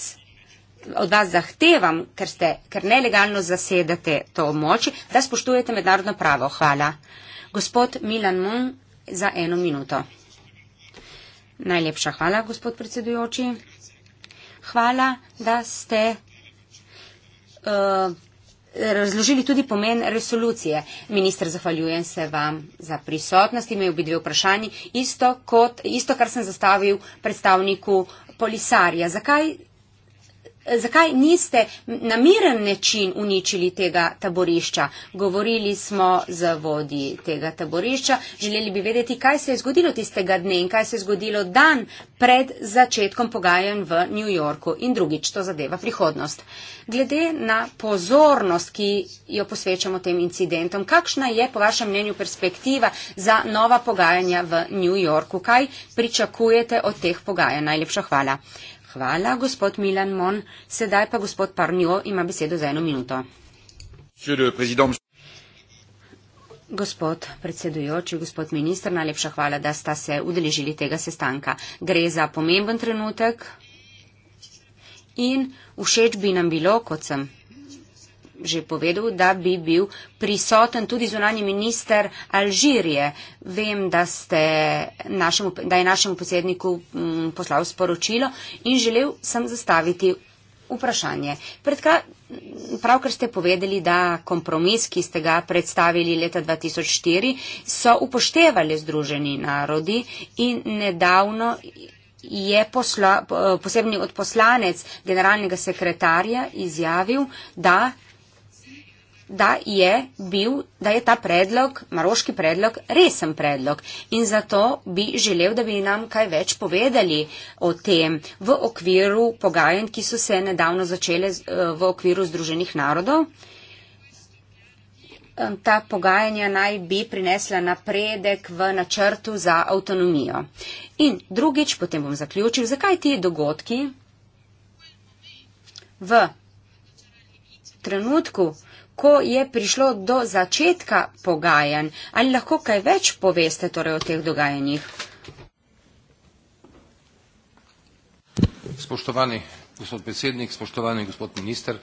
od vas zahtevam, ker, ste, ker nelegalno zasedate to moči, da spoštujete mednarodno pravo. Hvala. Gospod Milan Mung, za eno minuto. Najlepša hvala, gospod predsedujoči. Hvala, da ste. Uh, razložili tudi pomen resolucije. Ministr, zahvaljujem se vam za prisotnost. Imel bi dve vprašanji. Isto, kot, isto kar sem zastavil predstavniku Polisarja. Zakaj zakaj niste na miren način uničili tega taborišča? Govorili smo z vodji tega taborišča, želeli bi vedeti, kaj se je zgodilo tistega dne in kaj se je zgodilo dan pred začetkom pogajanj v New Yorku in drugič, to zadeva prihodnost. Glede na pozornost, ki jo posvečamo tem incidentom, kakšna je po vašem mnenju perspektiva za nova pogajanja v New Yorku? Kaj pričakujete od teh pogajanj? Najlepša hvala. Hvala, gospod Milan Mon. Sedaj pa gospod Parnjo ima besedo za eno minuto. Gospod predsedujoči, gospod minister, najlepša hvala, da sta se udeležili tega sestanka. Gre za pomemben trenutek in všeč bi nam bilo, kot sem že povedal, da bi bil prisoten tudi zunanji minister Alžirije. Vem, da, našemu, da je našemu predsedniku mm, poslal sporočilo in želel sem zastaviti vprašanje. Predka, pravkar ste povedali, da kompromis, ki ste ga predstavili leta 2004, so upoštevali Združeni narodi in nedavno je posla, posebni odposlanec generalnega sekretarja izjavil, da da je, bil, da je ta predlog, maroški predlog, resen predlog. In zato bi želel, da bi nam kaj več povedali o tem v okviru pogajanj, ki so se nedavno začele eh, v okviru Združenih narodov. Ta pogajanja naj bi prinesla napredek v načrtu za avtonomijo. In drugič, potem bom zaključil, zakaj ti dogodki v trenutku ko je prišlo do začetka pogajanj. Ali lahko kaj več poveste torej, o teh dogajanjih? Spoštovani gospod predsednik, spoštovani gospod minister,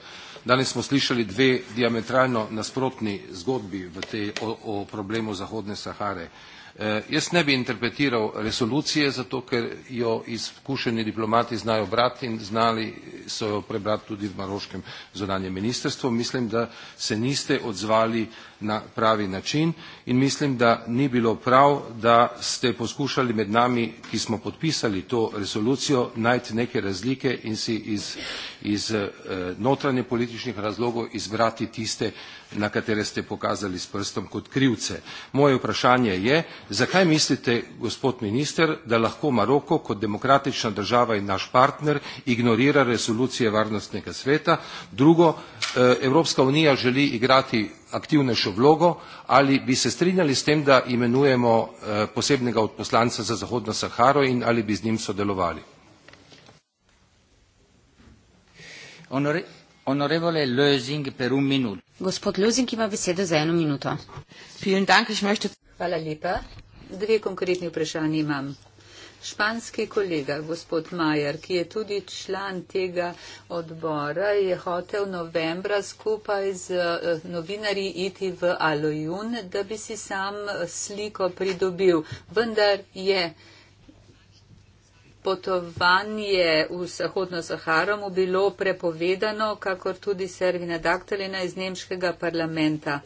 danes smo slišali dve diametralno nasprotni zgodbi v tej, o, o problemu Zahodne Sahare. Uh, Eh, jaz ne bi interpretiral resolucije, zato ker jo izkušeni diplomati znajo brati in znali so jo prebrati tudi v maroškem zunanjem ministrstvu. Mislim, da se niste odzvali na pravi način in mislim, da ni bilo prav, da ste poskušali med nami, ki smo podpisali to resolucijo, najti neke razlike in si iz, iz eh, notranje političnih razlogov izbrati tiste, na katere ste pokazali s prstom kot krivce. Moje vprašanje je, zakaj mislite, gospod minister, da lahko Maroko kot demokratična država in naš partner ignorira resolucije Varnostnega sveta? Drugo, eh, Evropska unija želi igrati aktivnejšo vlogo ali bi se strinjali s tem, da imenujemo eh, posebnega odposlanca za Zahodno Saharo in ali bi z njim sodelovali. Honorable Lösing per un minut. Gospod Lösing ima besedo za eno minuto. Hvala lepa. Dve konkretni vprašanje imam španski kolega, gospod Majer, ki je tudi član tega odbora, je hotel novembra skupaj z eh, novinarji iti v Alojun, da bi si sam eh, sliko pridobil. Vendar je potovanje v Zahodno Saharo mu bilo prepovedano, kakor tudi Servina Dakteljena iz Nemškega parlamenta.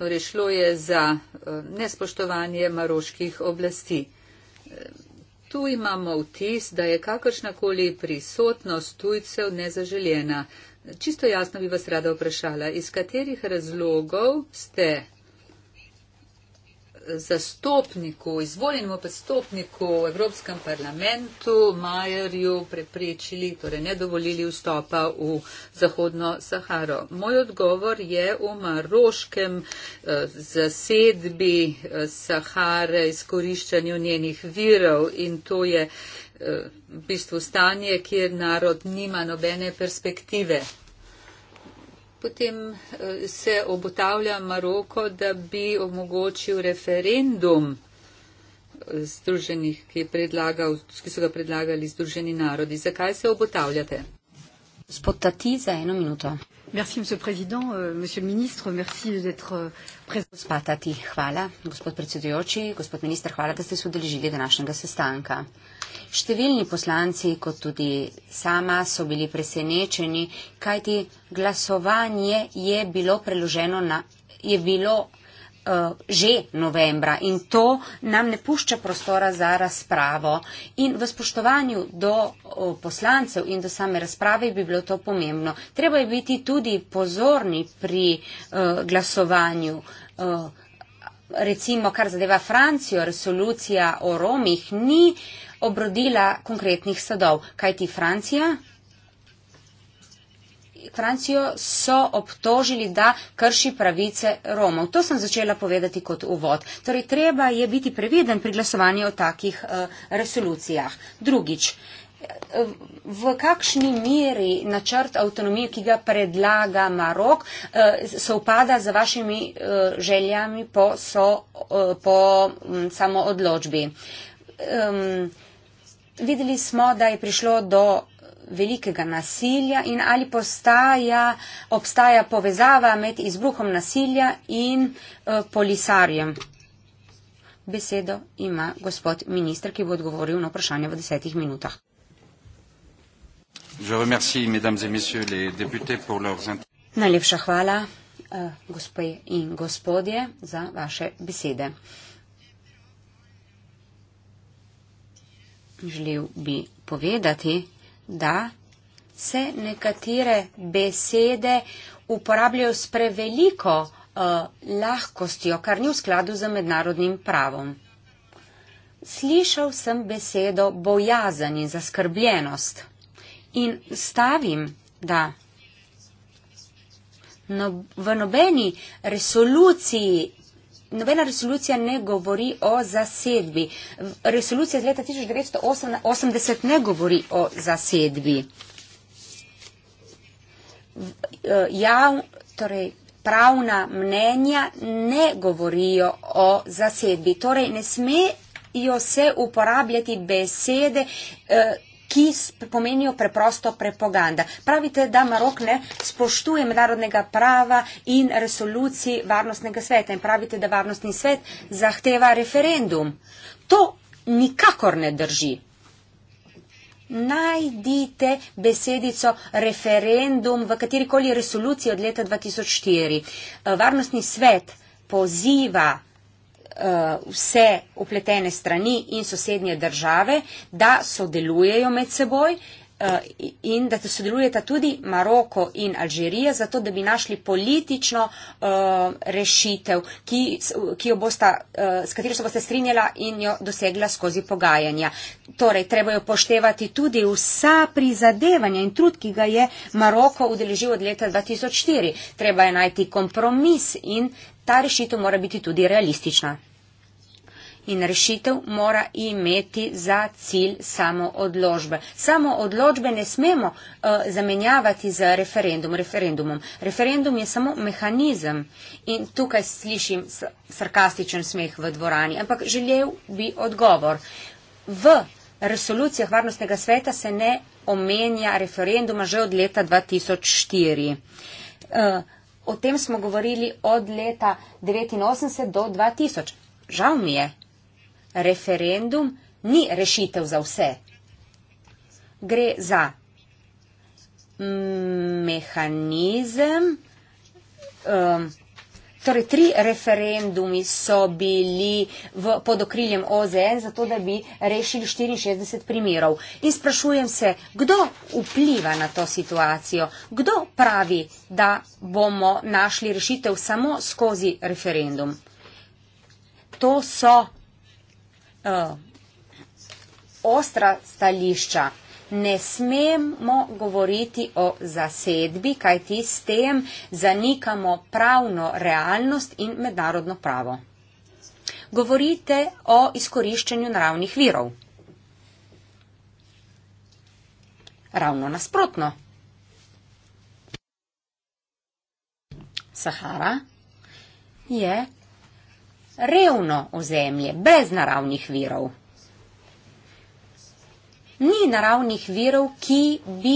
Torej šlo je za eh, nespoštovanje maroških oblasti. Tu imamo vtis, da je kakršnakoli prisotnost tujcev nezaželjena. Čisto jasno bi vas rada vprašala, iz katerih razlogov ste zastopniku, izvoljenemu predstopniku v Evropskem parlamentu Majerju preprečili, torej ne dovolili vstopa v Zahodno Saharo. Moj odgovor je v maroškem eh, zasedbi eh, Sahare, izkoriščanju njenih virov in to je eh, v bistvu stanje, kjer narod nima nobene perspektive. Potem eh, se obotavlja Maroko, da bi omogočil referendum eh, združenih, ki, ki so ga predlagali združeni narodi. Zakaj se obotavljate? Spotati za eno minuto. Merci, Monsieur le Président. Euh, Monsieur le Ministre, merci d'être euh, présent. Gospa Tati, hvala. Gospod predsedujoči, gospod minister, hvala, da ste se udeležili današnjega sestanka. Številni poslanci, kot tudi sama, so bili presenečeni, kajti glasovanje je bilo preloženo na je bilo uh, že novembra in to nam ne pušča prostora za razpravo. In v spoštovanju do uh, poslancev in do same razprave bi bilo to pomembno. Treba je biti tudi pozorni pri uh, glasovanju. Uh, recimo, kar zadeva Francijo, resolucija o Romih ni obrodila konkretnih sadov. Kaj ti Francija? Francijo so obtožili, da krši pravice Romov. To sem začela povedati kot uvod. Torej, treba je biti previden pri glasovanju o takih uh, resolucijah. Drugič, eh, v kakšni miri načrt avtonomije, ki ga predlaga Marok, uh, eh, se upada za vašimi uh, željami po, so, uh, po um, mm, samo odločbi. Um, ehm, Videli smo, da je prišlo do velikega nasilja in ali postaja, obstaja povezava med izbruhom nasilja in eh, polisarjem. Besedo ima gospod minister, ki bo odgovoril na vprašanje v desetih minutah. Najlepša hvala eh, gospe in gospodje za vaše besede. Želel bi povedati, da se nekatere besede uporabljajo s preveliko uh, lahkostjo, kar ni v skladu z mednarodnim pravom. Slišal sem besedo bojazen in zaskrbljenost in stavim, da no, v nobeni resoluciji nobena resolucija ne govori o zasedbi. Resolucija iz leta 1980 ne govori o zasedbi. Ja, torej, pravna mnenja ne govorijo o zasedbi. Torej, ne smejo se uporabljati besede. Eh, ki pomenijo preprosto prepaganda. Pravite, da Marok ne spoštuje mednarodnega prava in resoluciji varnostnega sveta in pravite, da varnostni svet zahteva referendum. To nikakor ne drži. Najdite besedico referendum v katerikoli resoluciji od leta 2004. Varnostni svet poziva Eh, vse opletene strani in sosednje države, da sodelujejo med seboj eh, in da sodelujeta tudi Maroko in Alžirija, zato da bi našli politično uh, rešitev, ki, ki jo bosta, uh, s katero se boste strinjala in jo dosegla skozi pogajanja. Torej, treba jo poštevati tudi vsa prizadevanja in trud, ki ga je Maroko udeležil od leta 2004. Treba je najti kompromis in ta rešitev mora biti tudi realistična in rešitev mora imeti za cilj samo odložbe. Samo odložbe ne smemo uh, zamenjavati za referendum. referendumom. Referendum je samo mehanizem in tukaj slišim sarkastičen smeh v dvorani, ampak želel bi odgovor. V resolucijah Varnostnega sveta se ne omenja referenduma že od leta 2004. Uh, eh, O tem smo govorili od leta 1989 do 2000. Žal mi je, referendum ni rešitev za vse. Gre za mehanizem. Um, torej, tri referendumi so bili v, pod okriljem OZN, zato da bi rešili 64 primerov. In sprašujem se, kdo vpliva na to situacijo? Kdo pravi, da bomo našli rešitev samo skozi referendum? To so uh, ostra stališča. Ne smemo govoriti o zasedbi, kaj ti s tem zanikamo pravno realnost in mednarodno pravo. Govorite o izkoriščenju naravnih virov. Ravno nasprotno. Sahara je revno ozemlje, brez naravnih virov. Ni naravnih virov, ki bi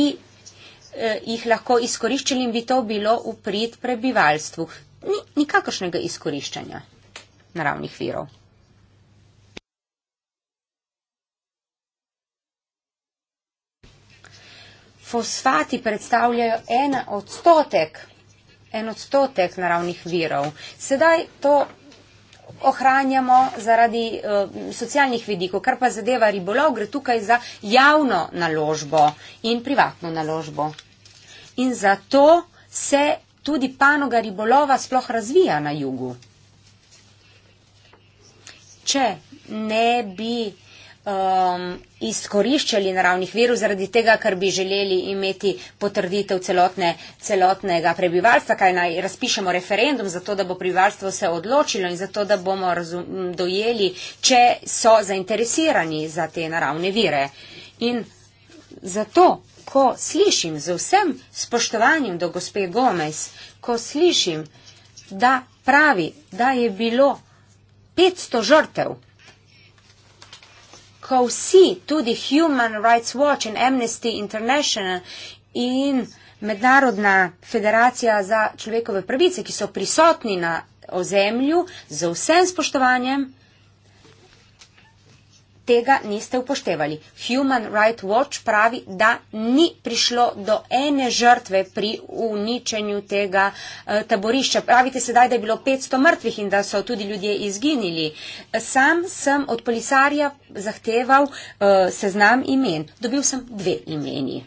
eh, jih lahko izkoriščali in bi to bilo v prid prebivalstvu. Ni nikakršnega izkoriščanja naravnih virov. Fosfati predstavljajo en odstotek, en odstotek naravnih virov. Sedaj to ohranjamo zaradi uh, socialnih vidikov, kar pa zadeva ribolov, gre tukaj za javno naložbo in privatno naložbo. In zato se tudi panoga ribolova sploh razvija na jugu. Če ne bi um, izkoriščali naravnih virov zaradi tega, ker bi želeli imeti potrditev celotne, celotnega prebivalstva, kaj naj razpišemo referendum za to, da bo prebivalstvo se odločilo in za to, da bomo razum, dojeli, če so zainteresirani za te naravne vire. In zato, ko slišim z vsem spoštovanjem do gospe Gomez, ko slišim, da pravi, da je bilo 500 žrtev, ko vsi, tudi Human Rights Watch in Amnesty International in Mednarodna federacija za človekove pravice, ki so prisotni na ozemlju, z vsem spoštovanjem, tega niste upoštevali. Human Rights Watch pravi, da ni prišlo do ene žrtve pri uničenju tega eh, taborišča. Pravite sedaj, da je bilo 500 mrtvih in da so tudi ljudje izginili. Sam sem od polisarja zahteval eh, seznam imen. Dobil sem dve imeni.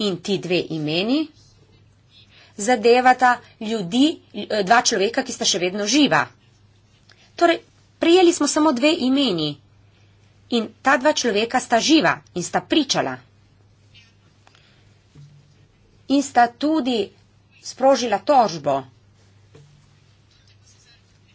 In ti dve imeni zadevata ljudi, eh, dva človeka, ki sta še vedno živa. Torej, prijeli smo samo dve imeni. In ta dva človeka sta živa in sta pričala. In sta tudi sprožila tožbo.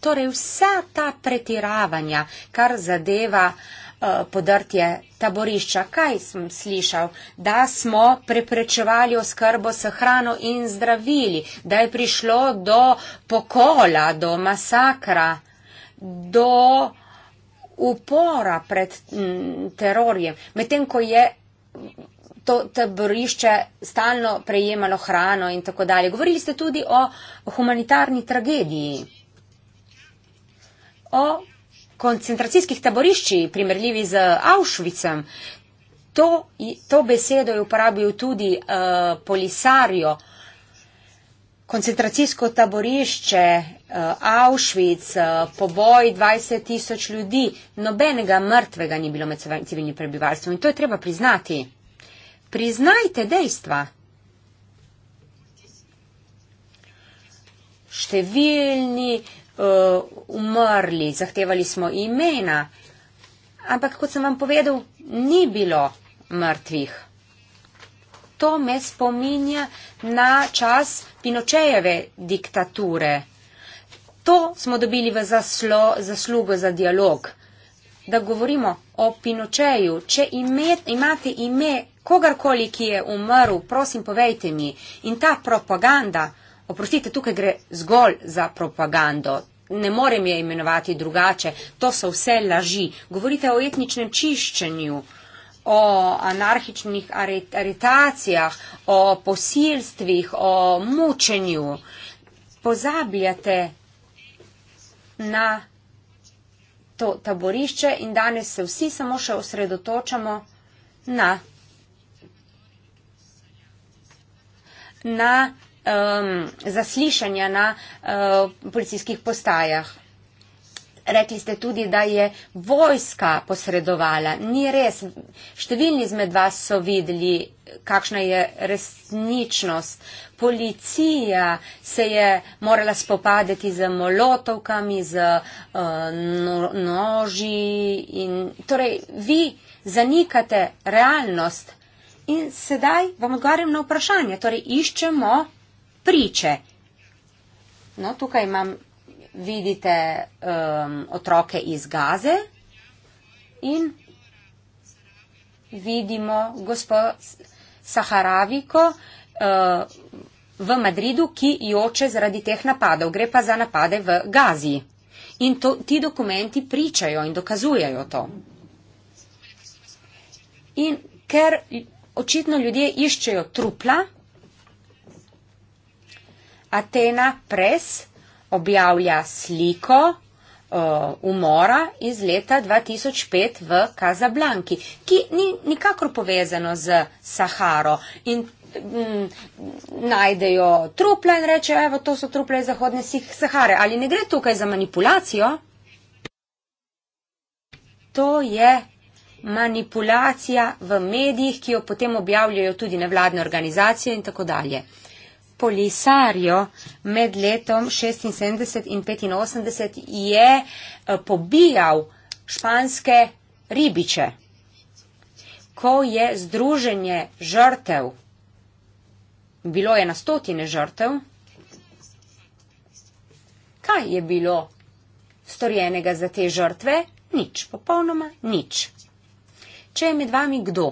Torej vsa ta pretiravanja, kar zadeva uh, podrtje taborišča, kaj sem slišal, da smo preprečevali oskrbo s hrano in zdravili, da je prišlo do pokola, do masakra, do uh, upora pred m, mm, terorjem, medtem ko je to taborišče stalno prejemalo hrano in tako dalje. Govorili ste tudi o humanitarni tragediji, o koncentracijskih taboriščih, primerljivi z Auschwitzem. To, to besedo je uporabil tudi uh, eh, polisarjo uh, koncentracijsko taborišče, uh, Auschwitz, uh, poboj 20 tisoč ljudi, nobenega mrtvega ni bilo med civilnim prebivalstvom in to je treba priznati. Priznajte dejstva. Številni uh, umrli, zahtevali smo imena, ampak kot sem vam povedal, ni bilo mrtvih to me spominja na čas Pinočejeve diktature. To smo dobili v zaslo, zaslugo za dialog. Da govorimo o Pinočeju. Če imet, imate ime kogarkoli, ki je umrl, prosim povejte mi. In ta propaganda, oprostite, tukaj gre zgolj za propagando. Ne morem je imenovati drugače. To so vse laži. Govorite o etničnem čiščenju o anarhičnih aretacijah, o posilstvih, o mučenju, pozabljate na to taborišče in danes se vsi samo še osredotočamo na, na um, zaslišanja na uh, policijskih postajah. Rekli ste tudi, da je vojska posredovala. Ni res. Številni izmed vas so videli, kakšna je resničnost. Policija se je morala spopadati z molotovkami, z uh, no, noži. In, torej, vi zanikate realnost. In sedaj vam odgovarjam na vprašanje. Torej, iščemo priče. No, tukaj imam vidite um, otroke iz Gaze in vidimo gospo Saharaviko uh, v Madridu, ki joče zaradi teh napadov. Gre pa za napade v Gazi. In to, ti dokumenti pričajo in dokazujejo to. In ker očitno ljudje iščejo trupla, Atena Press objavlja sliko uh, umora iz leta 2005 v Kazablanki, ki ni nikakor povezano z Saharo. In mm, najdejo trupla in rečejo, evo, to so truple iz Zahodne Sahare. Ali ne gre tukaj za manipulacijo? To je manipulacija v medijih, ki jo potem objavljajo tudi nevladne organizacije in tako dalje. Polisario med letom 76 in 85 je eh, pobijal španske ribiče, ko je združenje žrtev, bilo je na stotine žrtev, kaj je bilo storjenega za te žrtve? Nič, popolnoma nič. Če je med vami kdo,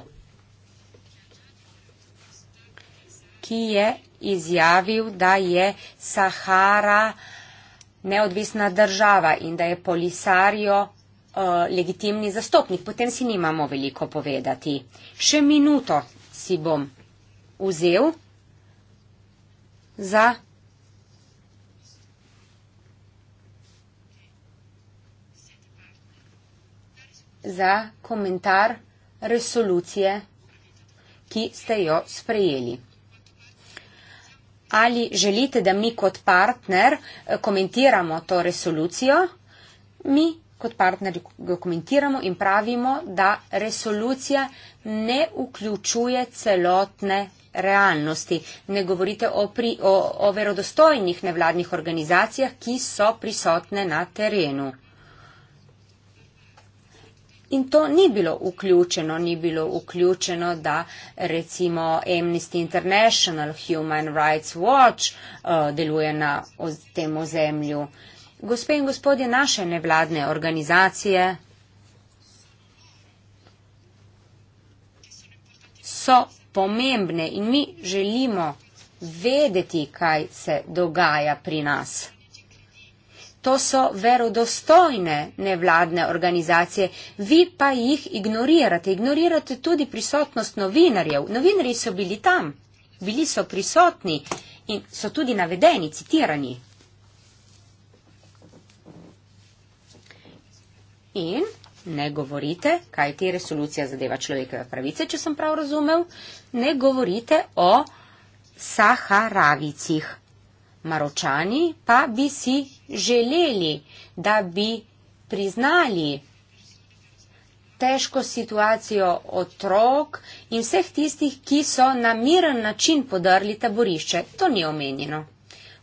ki je izjavil, da je Sahara neodvisna država in da je Polisario uh, legitimni zastopnik. Potem si nimamo veliko povedati. Še minuto si bom vzel za. za komentar resolucije, ki ste jo sprejeli ali želite, da mi kot partner eh, komentiramo to resolucijo? Mi kot partner jo komentiramo in pravimo, da resolucija ne vključuje celotne realnosti. Ne govorite o, pri, o, o verodostojnih nevladnih organizacijah, ki so prisotne na terenu. In to ni bilo vključeno, ni bilo vključeno, da recimo Amnesty International, Human Rights Watch uh, deluje na tem ozemlju. Gospe in gospodje, naše nevladne organizacije so pomembne in mi želimo vedeti, kaj se dogaja pri nas to so verodostojne nevladne organizacije, vi pa jih ignorirate, ignorirate tudi prisotnost novinarjev. Novinarji so bili tam, bili so prisotni in so tudi navedeni, citirani. In ne govorite, kaj ti resolucija zadeva človekove pravice, če sem prav razumel, ne govorite o saharavicih. Maročani pa bi si želeli, da bi priznali težko situacijo otrok in vseh tistih, ki so na miren način podrli taborišče. To ni omenjeno.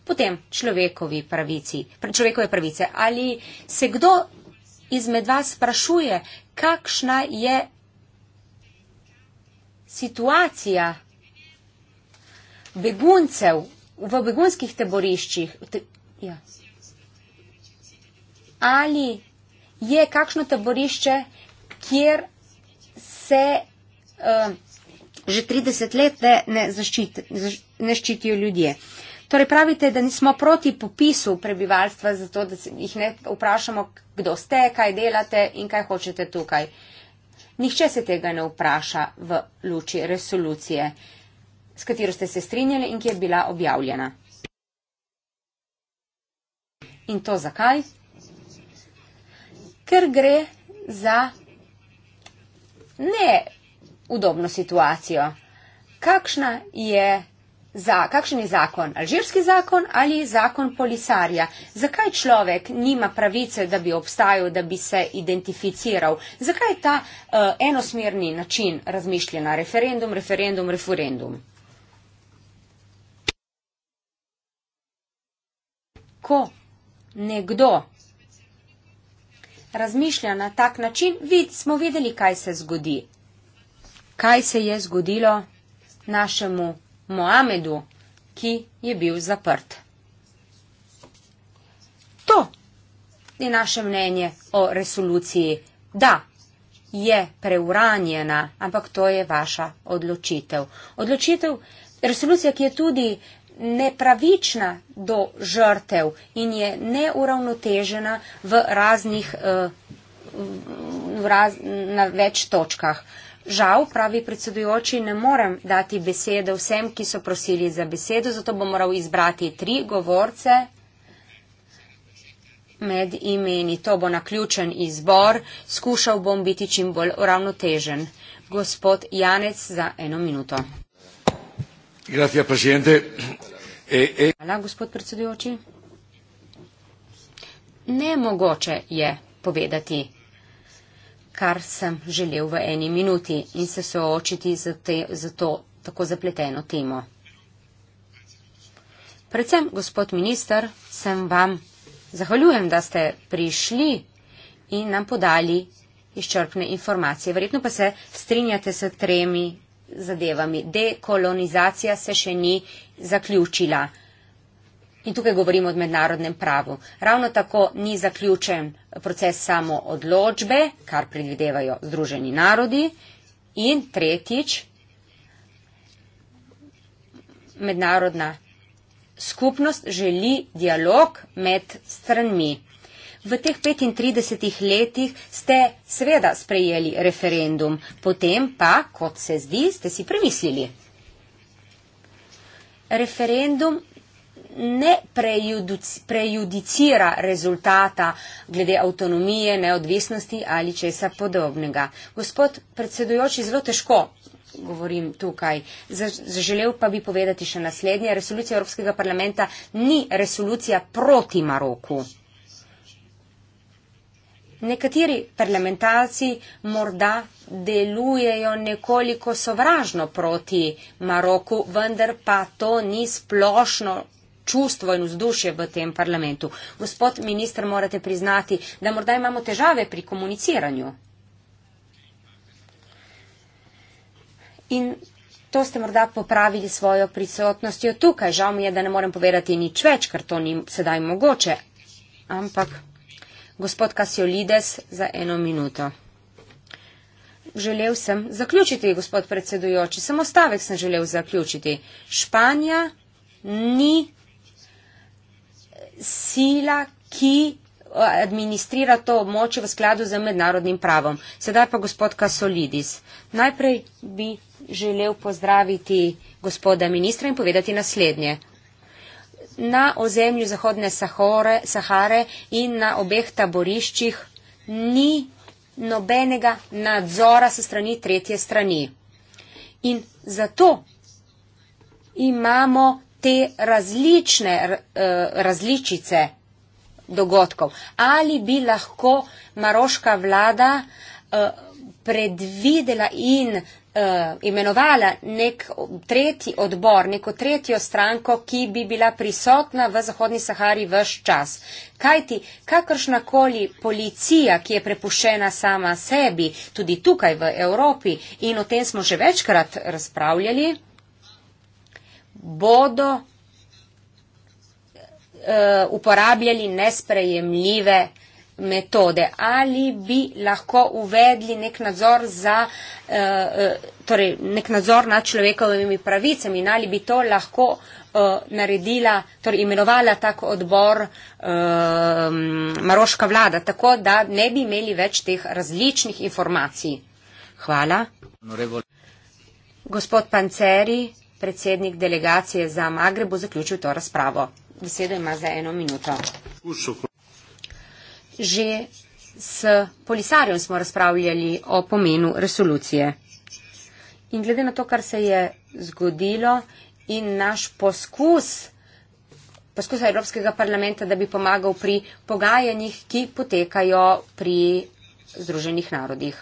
Potem človekovi pravici, človekove pravice. Ali se kdo izmed vas sprašuje, kakšna je situacija beguncev v begunskih taboriščih. Ja. Ali je kakšno taborišče, kjer se uh, že 30 let ne, ne, zaščiti, ne ščitijo ljudje. Torej pravite, da nismo proti popisu prebivalstva, zato da jih ne vprašamo, kdo ste, kaj delate in kaj hočete tukaj. Nihče se tega ne vpraša v luči resolucije. Uh, s katero ste se strinjali in ki je bila objavljena. In to zakaj? Ker gre za neudobno situacijo. Kakšna je Za, kakšen je zakon? Alžirski zakon ali zakon polisarja? Zakaj človek nima pravice, da bi obstajal, da bi se identificiral? Zakaj je ta uh, enosmerni način razmišljena? Referendum, referendum, referendum. ko nekdo razmišlja na tak način, vid, smo videli, kaj se zgodi. Kaj se je zgodilo našemu Mohamedu, ki je bil zaprt. To je naše mnenje o resoluciji. Da, je preuranjena, ampak to je vaša odločitev. Odločitev, resolucija, ki je tudi nepravična do žrtev in je neuravnotežena v raznih, eh, v raz, na več točkah. Žal, pravi predsedujoči, ne morem dati besede vsem, ki so prosili za besedo, zato bom moral izbrati tri govorce med imeni. To bo naključen izbor, skušal bom biti čim bolj uravnotežen. Gospod Janec za eno minuto. Eh, eh. Nemogoče je povedati, kar sem želel v eni minuti in se soočiti za, te, za to tako zapleteno temo. Predvsem, gospod minister, sem vam zahvaljujem, da ste prišli in nam podali izčrpne informacije. Verjetno pa se strinjate s tremi zadevami. Dekolonizacija se še ni zaključila. In tukaj govorimo o mednarodnem pravu. Ravno tako ni zaključen proces samo odločbe, kar predvidevajo Združeni narodi. In tretjič, mednarodna skupnost želi dialog med stranmi v teh 35 letih ste seveda sprejeli referendum, potem pa, kot se zdi, ste si premislili. Referendum ne prejudicira rezultata glede avtonomije, neodvisnosti ali česa podobnega. Gospod predsedujoči, zelo težko govorim tukaj. Zaželel pa bi povedati še naslednje. Resolucija Evropskega parlamenta ni resolucija proti Maroku. Nekateri parlamentarci morda delujejo nekoliko sovražno proti Maroku, vendar pa to ni splošno čustvo in vzdušje v tem parlamentu. Gospod minister, morate priznati, da morda imamo težave pri komuniciranju. In to ste morda popravili svojo prisotnostjo tukaj. Žal mi je, da ne morem povedati nič več, ker to ni sedaj mogoče. Ampak. Gospod Kasiolides, za eno minuto. Želel sem zaključiti, gospod predsedujoči, samo stavek sem želel zaključiti. Španija ni sila, ki eh, administrira to območje v skladu z mednarodnim pravom. Sedaj pa gospod Kasolidis. Najprej bi želel pozdraviti gospoda ministra in povedati naslednje na ozemlju Zahodne Sahore, Sahare in na obeh taboriščih ni nobenega nadzora se strani tretje strani. In zato imamo te različne e, različice dogodkov. Ali bi lahko maroška vlada e, predvidela in uh, imenovala nek tretji odbor, neko tretjo stranko, ki bi bila prisotna v Zahodni Sahari vse čas. Kajti kakršnakoli policija, ki je prepušena sama sebi, tudi tukaj v Evropi, in o tem smo že večkrat razpravljali, bodo uh, uporabljali nesprejemljive metode. Ali bi lahko uvedli nek nadzor, za, eh, eh, torej nek nadzor nad človekovimi pravicami in ali bi to lahko eh, naredila, torej imenovala tako odbor Maroška vlada, tako da ne bi imeli več teh različnih informacij. Hvala. Gospod Panceri, predsednik delegacije za Magrebo, zaključil to razpravo. Besedo ima za eno minuto. Že s polisarjem smo razpravljali o pomenu resolucije. In glede na to, kar se je zgodilo in naš poskus, poskus Evropskega parlamenta, da bi pomagal pri pogajanjih, ki potekajo pri Združenih narodih.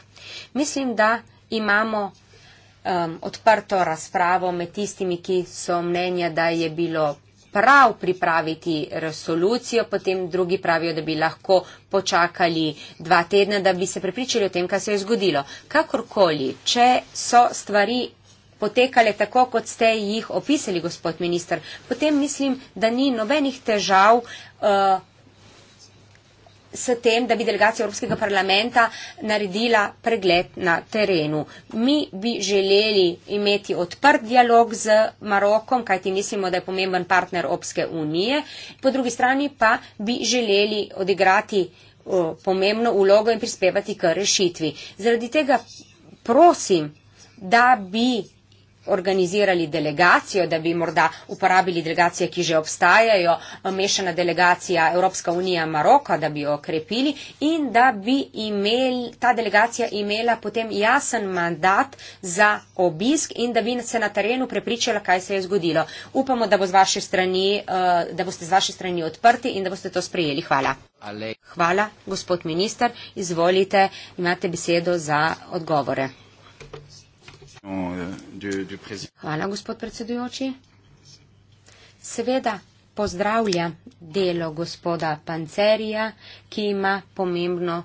Mislim, da imamo um, odprto razpravo med tistimi, ki so mnenja, da je bilo prav pripraviti resolucijo, potem drugi pravijo, da bi lahko počakali dva tedna, da bi se prepričali o tem, kaj se je zgodilo. Kakorkoli, če so stvari potekale tako, kot ste jih opisali, gospod minister, potem mislim, da ni nobenih težav. Uh, s tem, da bi delegacija Evropskega parlamenta naredila pregled na terenu. Mi bi želeli imeti odprt dialog z Marokom, kajti mislimo, da je pomemben partner Evropske unije. Po drugi strani pa bi želeli odigrati pomembno vlogo in prispevati k rešitvi. Zaradi tega prosim, da bi organizirali delegacijo, da bi morda uporabili delegacije, ki že obstajajo, mešana delegacija Evropska unija Maroka, da bi jo okrepili in da bi imel, ta delegacija imela potem jasen mandat za obisk in da bi se na terenu prepričala, kaj se je zgodilo. Upamo, da, bo z strani, eh, da boste z vaše strani odprti in da boste to sprejeli. Hvala. Hvala, gospod minister. Izvolite, imate besedo za odgovore. Hvala, gospod predsedujoči. Seveda pozdravlja delo gospoda Pancerija, ki ima pomembno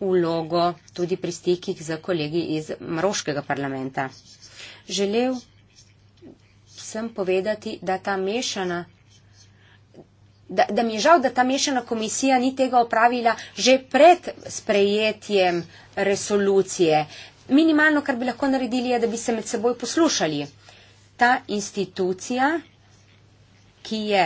ulogo tudi pri stikih z kolegi iz Mroškega parlamenta. Želel sem povedati, da ta mešana. Da, da mi je žal, da ta mešana komisija ni tega opravila že pred sprejetjem resolucije. Minimalno, kar bi lahko naredili, je, da bi se med seboj poslušali. Ta institucija, ki, je,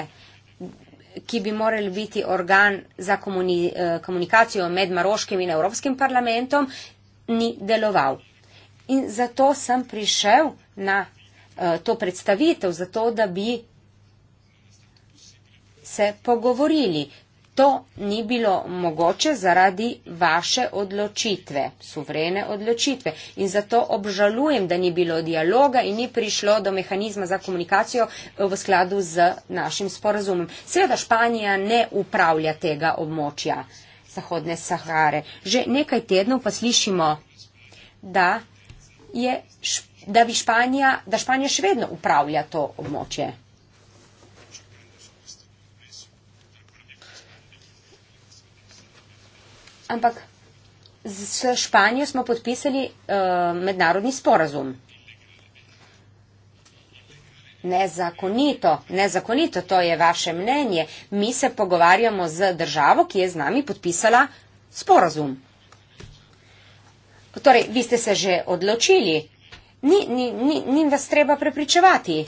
ki bi morali biti organ za komuni, eh, komunikacijo med Maroškim in Evropskim parlamentom, ni deloval. In zato sem prišel na eh, to predstavitev, zato da bi se pogovorili, To ni bilo mogoče zaradi vaše odločitve, suverene odločitve. In zato obžalujem, da ni bilo dialoga in ni prišlo do mehanizma za komunikacijo eh, v skladu z našim sporazumom. Seveda Španija ne upravlja tega območja Zahodne Sahare. Že nekaj tednov pa slišimo, da, je, da, bi Španija, da Španija še vedno upravlja to območje. ampak s Španijo smo podpisali uh, mednarodni sporazum. Nezakonito, nezakonito, to je vaše mnenje. Mi se pogovarjamo z državo, ki je z nami podpisala sporazum. Torej, vi ste se že odločili. Ni, ni, ni, ni vas treba prepričevati.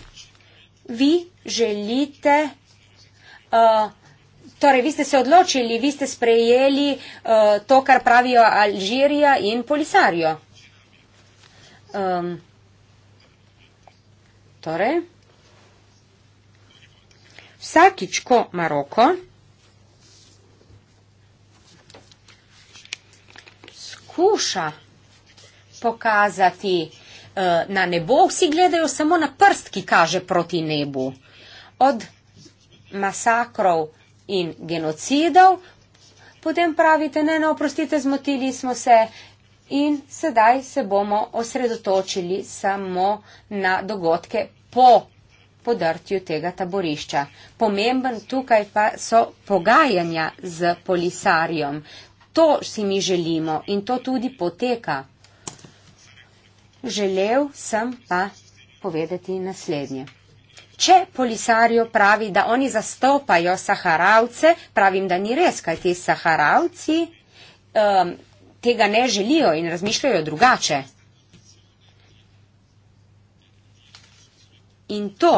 Vi želite. Uh, Torej, vi ste se odločili, vi ste sprejeli uh, to, kar pravijo Alžirija in Polisarijo. Um, torej, vsakič, ko Maroko skuša pokazati uh, na nebo, vsi gledajo samo na prst, ki kaže proti nebu. Od masakrov, in genocidov, potem pravite, ne, ne, no, oprostite, zmotili smo se in sedaj se bomo osredotočili samo na dogodke po podrtju tega taborišča. Pomemben tukaj pa so pogajanja z polisarjem. To si mi želimo in to tudi poteka. Želel sem pa povedati naslednje. Če polisarijo pravi, da oni zastopajo saharavce, pravim, da ni res, kaj ti saharavci um, tega ne želijo in razmišljajo drugače. In to,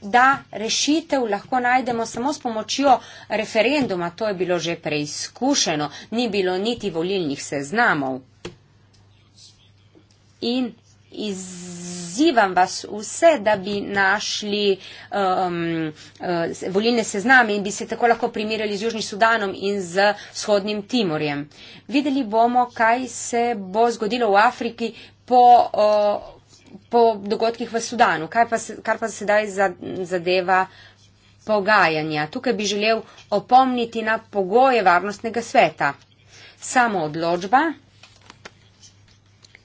da rešitev lahko najdemo samo s pomočjo referenduma, to je bilo že preizkušeno, ni bilo niti volilnih seznamov. In izzivam vas vse, da bi našli um, uh, volilne sezname in bi se tako lahko primerjali z Južni Sudanom in z vzhodnim Timorjem. Videli bomo, kaj se bo zgodilo v Afriki po. Uh, po dogodkih v Sudanu, pa se, kar pa sedaj zadeva pogajanja. Tukaj bi želel opomniti na pogoje varnostnega sveta. Samo odločba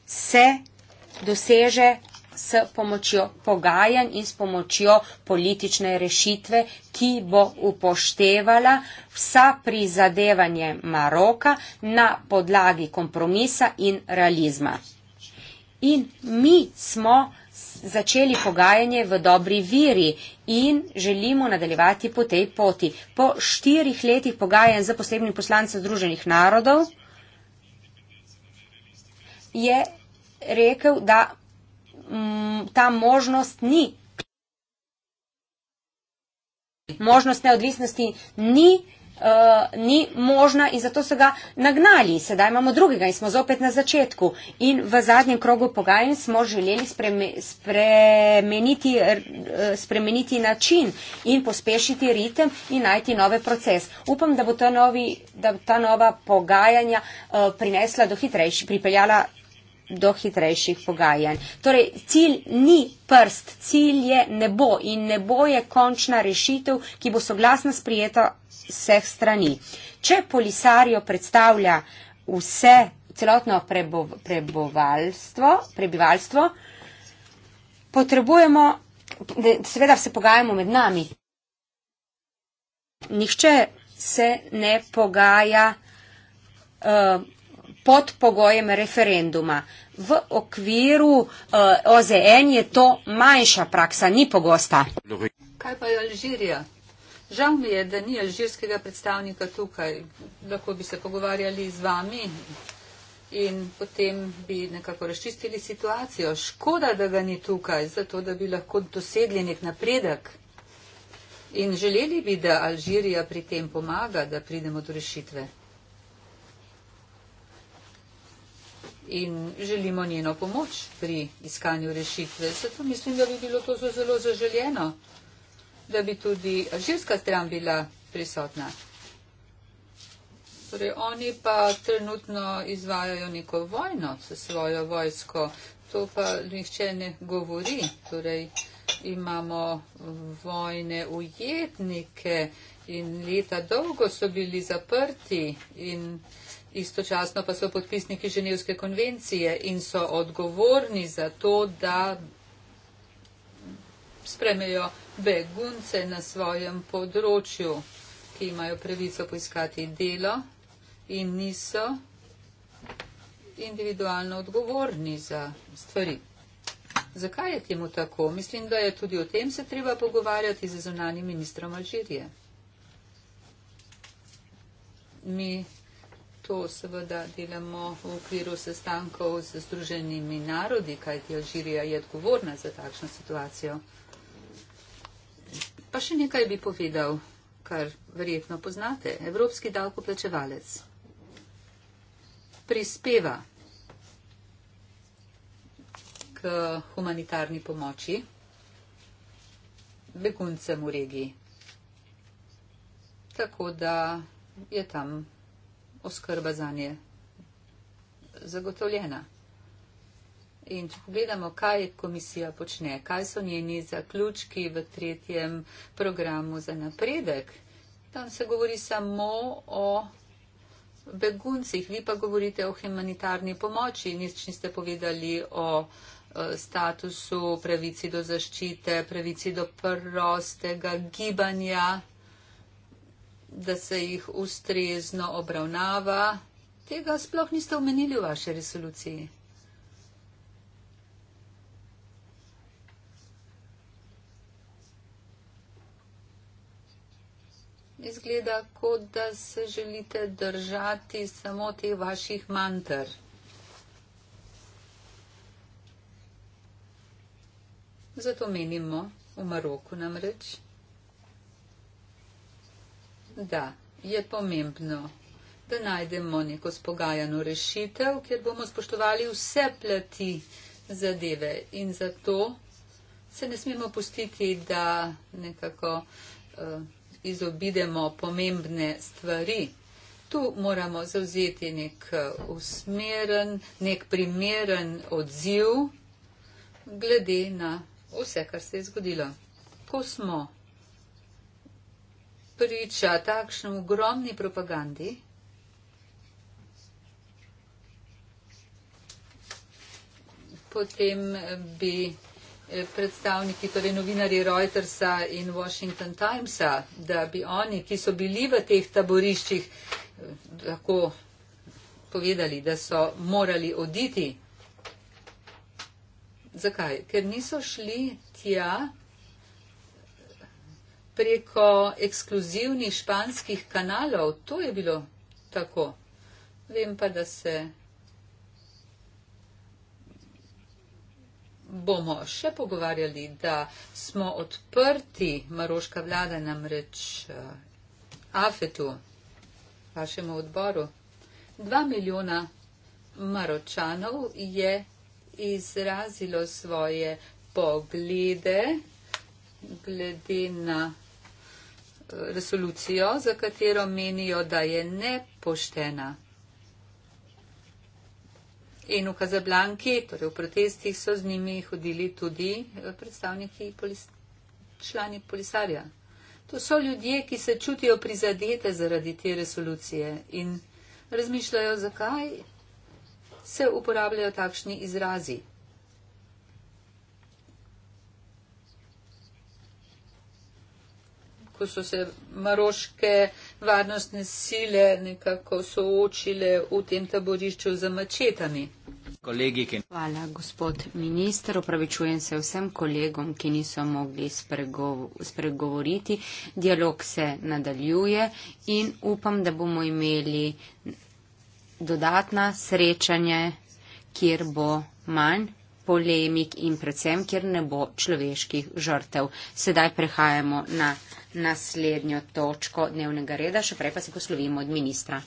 se doseže s pomočjo pogajanj in s pomočjo politične rešitve, ki bo upoštevala vsa prizadevanje Maroka na podlagi kompromisa in realizma. In mi smo začeli pogajanje v dobri viri in želimo nadaljevati po tej poti. Po štirih letih pogajanj za posebnim poslancem Združenih narodov je rekel, da mm, ta možnost ni. Možnost neodvisnosti ni, uh, ni možna in zato so ga nagnali. Sedaj imamo drugega in smo zopet na začetku. In v zadnjem krogu pogajanj smo želeli spremeniti, eh, spremeniti način in pospešiti ritem in najti nove proces. Upam, da bo ta, novi, da bo ta nova pogajanja uh, prinesla do hitrejši, pripeljala do hitrejših pogajanj. Torej, cilj ni prst, cilj je nebo in nebo je končna rešitev, ki bo soglasno sprijeta vseh strani. Če polisarijo predstavlja vse celotno prebivalstvo, prebivalstvo, potrebujemo, seveda se pogajamo med nami. Nihče se ne pogaja uh, pod pogojem referenduma. V okviru uh, eh, OZN je to manjša praksa, ni pogosta. Kaj pa je Alžirija? Žal mi je, da ni alžirskega predstavnika tukaj. Lahko bi se pogovarjali z vami in potem bi nekako razčistili situacijo. Škoda, da ga ni tukaj, zato da bi lahko dosedli nek napredek. In želeli bi, da Alžirija pri tem pomaga, da pridemo do rešitve. in želimo njeno pomoč pri iskanju rešitve. Zato mislim, da bi bilo to zelo zaželjeno, da bi tudi alžirska stran bila prisotna. Torej, oni pa trenutno izvajajo neko vojno s svojo vojsko. To pa nihče ne govori. Torej, imamo vojne ujetnike in leta dolgo so bili zaprti in istočasno pa so podpisniki Ženevske konvencije in so odgovorni za to, da spremejo begunce na svojem področju, ki imajo pravico poiskati delo in niso individualno odgovorni za stvari. Zakaj je temu tako? Mislim, da je tudi o tem se treba pogovarjati z zunanjim ministrom Alžirije. Mi to seveda delamo v okviru sestankov z Združenimi narodi, kajti Alžirija je odgovorna za takšno situacijo. Pa še nekaj bi povedal, kar verjetno poznate. Evropski davkoplačevalec prispeva k humanitarni pomoči beguncem v regiji. Tako da je tam oskrba za nje zagotovljena. In če pogledamo, kaj komisija počne, kaj so njeni zaključki v tretjem programu za napredek, tam se govori samo o beguncih, vi pa govorite o humanitarni pomoči, nič niste povedali o e, statusu, pravici do zaščite, pravici do prostega gibanja da se jih ustrezno obravnava. Tega sploh niste omenili v vaši resoluciji. Izgleda, kot da se želite držati samo teh vaših mantr. Zato menimo v Maroku namreč. Da, je pomembno, da najdemo neko spogajano rešitev, kjer bomo spoštovali vse plati zadeve in zato se ne smemo pustiti, da nekako uh, izobidemo pomembne stvari. Tu moramo zauzeti nek eh, usmeren, nek primeren odziv glede na vse, kar se je zgodilo. Ko smo priča takšni ogromni propagandi. Potem eh, bi eh, predstavniki, torej novinari Reutersa in Washington Timesa, da bi oni, ki so bili v teh taboriščih, eh, lahko povedali, da so morali oditi. Zakaj? Ker niso šli tja, preko ekskluzivnih španskih kanalov. To je bilo tako. Vem pa, da se bomo še pogovarjali, da smo odprti, maroška vlada namreč eh, Afetu, vašemu odboru. Dva milijona maročanov je izrazilo svoje poglede glede na resolucijo, za katero menijo, da je nepoštena. In v Kazablanki, torej v protestih, so z njimi hodili tudi eh, predstavniki polis, člani polisarja. To so ljudje, ki se čutijo prizadete zaradi te resolucije in razmišljajo, zakaj se uporabljajo takšni izrazi. ko so se maroške varnostne sile nekako soočile v tem taborišču za mačetami. Kolegiki. Hvala, gospod minister. Opravičujem se vsem kolegom, ki niso mogli spregov spregovoriti. Dialog se nadaljuje in upam, da bomo imeli dodatna srečanje, kjer bo manj polemik in predvsem, kjer ne bo človeških žrtev. Sedaj prehajamo na naslednjo točko dnevnega reda, še prej pa se poslovimo od ministra.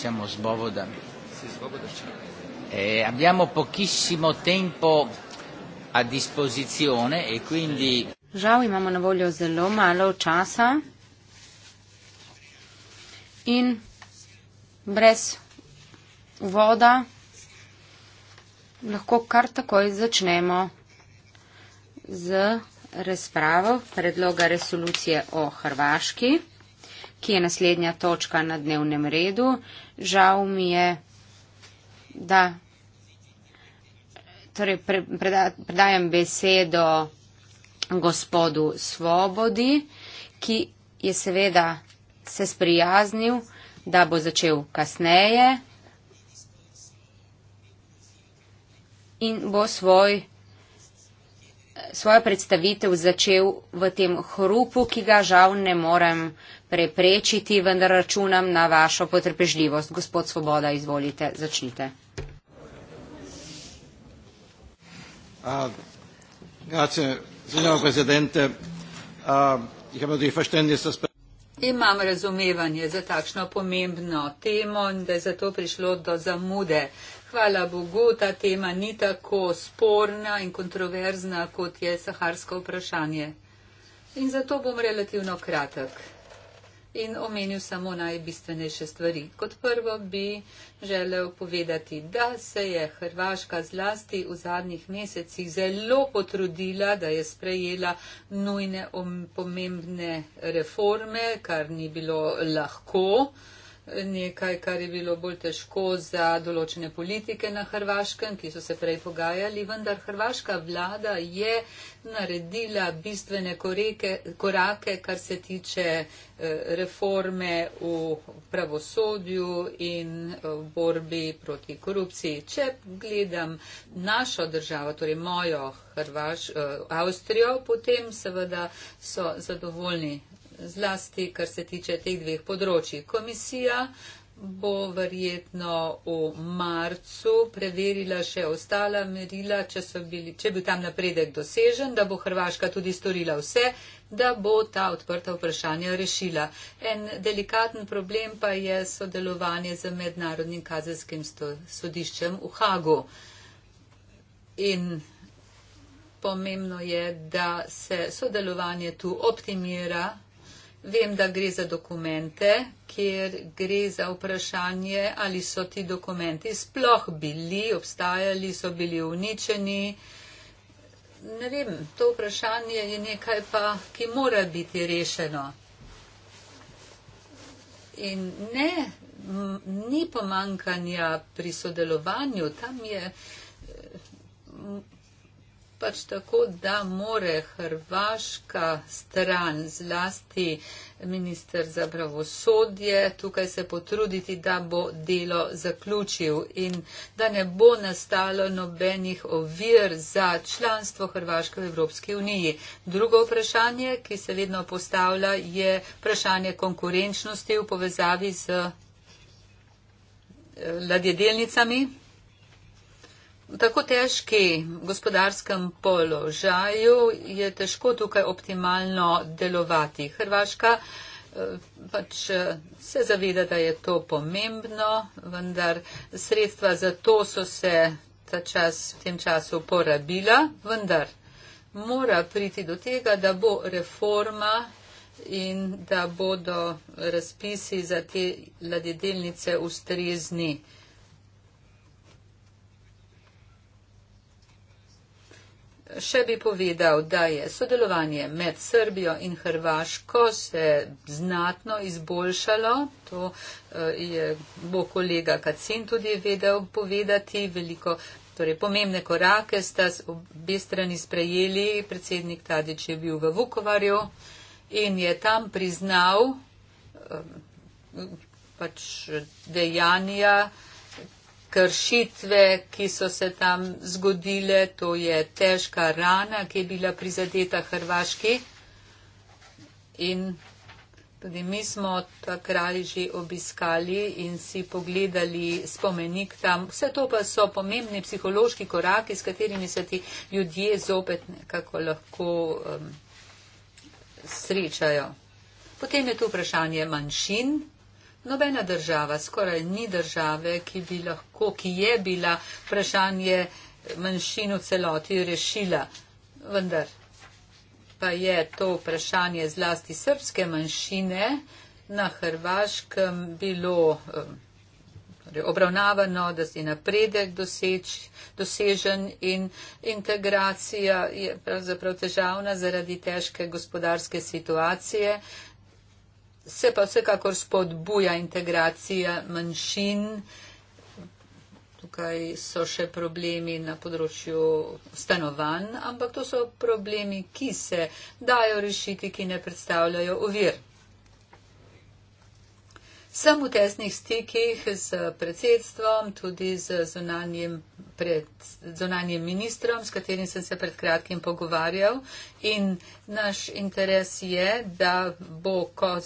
facciamo sboboda. Eh, abbiamo pochissimo tempo a disposizione e quindi. Žal imamo na voljo zelo malo časa in brez voda lahko kar takoj začnemo z razpravo predloga resolucije o Hrvaški ki je naslednja točka na dnevnem redu. Žal mi je, da torej pre, preda, predajam besedo gospodu Svobodi, ki je seveda se sprijaznil, da bo začel kasneje in bo svoj, svojo predstavitev začel v tem hrupu, ki ga žal ne morem preprečiti, vendar računam na vašo potrpežljivost. Gospod Svoboda, izvolite, začnite. Ah, ah, Imam razumevanje za takšno pomembno temo in da je zato prišlo do zamude. Hvala Bogu, ta tema ni tako sporna in kontroverzna, kot je saharsko vprašanje. In zato bom relativno kratek in omenil samo najbistvenejše stvari. Kot prvo bi želel povedati, da se je Hrvaška zlasti v zadnjih mesecih zelo potrudila, da je sprejela nujne pomembne reforme, kar ni bilo lahko. Uh, nekaj, kar je bilo bolj težko za določene politike na Hrvaškem, ki so se prej pogajali, vendar Hrvaška vlada je naredila bistvene koreke, korake, kar se tiče eh, reforme v pravosodju in eh, v borbi proti korupciji. Če gledam našo državo, torej mojo Hrvaš, eh, Avstrijo, potem seveda so zadovoljni zlasti, kar se tiče teh dveh področji. Komisija bo verjetno v marcu preverila še ostala merila, če, bili, če bi tam napredek dosežen, da bo Hrvaška tudi storila vse, da bo ta odprta vprašanja rešila. En delikaten problem pa je sodelovanje z Mednarodnim kazenskim sodiščem v Hagu. In pomembno je, da se sodelovanje tu optimira Vem, da gre za dokumente, kjer gre za vprašanje, ali so ti dokumenti sploh bili, obstajali, so bili uničeni. Ne vem, to vprašanje je nekaj pa, ki mora biti rešeno. In ne, ni pomankanja pri sodelovanju, tam je pač tako, da more hrvaška stran zlasti minister za pravosodje tukaj se potruditi, da bo delo zaključil in da ne bo nastalo nobenih ovir za članstvo Hrvaške v Evropski uniji. Drugo vprašanje, ki se vedno postavlja, je vprašanje konkurenčnosti v povezavi z eh, ladjedelnicami. V tako težki gospodarskem položaju je težko tukaj optimalno delovati. Hrvaška eh, pač eh, se zaveda, da je to pomembno, vendar sredstva za to so se ta čas, v tem času porabila, vendar mora priti do tega, da bo reforma in da bodo razpisi za te ladjedelnice ustrezni. Še bi povedal, da je sodelovanje med Srbijo in Hrvaško se znatno izboljšalo. To eh, je bo kolega Kacin tudi vedel povedati. Veliko, torej, pomembne korake sta obe strani sprejeli. Predsednik Tadić je bil v Vukovarju in je tam priznal eh, pač dejanja kršitve, ki so se tam zgodile, to je težka rana, ki je bila prizadeta Hrvaški. In tudi mi smo ta kraj že obiskali in si pogledali spomenik tam. Vse to pa so pomembni psihološki koraki, s katerimi se ti ljudje zopet nekako lahko um, srečajo. Potem je tu vprašanje manjšin. Nobena država, skoraj ni države, ki bi lahko, ki je bila vprašanje manjšin v celoti rešila. Vendar pa je to vprašanje zlasti srpske manjšine na Hrvaškem bilo um, torej obravnavano, da je napredek doseč, dosežen in integracija je pravzaprav težavna zaradi težke gospodarske situacije se pa vsekakor spodbuja integracija manjšin. Tukaj so še problemi na področju stanovanj, ampak to so problemi, ki se dajo rešiti, ki ne predstavljajo ovir. Sem v tesnih stikih z predsedstvom, tudi z zonanjim, pred, zonanjim ministrom, s katerim sem se pred kratkim pogovarjal. In naš interes je, da bo, ko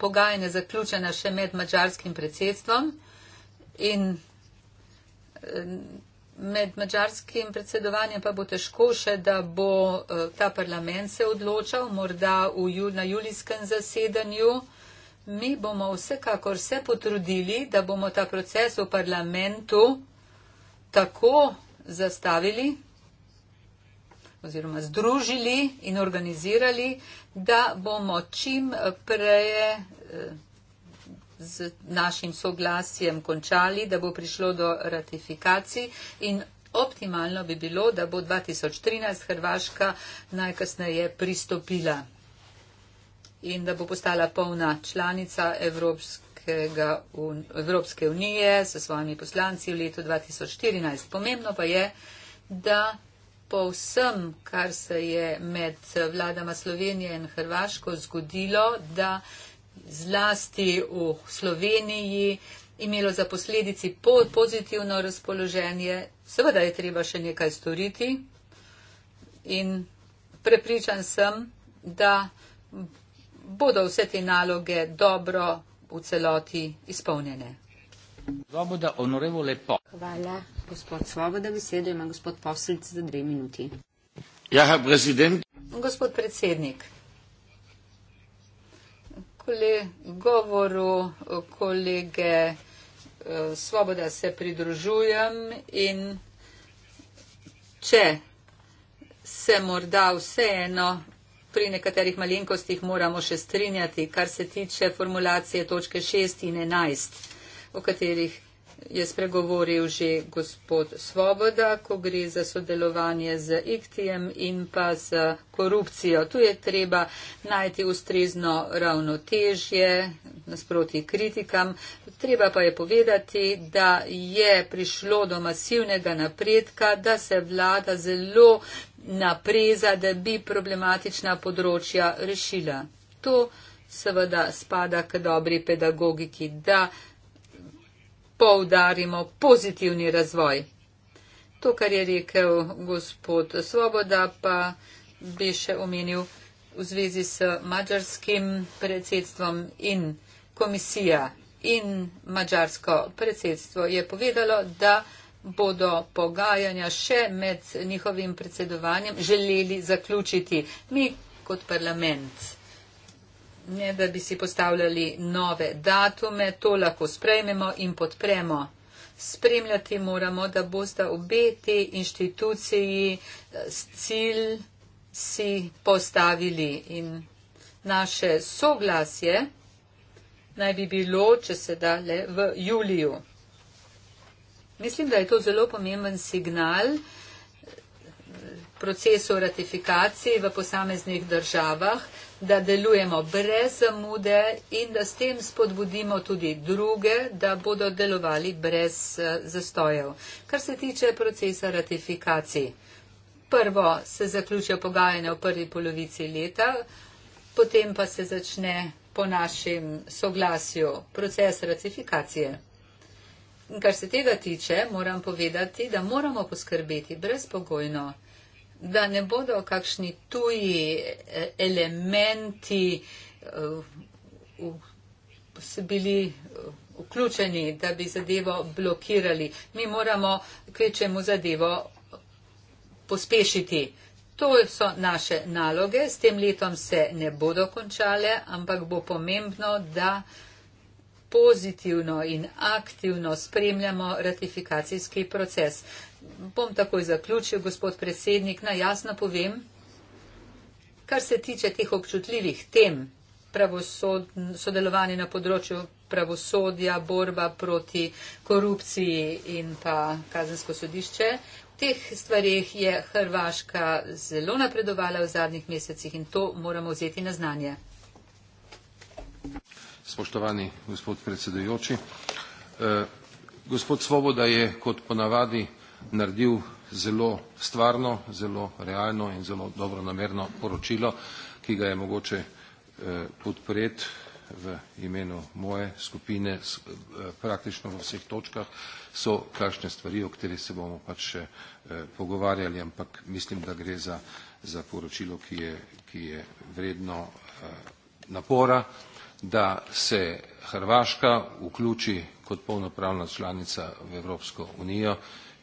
pogajanja zaključena še med mačarskim predsedstvom in eh, med mačarskim predsedovanjem pa bo težko še, da bo eh, ta parlament se odločal, morda jul, na julijskem zasedanju. Mi bomo vsekakor se potrudili, da bomo ta proces v parlamentu tako zastavili oziroma združili in organizirali, da bomo čim prej eh, z našim soglasjem končali, da bo prišlo do ratifikacij in optimalno bi bilo, da bo 2013 Hrvaška najkasneje pristopila in da bo postala polna članica Evropskega, Evropske unije s svojimi poslanci v letu 2014. Pomembno pa je, da po vsem, kar se je med vladama Slovenije in Hrvaško zgodilo, da zlasti v Sloveniji imelo za posledici pozitivno razpoloženje. Seveda je treba še nekaj storiti in prepričan sem, da bodo vse te naloge dobro v celoti izpolnjene. Hvala gospod Svoboda, besedo ima gospod Poslic za dve minuti. Ja, prezident. Gospod predsednik, kole, govoru kolege eh, Svoboda se pridružujem in če se morda vseeno pri nekaterih malenkostih moramo še strinjati, kar se tiče formulacije točke 6 in 11, o katerih je spregovoril že gospod Svoboda, ko gre za sodelovanje z Iktijem in pa z korupcijo. Tu je treba najti ustrezno ravnotežje nasproti kritikam. Treba pa je povedati, da je prišlo do masivnega napredka, da se vlada zelo napreza, da bi problematična področja rešila. To seveda spada k dobri pedagogiki, da poudarimo pozitivni razvoj. To, kar je rekel gospod Svoboda, pa bi še omenil v zvezi s mađarskim predsedstvom in komisija in mađarsko predsedstvo je povedalo, da bodo pogajanja še med njihovim predsedovanjem želeli zaključiti. Mi kot parlament ne da bi si postavljali nove datume, to lahko sprejmemo in podpremo. Spremljati moramo, da boste obe te inštituciji eh, cilj si postavili in naše soglasje naj bi bilo, če se da, le v juliju. Mislim, da je to zelo pomemben signal eh, procesu ratifikacij v posameznih državah, da delujemo brez zamude in da s tem spodbudimo tudi druge, da bodo delovali brez eh, zastojev. Kar se tiče procesa ratifikacij, prvo se zaključijo pogajanja v prvi polovici leta, potem pa se začne po našem soglasju proces ratifikacije. In kar se tega tiče, moram povedati, da moramo poskrbeti brezpogojno da ne bodo kakšni tuji eh, elementi eh, bili eh, vključeni, da bi zadevo blokirali. Mi moramo kvečemu zadevo pospešiti. To so naše naloge. S tem letom se ne bodo končale, ampak bo pomembno, da pozitivno in aktivno spremljamo ratifikacijski proces bom takoj zaključil, gospod predsednik, naj jasno povem, kar se tiče teh občutljivih tem, sodelovanje na področju pravosodja, borba proti korupciji in pa kazensko sodišče. V teh stvarih je Hrvaška zelo napredovala v zadnjih mesecih in to moramo vzeti na znanje. Spoštovani gospod predsedujoči, eh, gospod Svoboda je kot ponavadi naredil zelo stvarno, zelo realno in zelo dobro namerno poročilo, ki ga je mogoče eh, podpreti v imenu moje skupine eh, praktično v vseh točkah, so kakšne stvari, o kateri se bomo pač še eh, pogovarjali, ampak mislim, da gre za, za poročilo, ki je, ki je vredno napora, da se Hrvaška vključi kot polnopravna članica v Evropsko unijo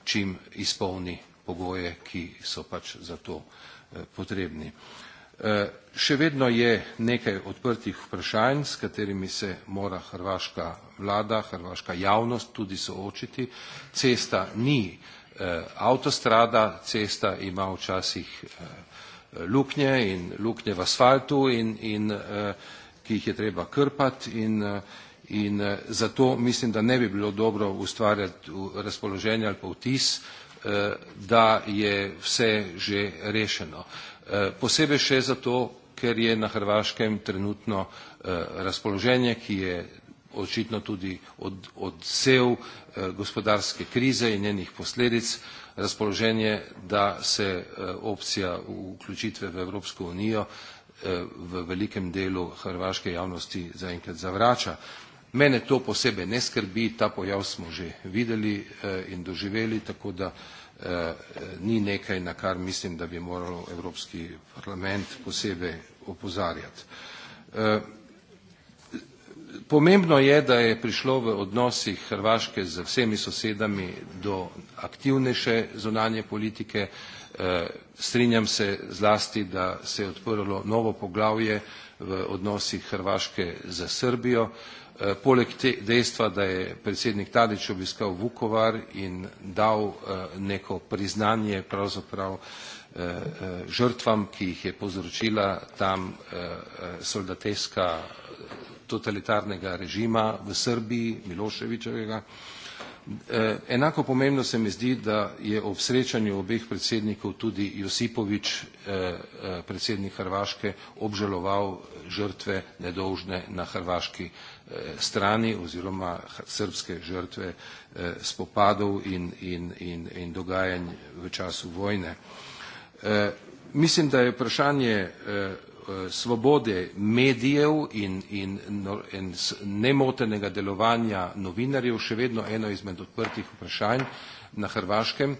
čim izpolni pogoje, ki so pač za to eh, potrebni. Eh, še vedno je nekaj odprtih vprašanj, s katerimi se mora hrvaška vlada, hrvaška javnost tudi soočiti. Cesta ni eh, avtostrada, cesta ima včasih luknje in luknje v asfaltu, in, in, ki jih je treba krpati in in eh, zato mislim, da ne bi bilo dobro ustvarjati razpoloženje ali pa vtis, eh, da je vse že rešeno. Eh, posebej še zato, ker je na Hrvaškem trenutno razpoloženje, ki je očitno tudi odsev gospodarske krize in njenih posledic, razpoloženje, da se opcija vključitve v Evropsko unijo v velikem delu hrvaške javnosti zaenkrat zavrača. Mene to posebej ne skrbi, ta pojav smo že videli eh, in doživeli, tako da eh, ni nekaj, na kar mislim, da bi moral Evropski parlament posebej opozarjati. Eh, pomembno je, da je prišlo v odnosih Hrvaške z vsemi sosedami do aktivnejše zunanje politike. Strinjam se zlasti, da se je odprlo novo poglavje v odnosih Hrvaške z Srbijo. Eh, poleg te, dejstva, da je predsednik Tadić obiskal Vukovar in dal eh, neko priznanje pravzaprav eh, žrtvam, ki jih je povzročila tam soldateska totalitarnega režima v Srbiji, Miloševičevega. Enako pomembno se mi zdi, da je ob srečanju obeh predsednikov tudi Josipovič, predsednik Hrvaške, obžaloval žrtve nedolžne na hrvaški Eh, strani oziroma srbske žrtve eh, spopadov in, in, in, in dogajanj v času vojne. Eh, mislim, da je vprašanje svobode medijev in, in, no, in nemotenega delovanja novinarjev še vedno eno izmed odprtih vprašanj na Hrvaškem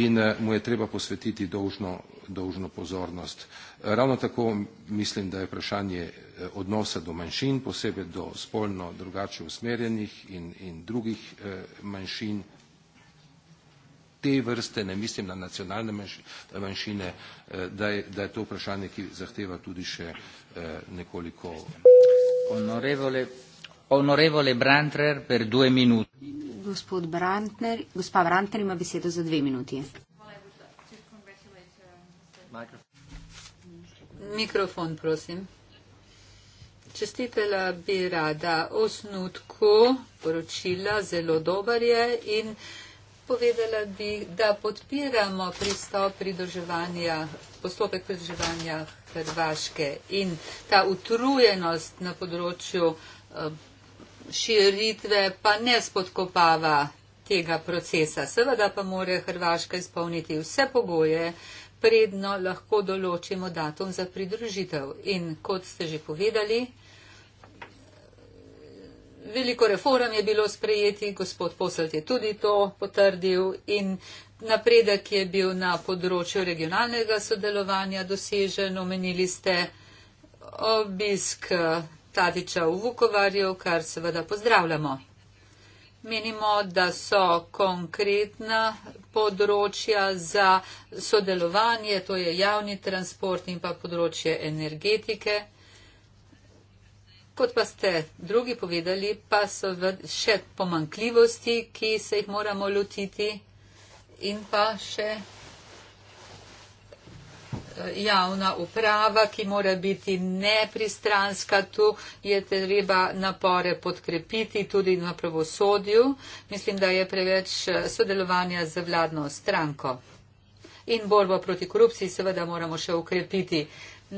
in mu je treba posvetiti dolžno, dolžno pozornost. Ravno tako mislim, da je vprašanje eh, odnosa do manjšin, posebej do spolno drugače usmerjenih in, in drugih eh, manjšin, te vrste, ne mislim na nacionalne manjšine, eh, da je, da je to vprašanje, ki zahteva tudi še nekoliko. Honorevole Brantner, per due minuti. Gospod Brantner, gospa Brantner ima besedo za dve minuti. mikrofon, prosim. Čestitela bi rada osnutku poročila, zelo dober je in povedala bi, da podpiramo pristop pridruževanja, postopek pridruževanja Hrvaške in ta utrujenost na področju eh, širitve pa ne spodkopava tega procesa. Seveda pa more Hrvaška izpolniti vse pogoje, predno lahko določimo datum za pridružitev. In kot ste že povedali, veliko reform je bilo sprejeti, gospod Poselt je tudi to potrdil in napredek je bil na področju regionalnega sodelovanja dosežen. Omenili ste obisk Tadiča v Vukovarju, kar seveda pozdravljamo. Menimo, da so konkretna področja za sodelovanje, to je javni transport in pa področje energetike. Kot pa ste drugi povedali, pa so še pomankljivosti, ki se jih moramo lotiti in pa še javna uprava, ki mora biti nepristranska. Tu je treba napore podkrepiti tudi na pravosodju. Mislim, da je preveč eh, sodelovanja z vladno stranko. In borbo proti korupciji seveda moramo še ukrepiti.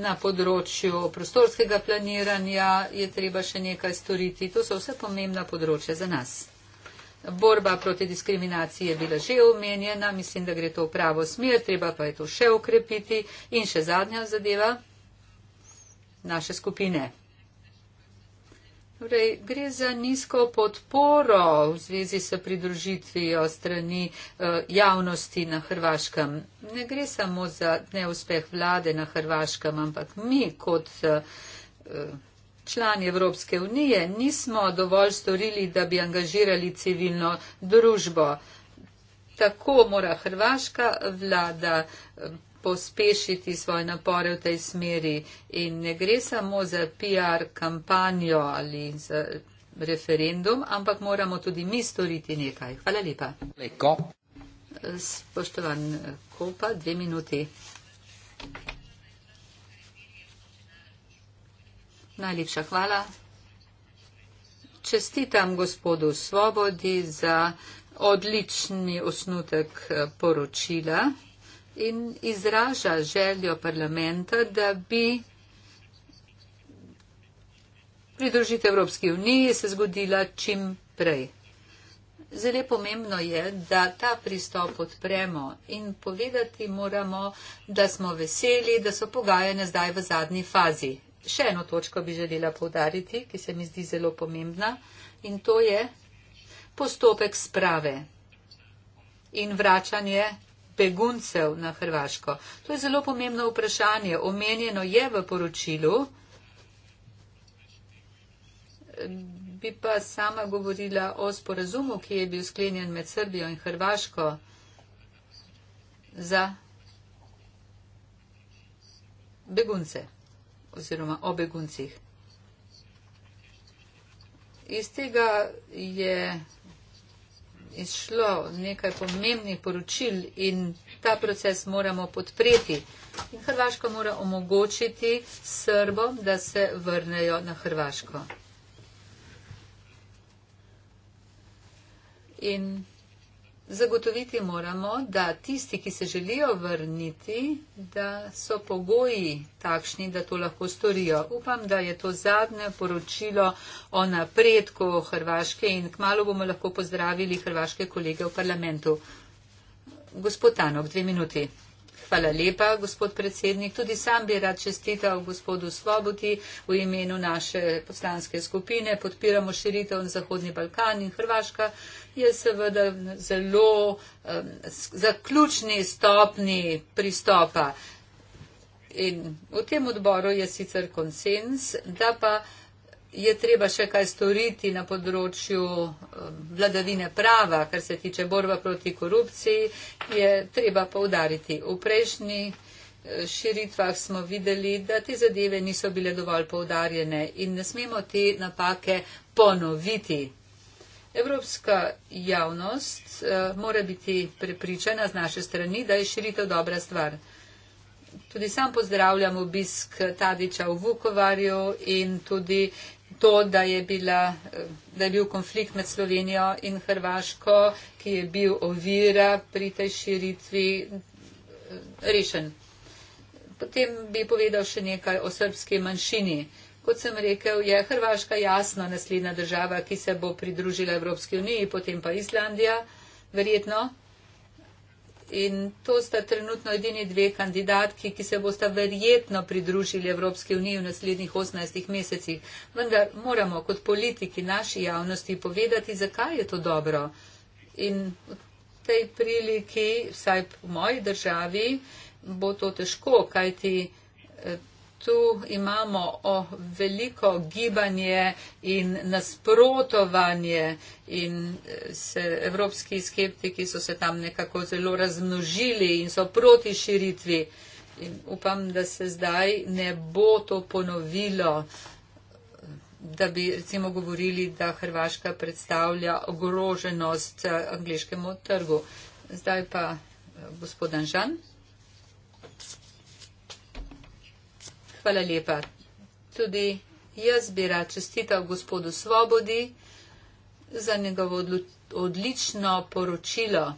Na področju prostorskega planiranja je treba še nekaj storiti. To so vse pomembna področja za nas. Borba proti diskriminaciji je bila že omenjena, mislim, da gre to v pravo smer, treba pa je to še ukrepiti. In še zadnja zadeva naše skupine. Torej, gre za nizko podporo v zvezi s pridružitvijo strani eh, javnosti na Hrvaškem. Ne gre samo za neuspeh vlade na Hrvaškem, ampak mi kot eh, člani Evropske unije, nismo dovolj storili, da bi angažirali civilno družbo. Tako mora hrvaška vlada eh, pospešiti svoje napore v tej smeri in ne gre samo za PR kampanjo ali za referendum, ampak moramo tudi mi storiti nekaj. Hvala lepa. Leko. Eh, Spoštovan eh, Kopa, dve minuti. Najlepša hvala. Čestitam gospodu Svobodi za odlični osnutek eh, poročila in izraža željo parlamenta, da bi pridružitev Evropski uniji se zgodila čim prej. Zelo pomembno je, da ta pristop podpremo in povedati moramo, da smo veseli, da so pogajanja zdaj v zadnji fazi še eno točko bi želela povdariti, ki se mi zdi zelo pomembna in to je postopek sprave in vračanje beguncev na Hrvaško. To je zelo pomembno vprašanje. Omenjeno je v poročilu. Bi pa sama govorila o sporazumu, ki je bil sklenjen med Srbijo in Hrvaško za begunce oziroma o beguncih. Iz tega je izšlo nekaj pomembnih poročil in ta proces moramo podpreti. In Hrvaška mora omogočiti Srbom, da se vrnejo na Hrvaško. In Zagotoviti moramo, da tisti, ki se želijo vrniti, da so pogoji takšni, da to lahko storijo. Upam, da je to zadnje poročilo o napredku Hrvaške in kmalo bomo lahko pozdravili hrvaške kolege v parlamentu. Gospod Tanok, dve minuti. Hvala lepa, gospod predsednik. Tudi sam bi rad čestital gospodu Svobodi v imenu naše poslanske skupine. Podpiramo širitev na Zahodni Balkan in Hrvaška je seveda zelo um, zaključni stopni pristopa. In v tem odboru je sicer konsens, da pa je treba še kaj storiti na področju eh, vladavine prava, kar se tiče borba proti korupciji, je treba povdariti. V prejšnji eh, širitvah smo videli, da te zadeve niso bile dovolj povdarjene in ne smemo te napake ponoviti. Evropska javnost uh, mora biti prepričana z naše strani, da je širitev dobra stvar. Tudi sam pozdravljam obisk Tadiča v Vukovarju in tudi to, da je, bila, eh, da je bil konflikt med Slovenijo in Hrvaško, ki je bil ovira pri tej širitvi, eh, rešen. Potem bi povedal še nekaj o srpski manjšini. Kot sem rekel, je Hrvaška jasno naslednja država, ki se bo pridružila Evropski uniji, potem pa Islandija, verjetno. In to sta trenutno edini dve kandidatki, ki se bosta verjetno pridružili Evropski uniji v naslednjih 18 mesecih. Vendar moramo kot politiki naši javnosti povedati, zakaj je to dobro. In v tej priliki, vsaj v moji državi, bo to težko, kajti. Eh, tu imamo o veliko gibanje in nasprotovanje in eh, se evropski skeptiki so se tam nekako zelo razmnožili in so proti širitvi. In upam, da se zdaj ne bo to ponovilo, da bi recimo govorili, da Hrvaška predstavlja ogroženost eh, angliškemu trgu. Zdaj pa eh, gospod Anžan. Hvala lepa. Tudi jaz bi rad čestital gospodu Svobodi za njegovo odlično poročilo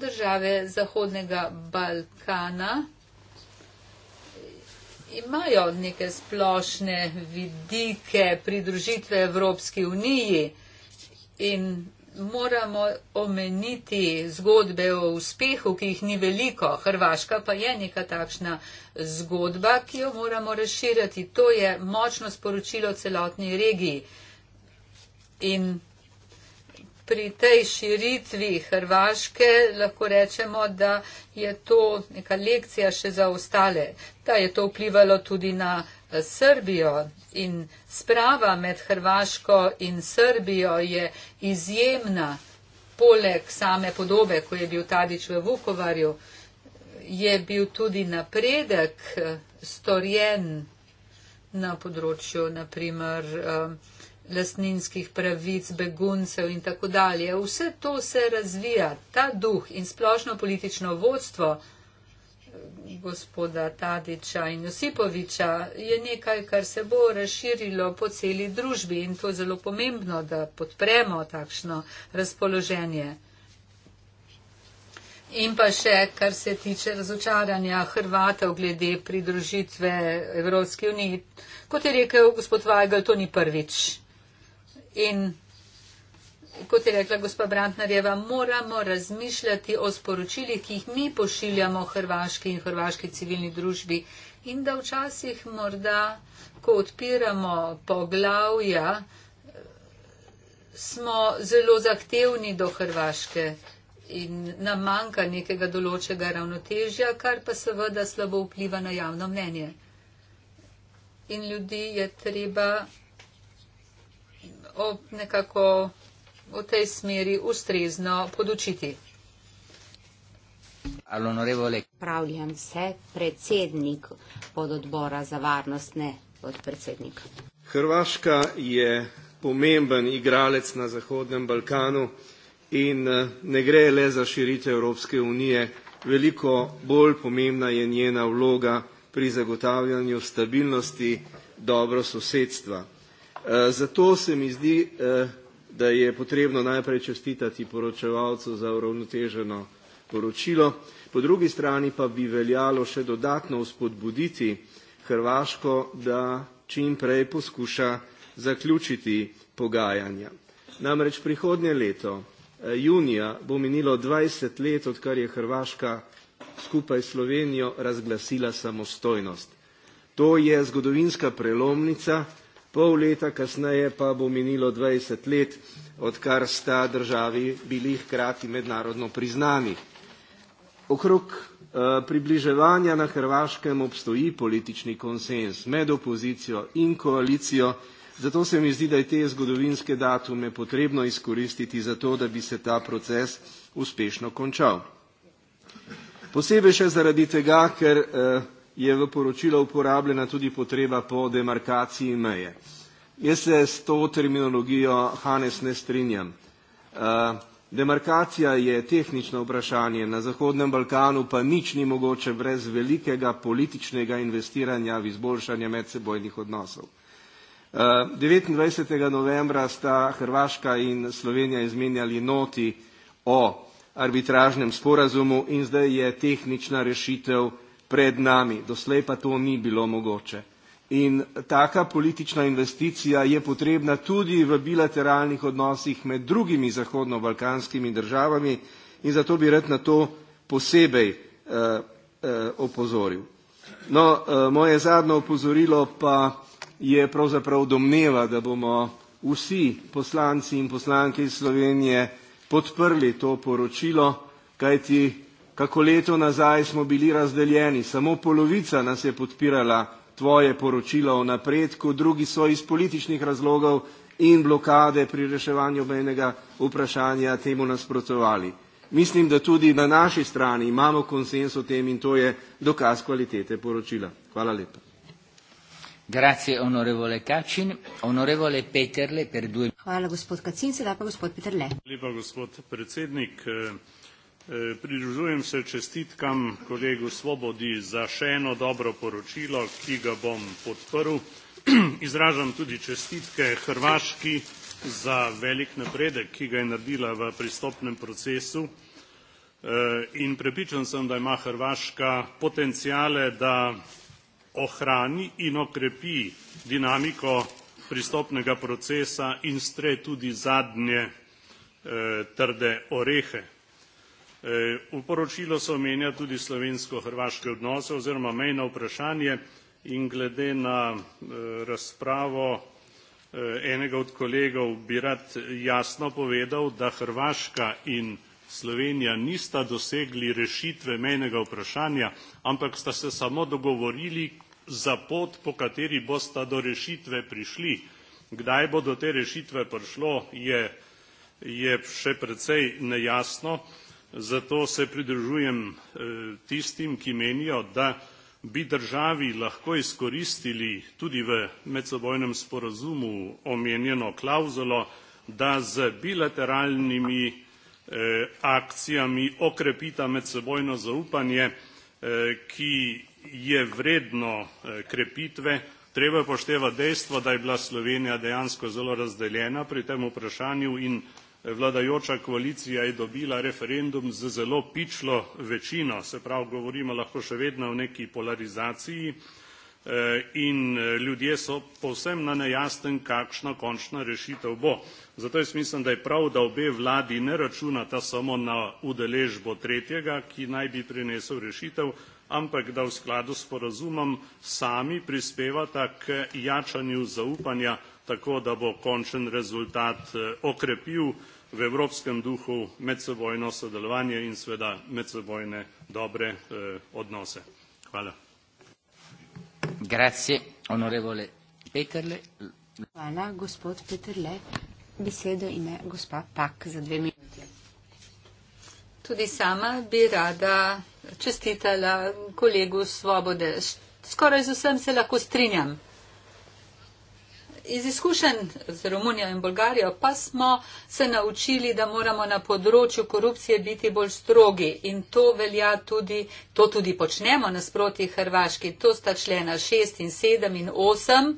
države Zahodnega Balkana. Imajo neke splošne vidike pridružitve Evropski uniji in moramo omeniti zgodbe o uspehu, ki jih ni veliko. Hrvaška pa je neka takšna zgodba, ki jo moramo razširjati. To je močno sporočilo celotni regiji. In pri tej širitvi Hrvaške lahko rečemo, da je to neka lekcija še za ostale, da je to vplivalo tudi na. Srbijo in sprava med Hrvaško in Srbijo je izjemna, poleg same podobe, ko je bil Tadič v Vukovarju, je bil tudi napredek eh, storjen na področju naprimer eh, lasninskih pravic, beguncev in tako dalje. Vse to se razvija, ta duh in splošno politično vodstvo gospoda Tadiča in Josipoviča, je nekaj, kar se bo razširilo po celi družbi in to je zelo pomembno, da podpremo takšno razpoloženje. In pa še, kar se tiče razočaranja Hrvatov glede pridružitve Evropske unije, kot je rekel gospod Vajgal, to ni prvič. In kot je rekla gospa Brantnareva, moramo razmišljati o sporočilih, ki jih mi pošiljamo hrvaški in hrvaški civilni družbi in da včasih morda, ko odpiramo poglavja, smo zelo zahtevni do Hrvaške in nam manjka nekega določega ravnotežja, kar pa seveda slabo vpliva na javno mnenje. In ljudi je treba nekako v tej smeri ustrezno podučiti. Pravljam se predsednik pod odbora za varnostne podpredsednika. Hrvaška je pomemben igralec na Zahodnem Balkanu in eh, ne gre le za širitev Evropske unije, veliko bolj pomembna je njena vloga pri zagotavljanju stabilnosti dobrososedstva. Eh, zato se mi zdi eh, da je potrebno najprej čestitati poročevalcu za uravnoteženo poročilo, po drugi strani pa bi veljalo še dodatno spodbuditi Hrvaško, da čim prej poskuša zaključiti pogajanja. Namreč prihodnje leto, eh, junija, bo minilo 20 let, odkar je Hrvaška skupaj s Slovenijo razglasila samostojnost. To je zgodovinska prelomnica, pol leta kasneje pa bo minilo 20 let, odkar sta državi bili hkrati mednarodno priznani. Okrog eh, približevanja na Hrvaškem obstoji politični konsens med opozicijo in koalicijo, zato se mi zdi, da je te zgodovinske datume potrebno izkoristiti za to, da bi se ta proces uspešno končal. Posebej še zaradi tega, ker eh, je v poročilo uporabljena tudi potreba po demarkaciji meje. Jaz se s to terminologijo Hanes ne strinjam. Eh, demarkacija je tehnično vprašanje, na Zahodnem Balkanu pa nič ni mogoče brez velikega političnega investiranja v izboljšanje medsebojnih odnosov. 29. Eh, novembra sta Hrvaška in Slovenija izmenjali noti o arbitražnem sporazumu in zdaj je tehnična rešitev pred nami. Doslej pa to ni bilo mogoče. In taka politična investicija je potrebna tudi v bilateralnih odnosih med drugimi zahodno-balkanskimi državami in zato bi rad na to posebej eh, eh, opozoril. No, eh, moje zadnje opozorilo pa je pravzaprav domneva, da bomo vsi poslanci in poslanke iz Slovenije podprli to poročilo, kajti kako leto nazaj smo bili razdeljeni, samo polovica nas je podpirala tvoje poročilo o napredku, drugi so iz političnih razlogov in blokade pri reševanju mejnega vprašanja temu nasprotovali. Mislim, da tudi na naši strani imamo konsens o tem in to je dokaz kvalitete poročila. Hvala lepa. Grazie, onorevole Kacin. Onorevole Peterle, per due... Hvala, gospod Kacin, sedaj pa gospod Peterle. Hvala lepa, gospod predsednik. E, pridružujem se čestitkam kolegu Svobodi za še eno dobro poročilo, ki ga bom podprl. Izražam tudi čestitke Hrvaški za velik napredek, ki ga je naredila v pristopnem procesu. E, in prepričan sem, da ima Hrvaška potencijale, da ohrani in okrepi dinamiko pristopnega procesa in stre tudi zadnje e, trde orehe. Eh, v poročilu se omenja tudi slovensko hrvaške odnose oziroma mejno vprašanje in glede na eh, razpravo eh, enega od kolegov bi rad jasno povedal, da Hrvaška in Slovenija nista dosegli rešitve mejnega vprašanja, ampak sta se samo dogovorili za pot, po kateri bosta do rešitve prišli. Kdaj bo do te rešitve prišlo, je, je še precej nejasno zato se pridružujem e, tistim, ki menijo, da bi državi lahko izkoristili tudi v medsebojnem sporazumu omenjeno klauzulo, da z bilateralnimi e, akcijami okrepita medsebojno zaupanje, e, ki je vredno krepitve. Treba je upoštevati dejstvo, da je bila Slovenija dejansko zelo razdeljena pri tem vprašanju in vladajoča koalicija je dobila referendum z zelo pičlo večino, se pravi, govorimo lahko še vedno o neki polarizaciji eh, in eh, ljudje so povsem na nejasnem, kakšna končna rešitev bo. Zato jaz mislim, da je prav, da obe vladi ne računata samo na udeležbo tretjega, ki naj bi prinesel rešitev, ampak da v skladu s porazumom sami prispevata k jačanju zaupanja, tako da bo končen rezultat eh, okrepil v evropskem duhu medsebojno sodelovanje in seveda medsebojne dobre eh, odnose. Hvala. Grazie, onorevole Peterle. Hvala, gospod Peterle. Besedo ima gospa Pak za dve minuti. Tudi sama bi rada čestitala kolegu svobode. Skoraj z vsem se lahko strinjam iz izkušenj z Romunijo in Bolgarijo pa smo se naučili, da moramo na področju korupcije biti bolj strogi in to velja tudi, to tudi počnemo nasproti Hrvaški. To sta člena 6 in 7 in 8.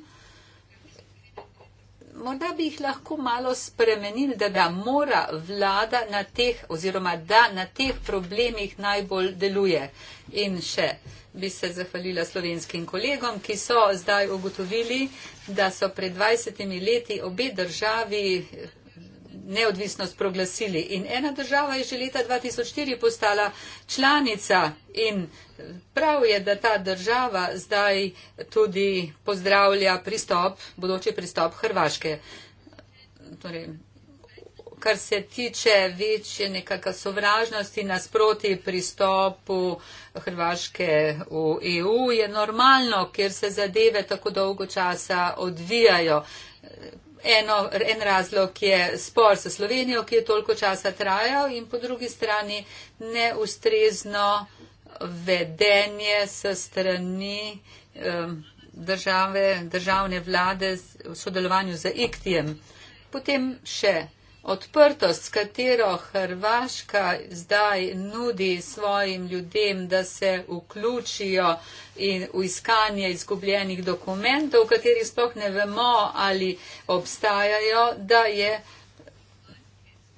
Morda bi jih lahko malo spremenili, da, da mora vlada na teh oziroma da na teh problemih najbolj deluje. In še bi se zahvalila slovenskim kolegom, ki so zdaj ugotovili, da so pred 20 leti obe državi eh, neodvisnost proglasili. In ena država je že leta 2004 postala članica in eh, prav je, da ta država zdaj tudi pozdravlja pristop, bodoči pristop Hrvaške. Torej, kar se tiče večje nekakšne sovražnosti nasproti pristopu Hrvaške v EU, je normalno, ker se zadeve tako dolgo časa odvijajo. Eno, en razlog je spor sa Slovenijo, ki je toliko časa trajal in po drugi strani neustrezno vedenje s strani države, državne vlade v sodelovanju z IKT-jem. Potem še odprtost, s katero Hrvaška zdaj nudi svojim ljudem, da se vključijo in v iskanje izgubljenih dokumentov, v katerih sploh ne vemo, ali obstajajo, da je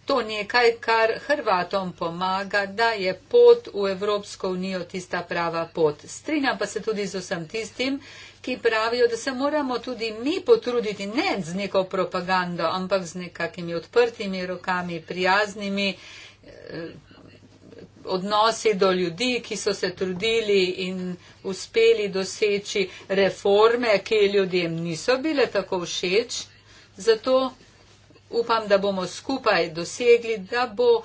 to nekaj, kar Hrvatom pomaga, da je pot v Evropsko unijo tista prava pot. Strinjam pa se tudi z vsem tistim, ki pravijo, da se moramo tudi mi potruditi ne z neko propagando, ampak z nekakimi odprtimi rokami, prijaznimi eh, odnosi do ljudi, ki so se trudili in uspeli doseči reforme, ki ljudem niso bile tako všeč. Zato upam, da bomo skupaj dosegli, da bo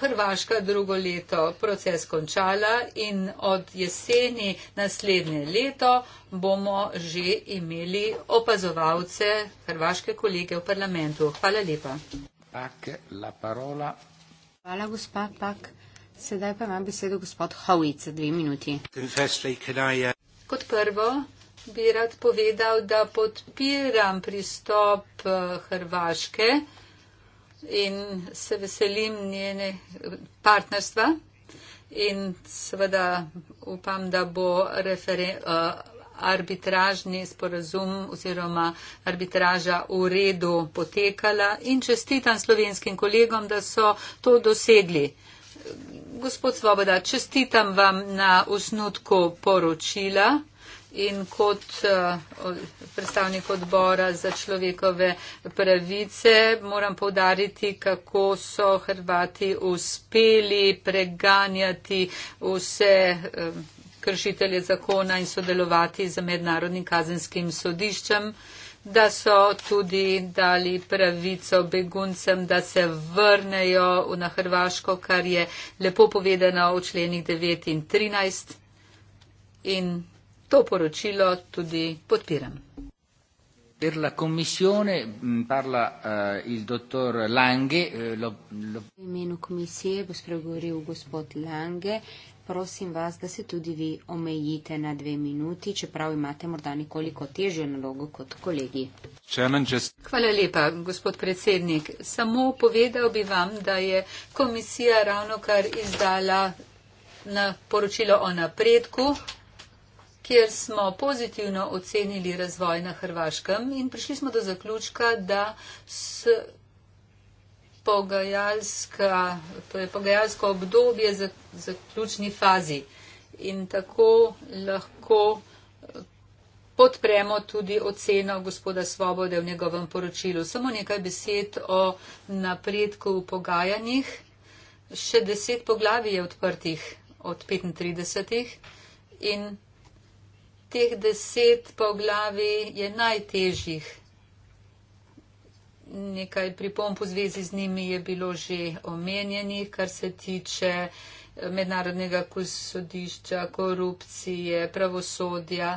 Hrvaška drugo leto proces končala in od jeseni naslednje leto bomo že imeli opazovalce hrvaške kolege v parlamentu. Hvala lepa. Pak, la parola. Hvala, gospa Pak. Sedaj pa ima besedo gospod Hovic, dve minuti. Uh, Kot prvo, bi rad povedal, da podpiram pristop eh, Hrvaške in se veselim njene eh, partnerstva in seveda upam, da bo eh, arbitražni sporazum oziroma arbitraža v redu potekala in čestitam slovenskim kolegom, da so to dosegli. Gospod Svoboda, čestitam vam na usnutku poročila in kot eh, predstavnik odbora za človekove pravice moram povdariti, kako so Hrvati uspeli preganjati vse eh, kršitelje zakona in sodelovati z mednarodnim kazenskim sodiščem da so tudi dali pravico beguncem, da se vrnejo na Hrvaško, kar je lepo povedano v členih 9 in 13. In To poročilo tudi podpiram. Per la commissione mm, parla uh, il dottor Lange. Eh, Meno commissie, bospregori u gospod Lange. Prosim vas, da se tudi vi omejite na dve minuti, čeprav imate morda nekoliko težjo nalogo kot kolegi. Hvala lepa, gospod predsednik. Samo povedal bi vam, da je komisija ravno kar izdala na poročilo o napredku kjer smo pozitivno ocenili razvoj na Hrvaškem in prišli smo do zaključka, da s pogajalska, to je pogajalsko obdobje za zaključni fazi in tako lahko eh, podpremo tudi oceno gospoda Svobode v njegovem poročilu. Samo nekaj besed o napredku v pogajanjih. Še deset poglavij je odprtih od 35 in teh deset poglavij je najtežjih. Nekaj pripomp v zvezi z njimi je bilo že omenjenih, kar se tiče eh, mednarodnega sodišča, korupcije, pravosodja.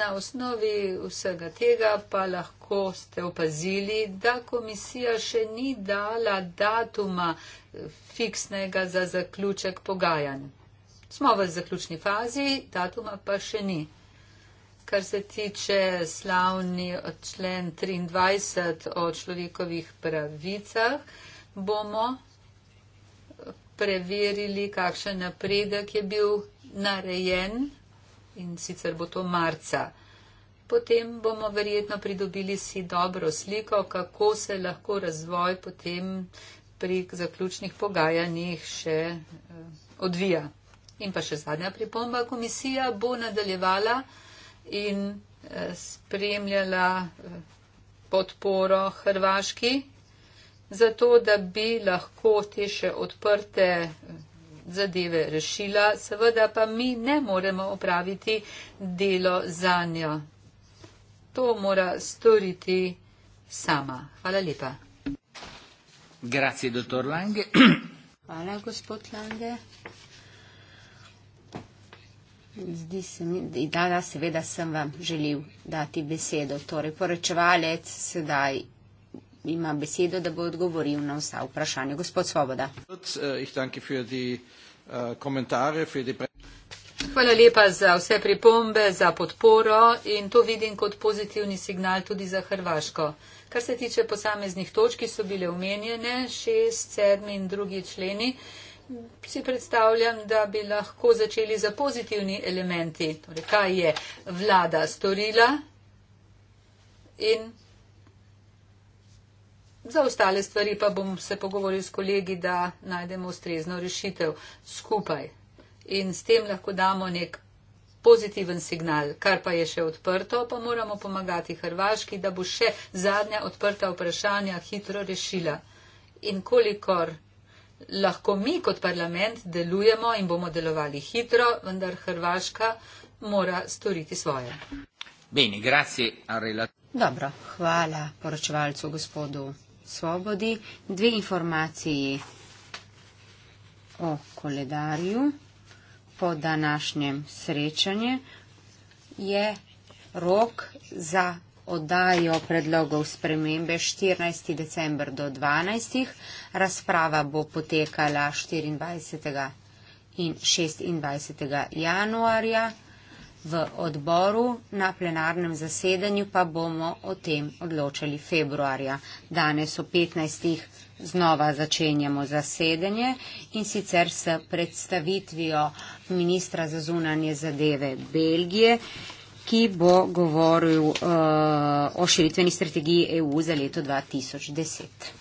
Na osnovi vsega tega pa lahko ste opazili, da komisija še ni dala datuma eh, fiksnega za zaključek pogajanj smo v zaključni fazi, datuma pa še ni. Kar se tiče slavni člen 23 o človekovih pravicah, bomo preverili, kakšen napredek je bil narejen in sicer bo to marca. Potem bomo verjetno pridobili si dobro sliko, kako se lahko razvoj potem pri zaključnih pogajanjih še eh, odvija. In pa še zadnja pripomba. Komisija bo nadaljevala in eh, spremljala eh, podporo Hrvaški za to, da bi lahko te še odprte eh, zadeve rešila. Seveda pa mi ne moremo opraviti delo za njo. To mora storiti sama. Hvala lepa. Grazie, dottor Lange. Hvala, gospod Lange. Zdi se mi, da ja, seveda sem vam želil dati besedo. Torej, poročevalec sedaj ima besedo, da bo odgovoril na vsa vprašanja. Gospod Svoboda. Eh, eh, Hvala lepa za vse pripombe, za podporo in to vidim kot pozitivni signal tudi za Hrvaško. Kar se tiče posameznih točk, ki so bile omenjene, šest, sedmi in drugi členi, si predstavljam, da bi lahko začeli za pozitivni elementi, torej kaj je vlada storila in za ostale stvari pa bom se pogovoril s kolegi, da najdemo ustrezno rešitev skupaj in s tem lahko damo nek. Pozitiven signal, kar pa je še odprto, pa moramo pomagati Hrvaški, da bo še zadnja odprta vprašanja hitro rešila. In kolikor lahko mi kot parlament delujemo in bomo delovali hitro, vendar Hrvaška mora storiti svoje. Bene, grazie, Dobro, hvala poročevalcu gospodu Svobodi. Dve informaciji o koledarju. Po današnjem srečanju je rok za oddajo predlogov spremembe 14. december do 12. Razprava bo potekala 24. in 26. januarja v odboru, na plenarnem zasedanju pa bomo o tem odločali februarja. Danes o 15. znova začenjamo zasedanje in sicer s predstavitvijo ministra za zunanje zadeve Belgije, ki bo govoril uh, o širitveni strategiji EU za leto 2010.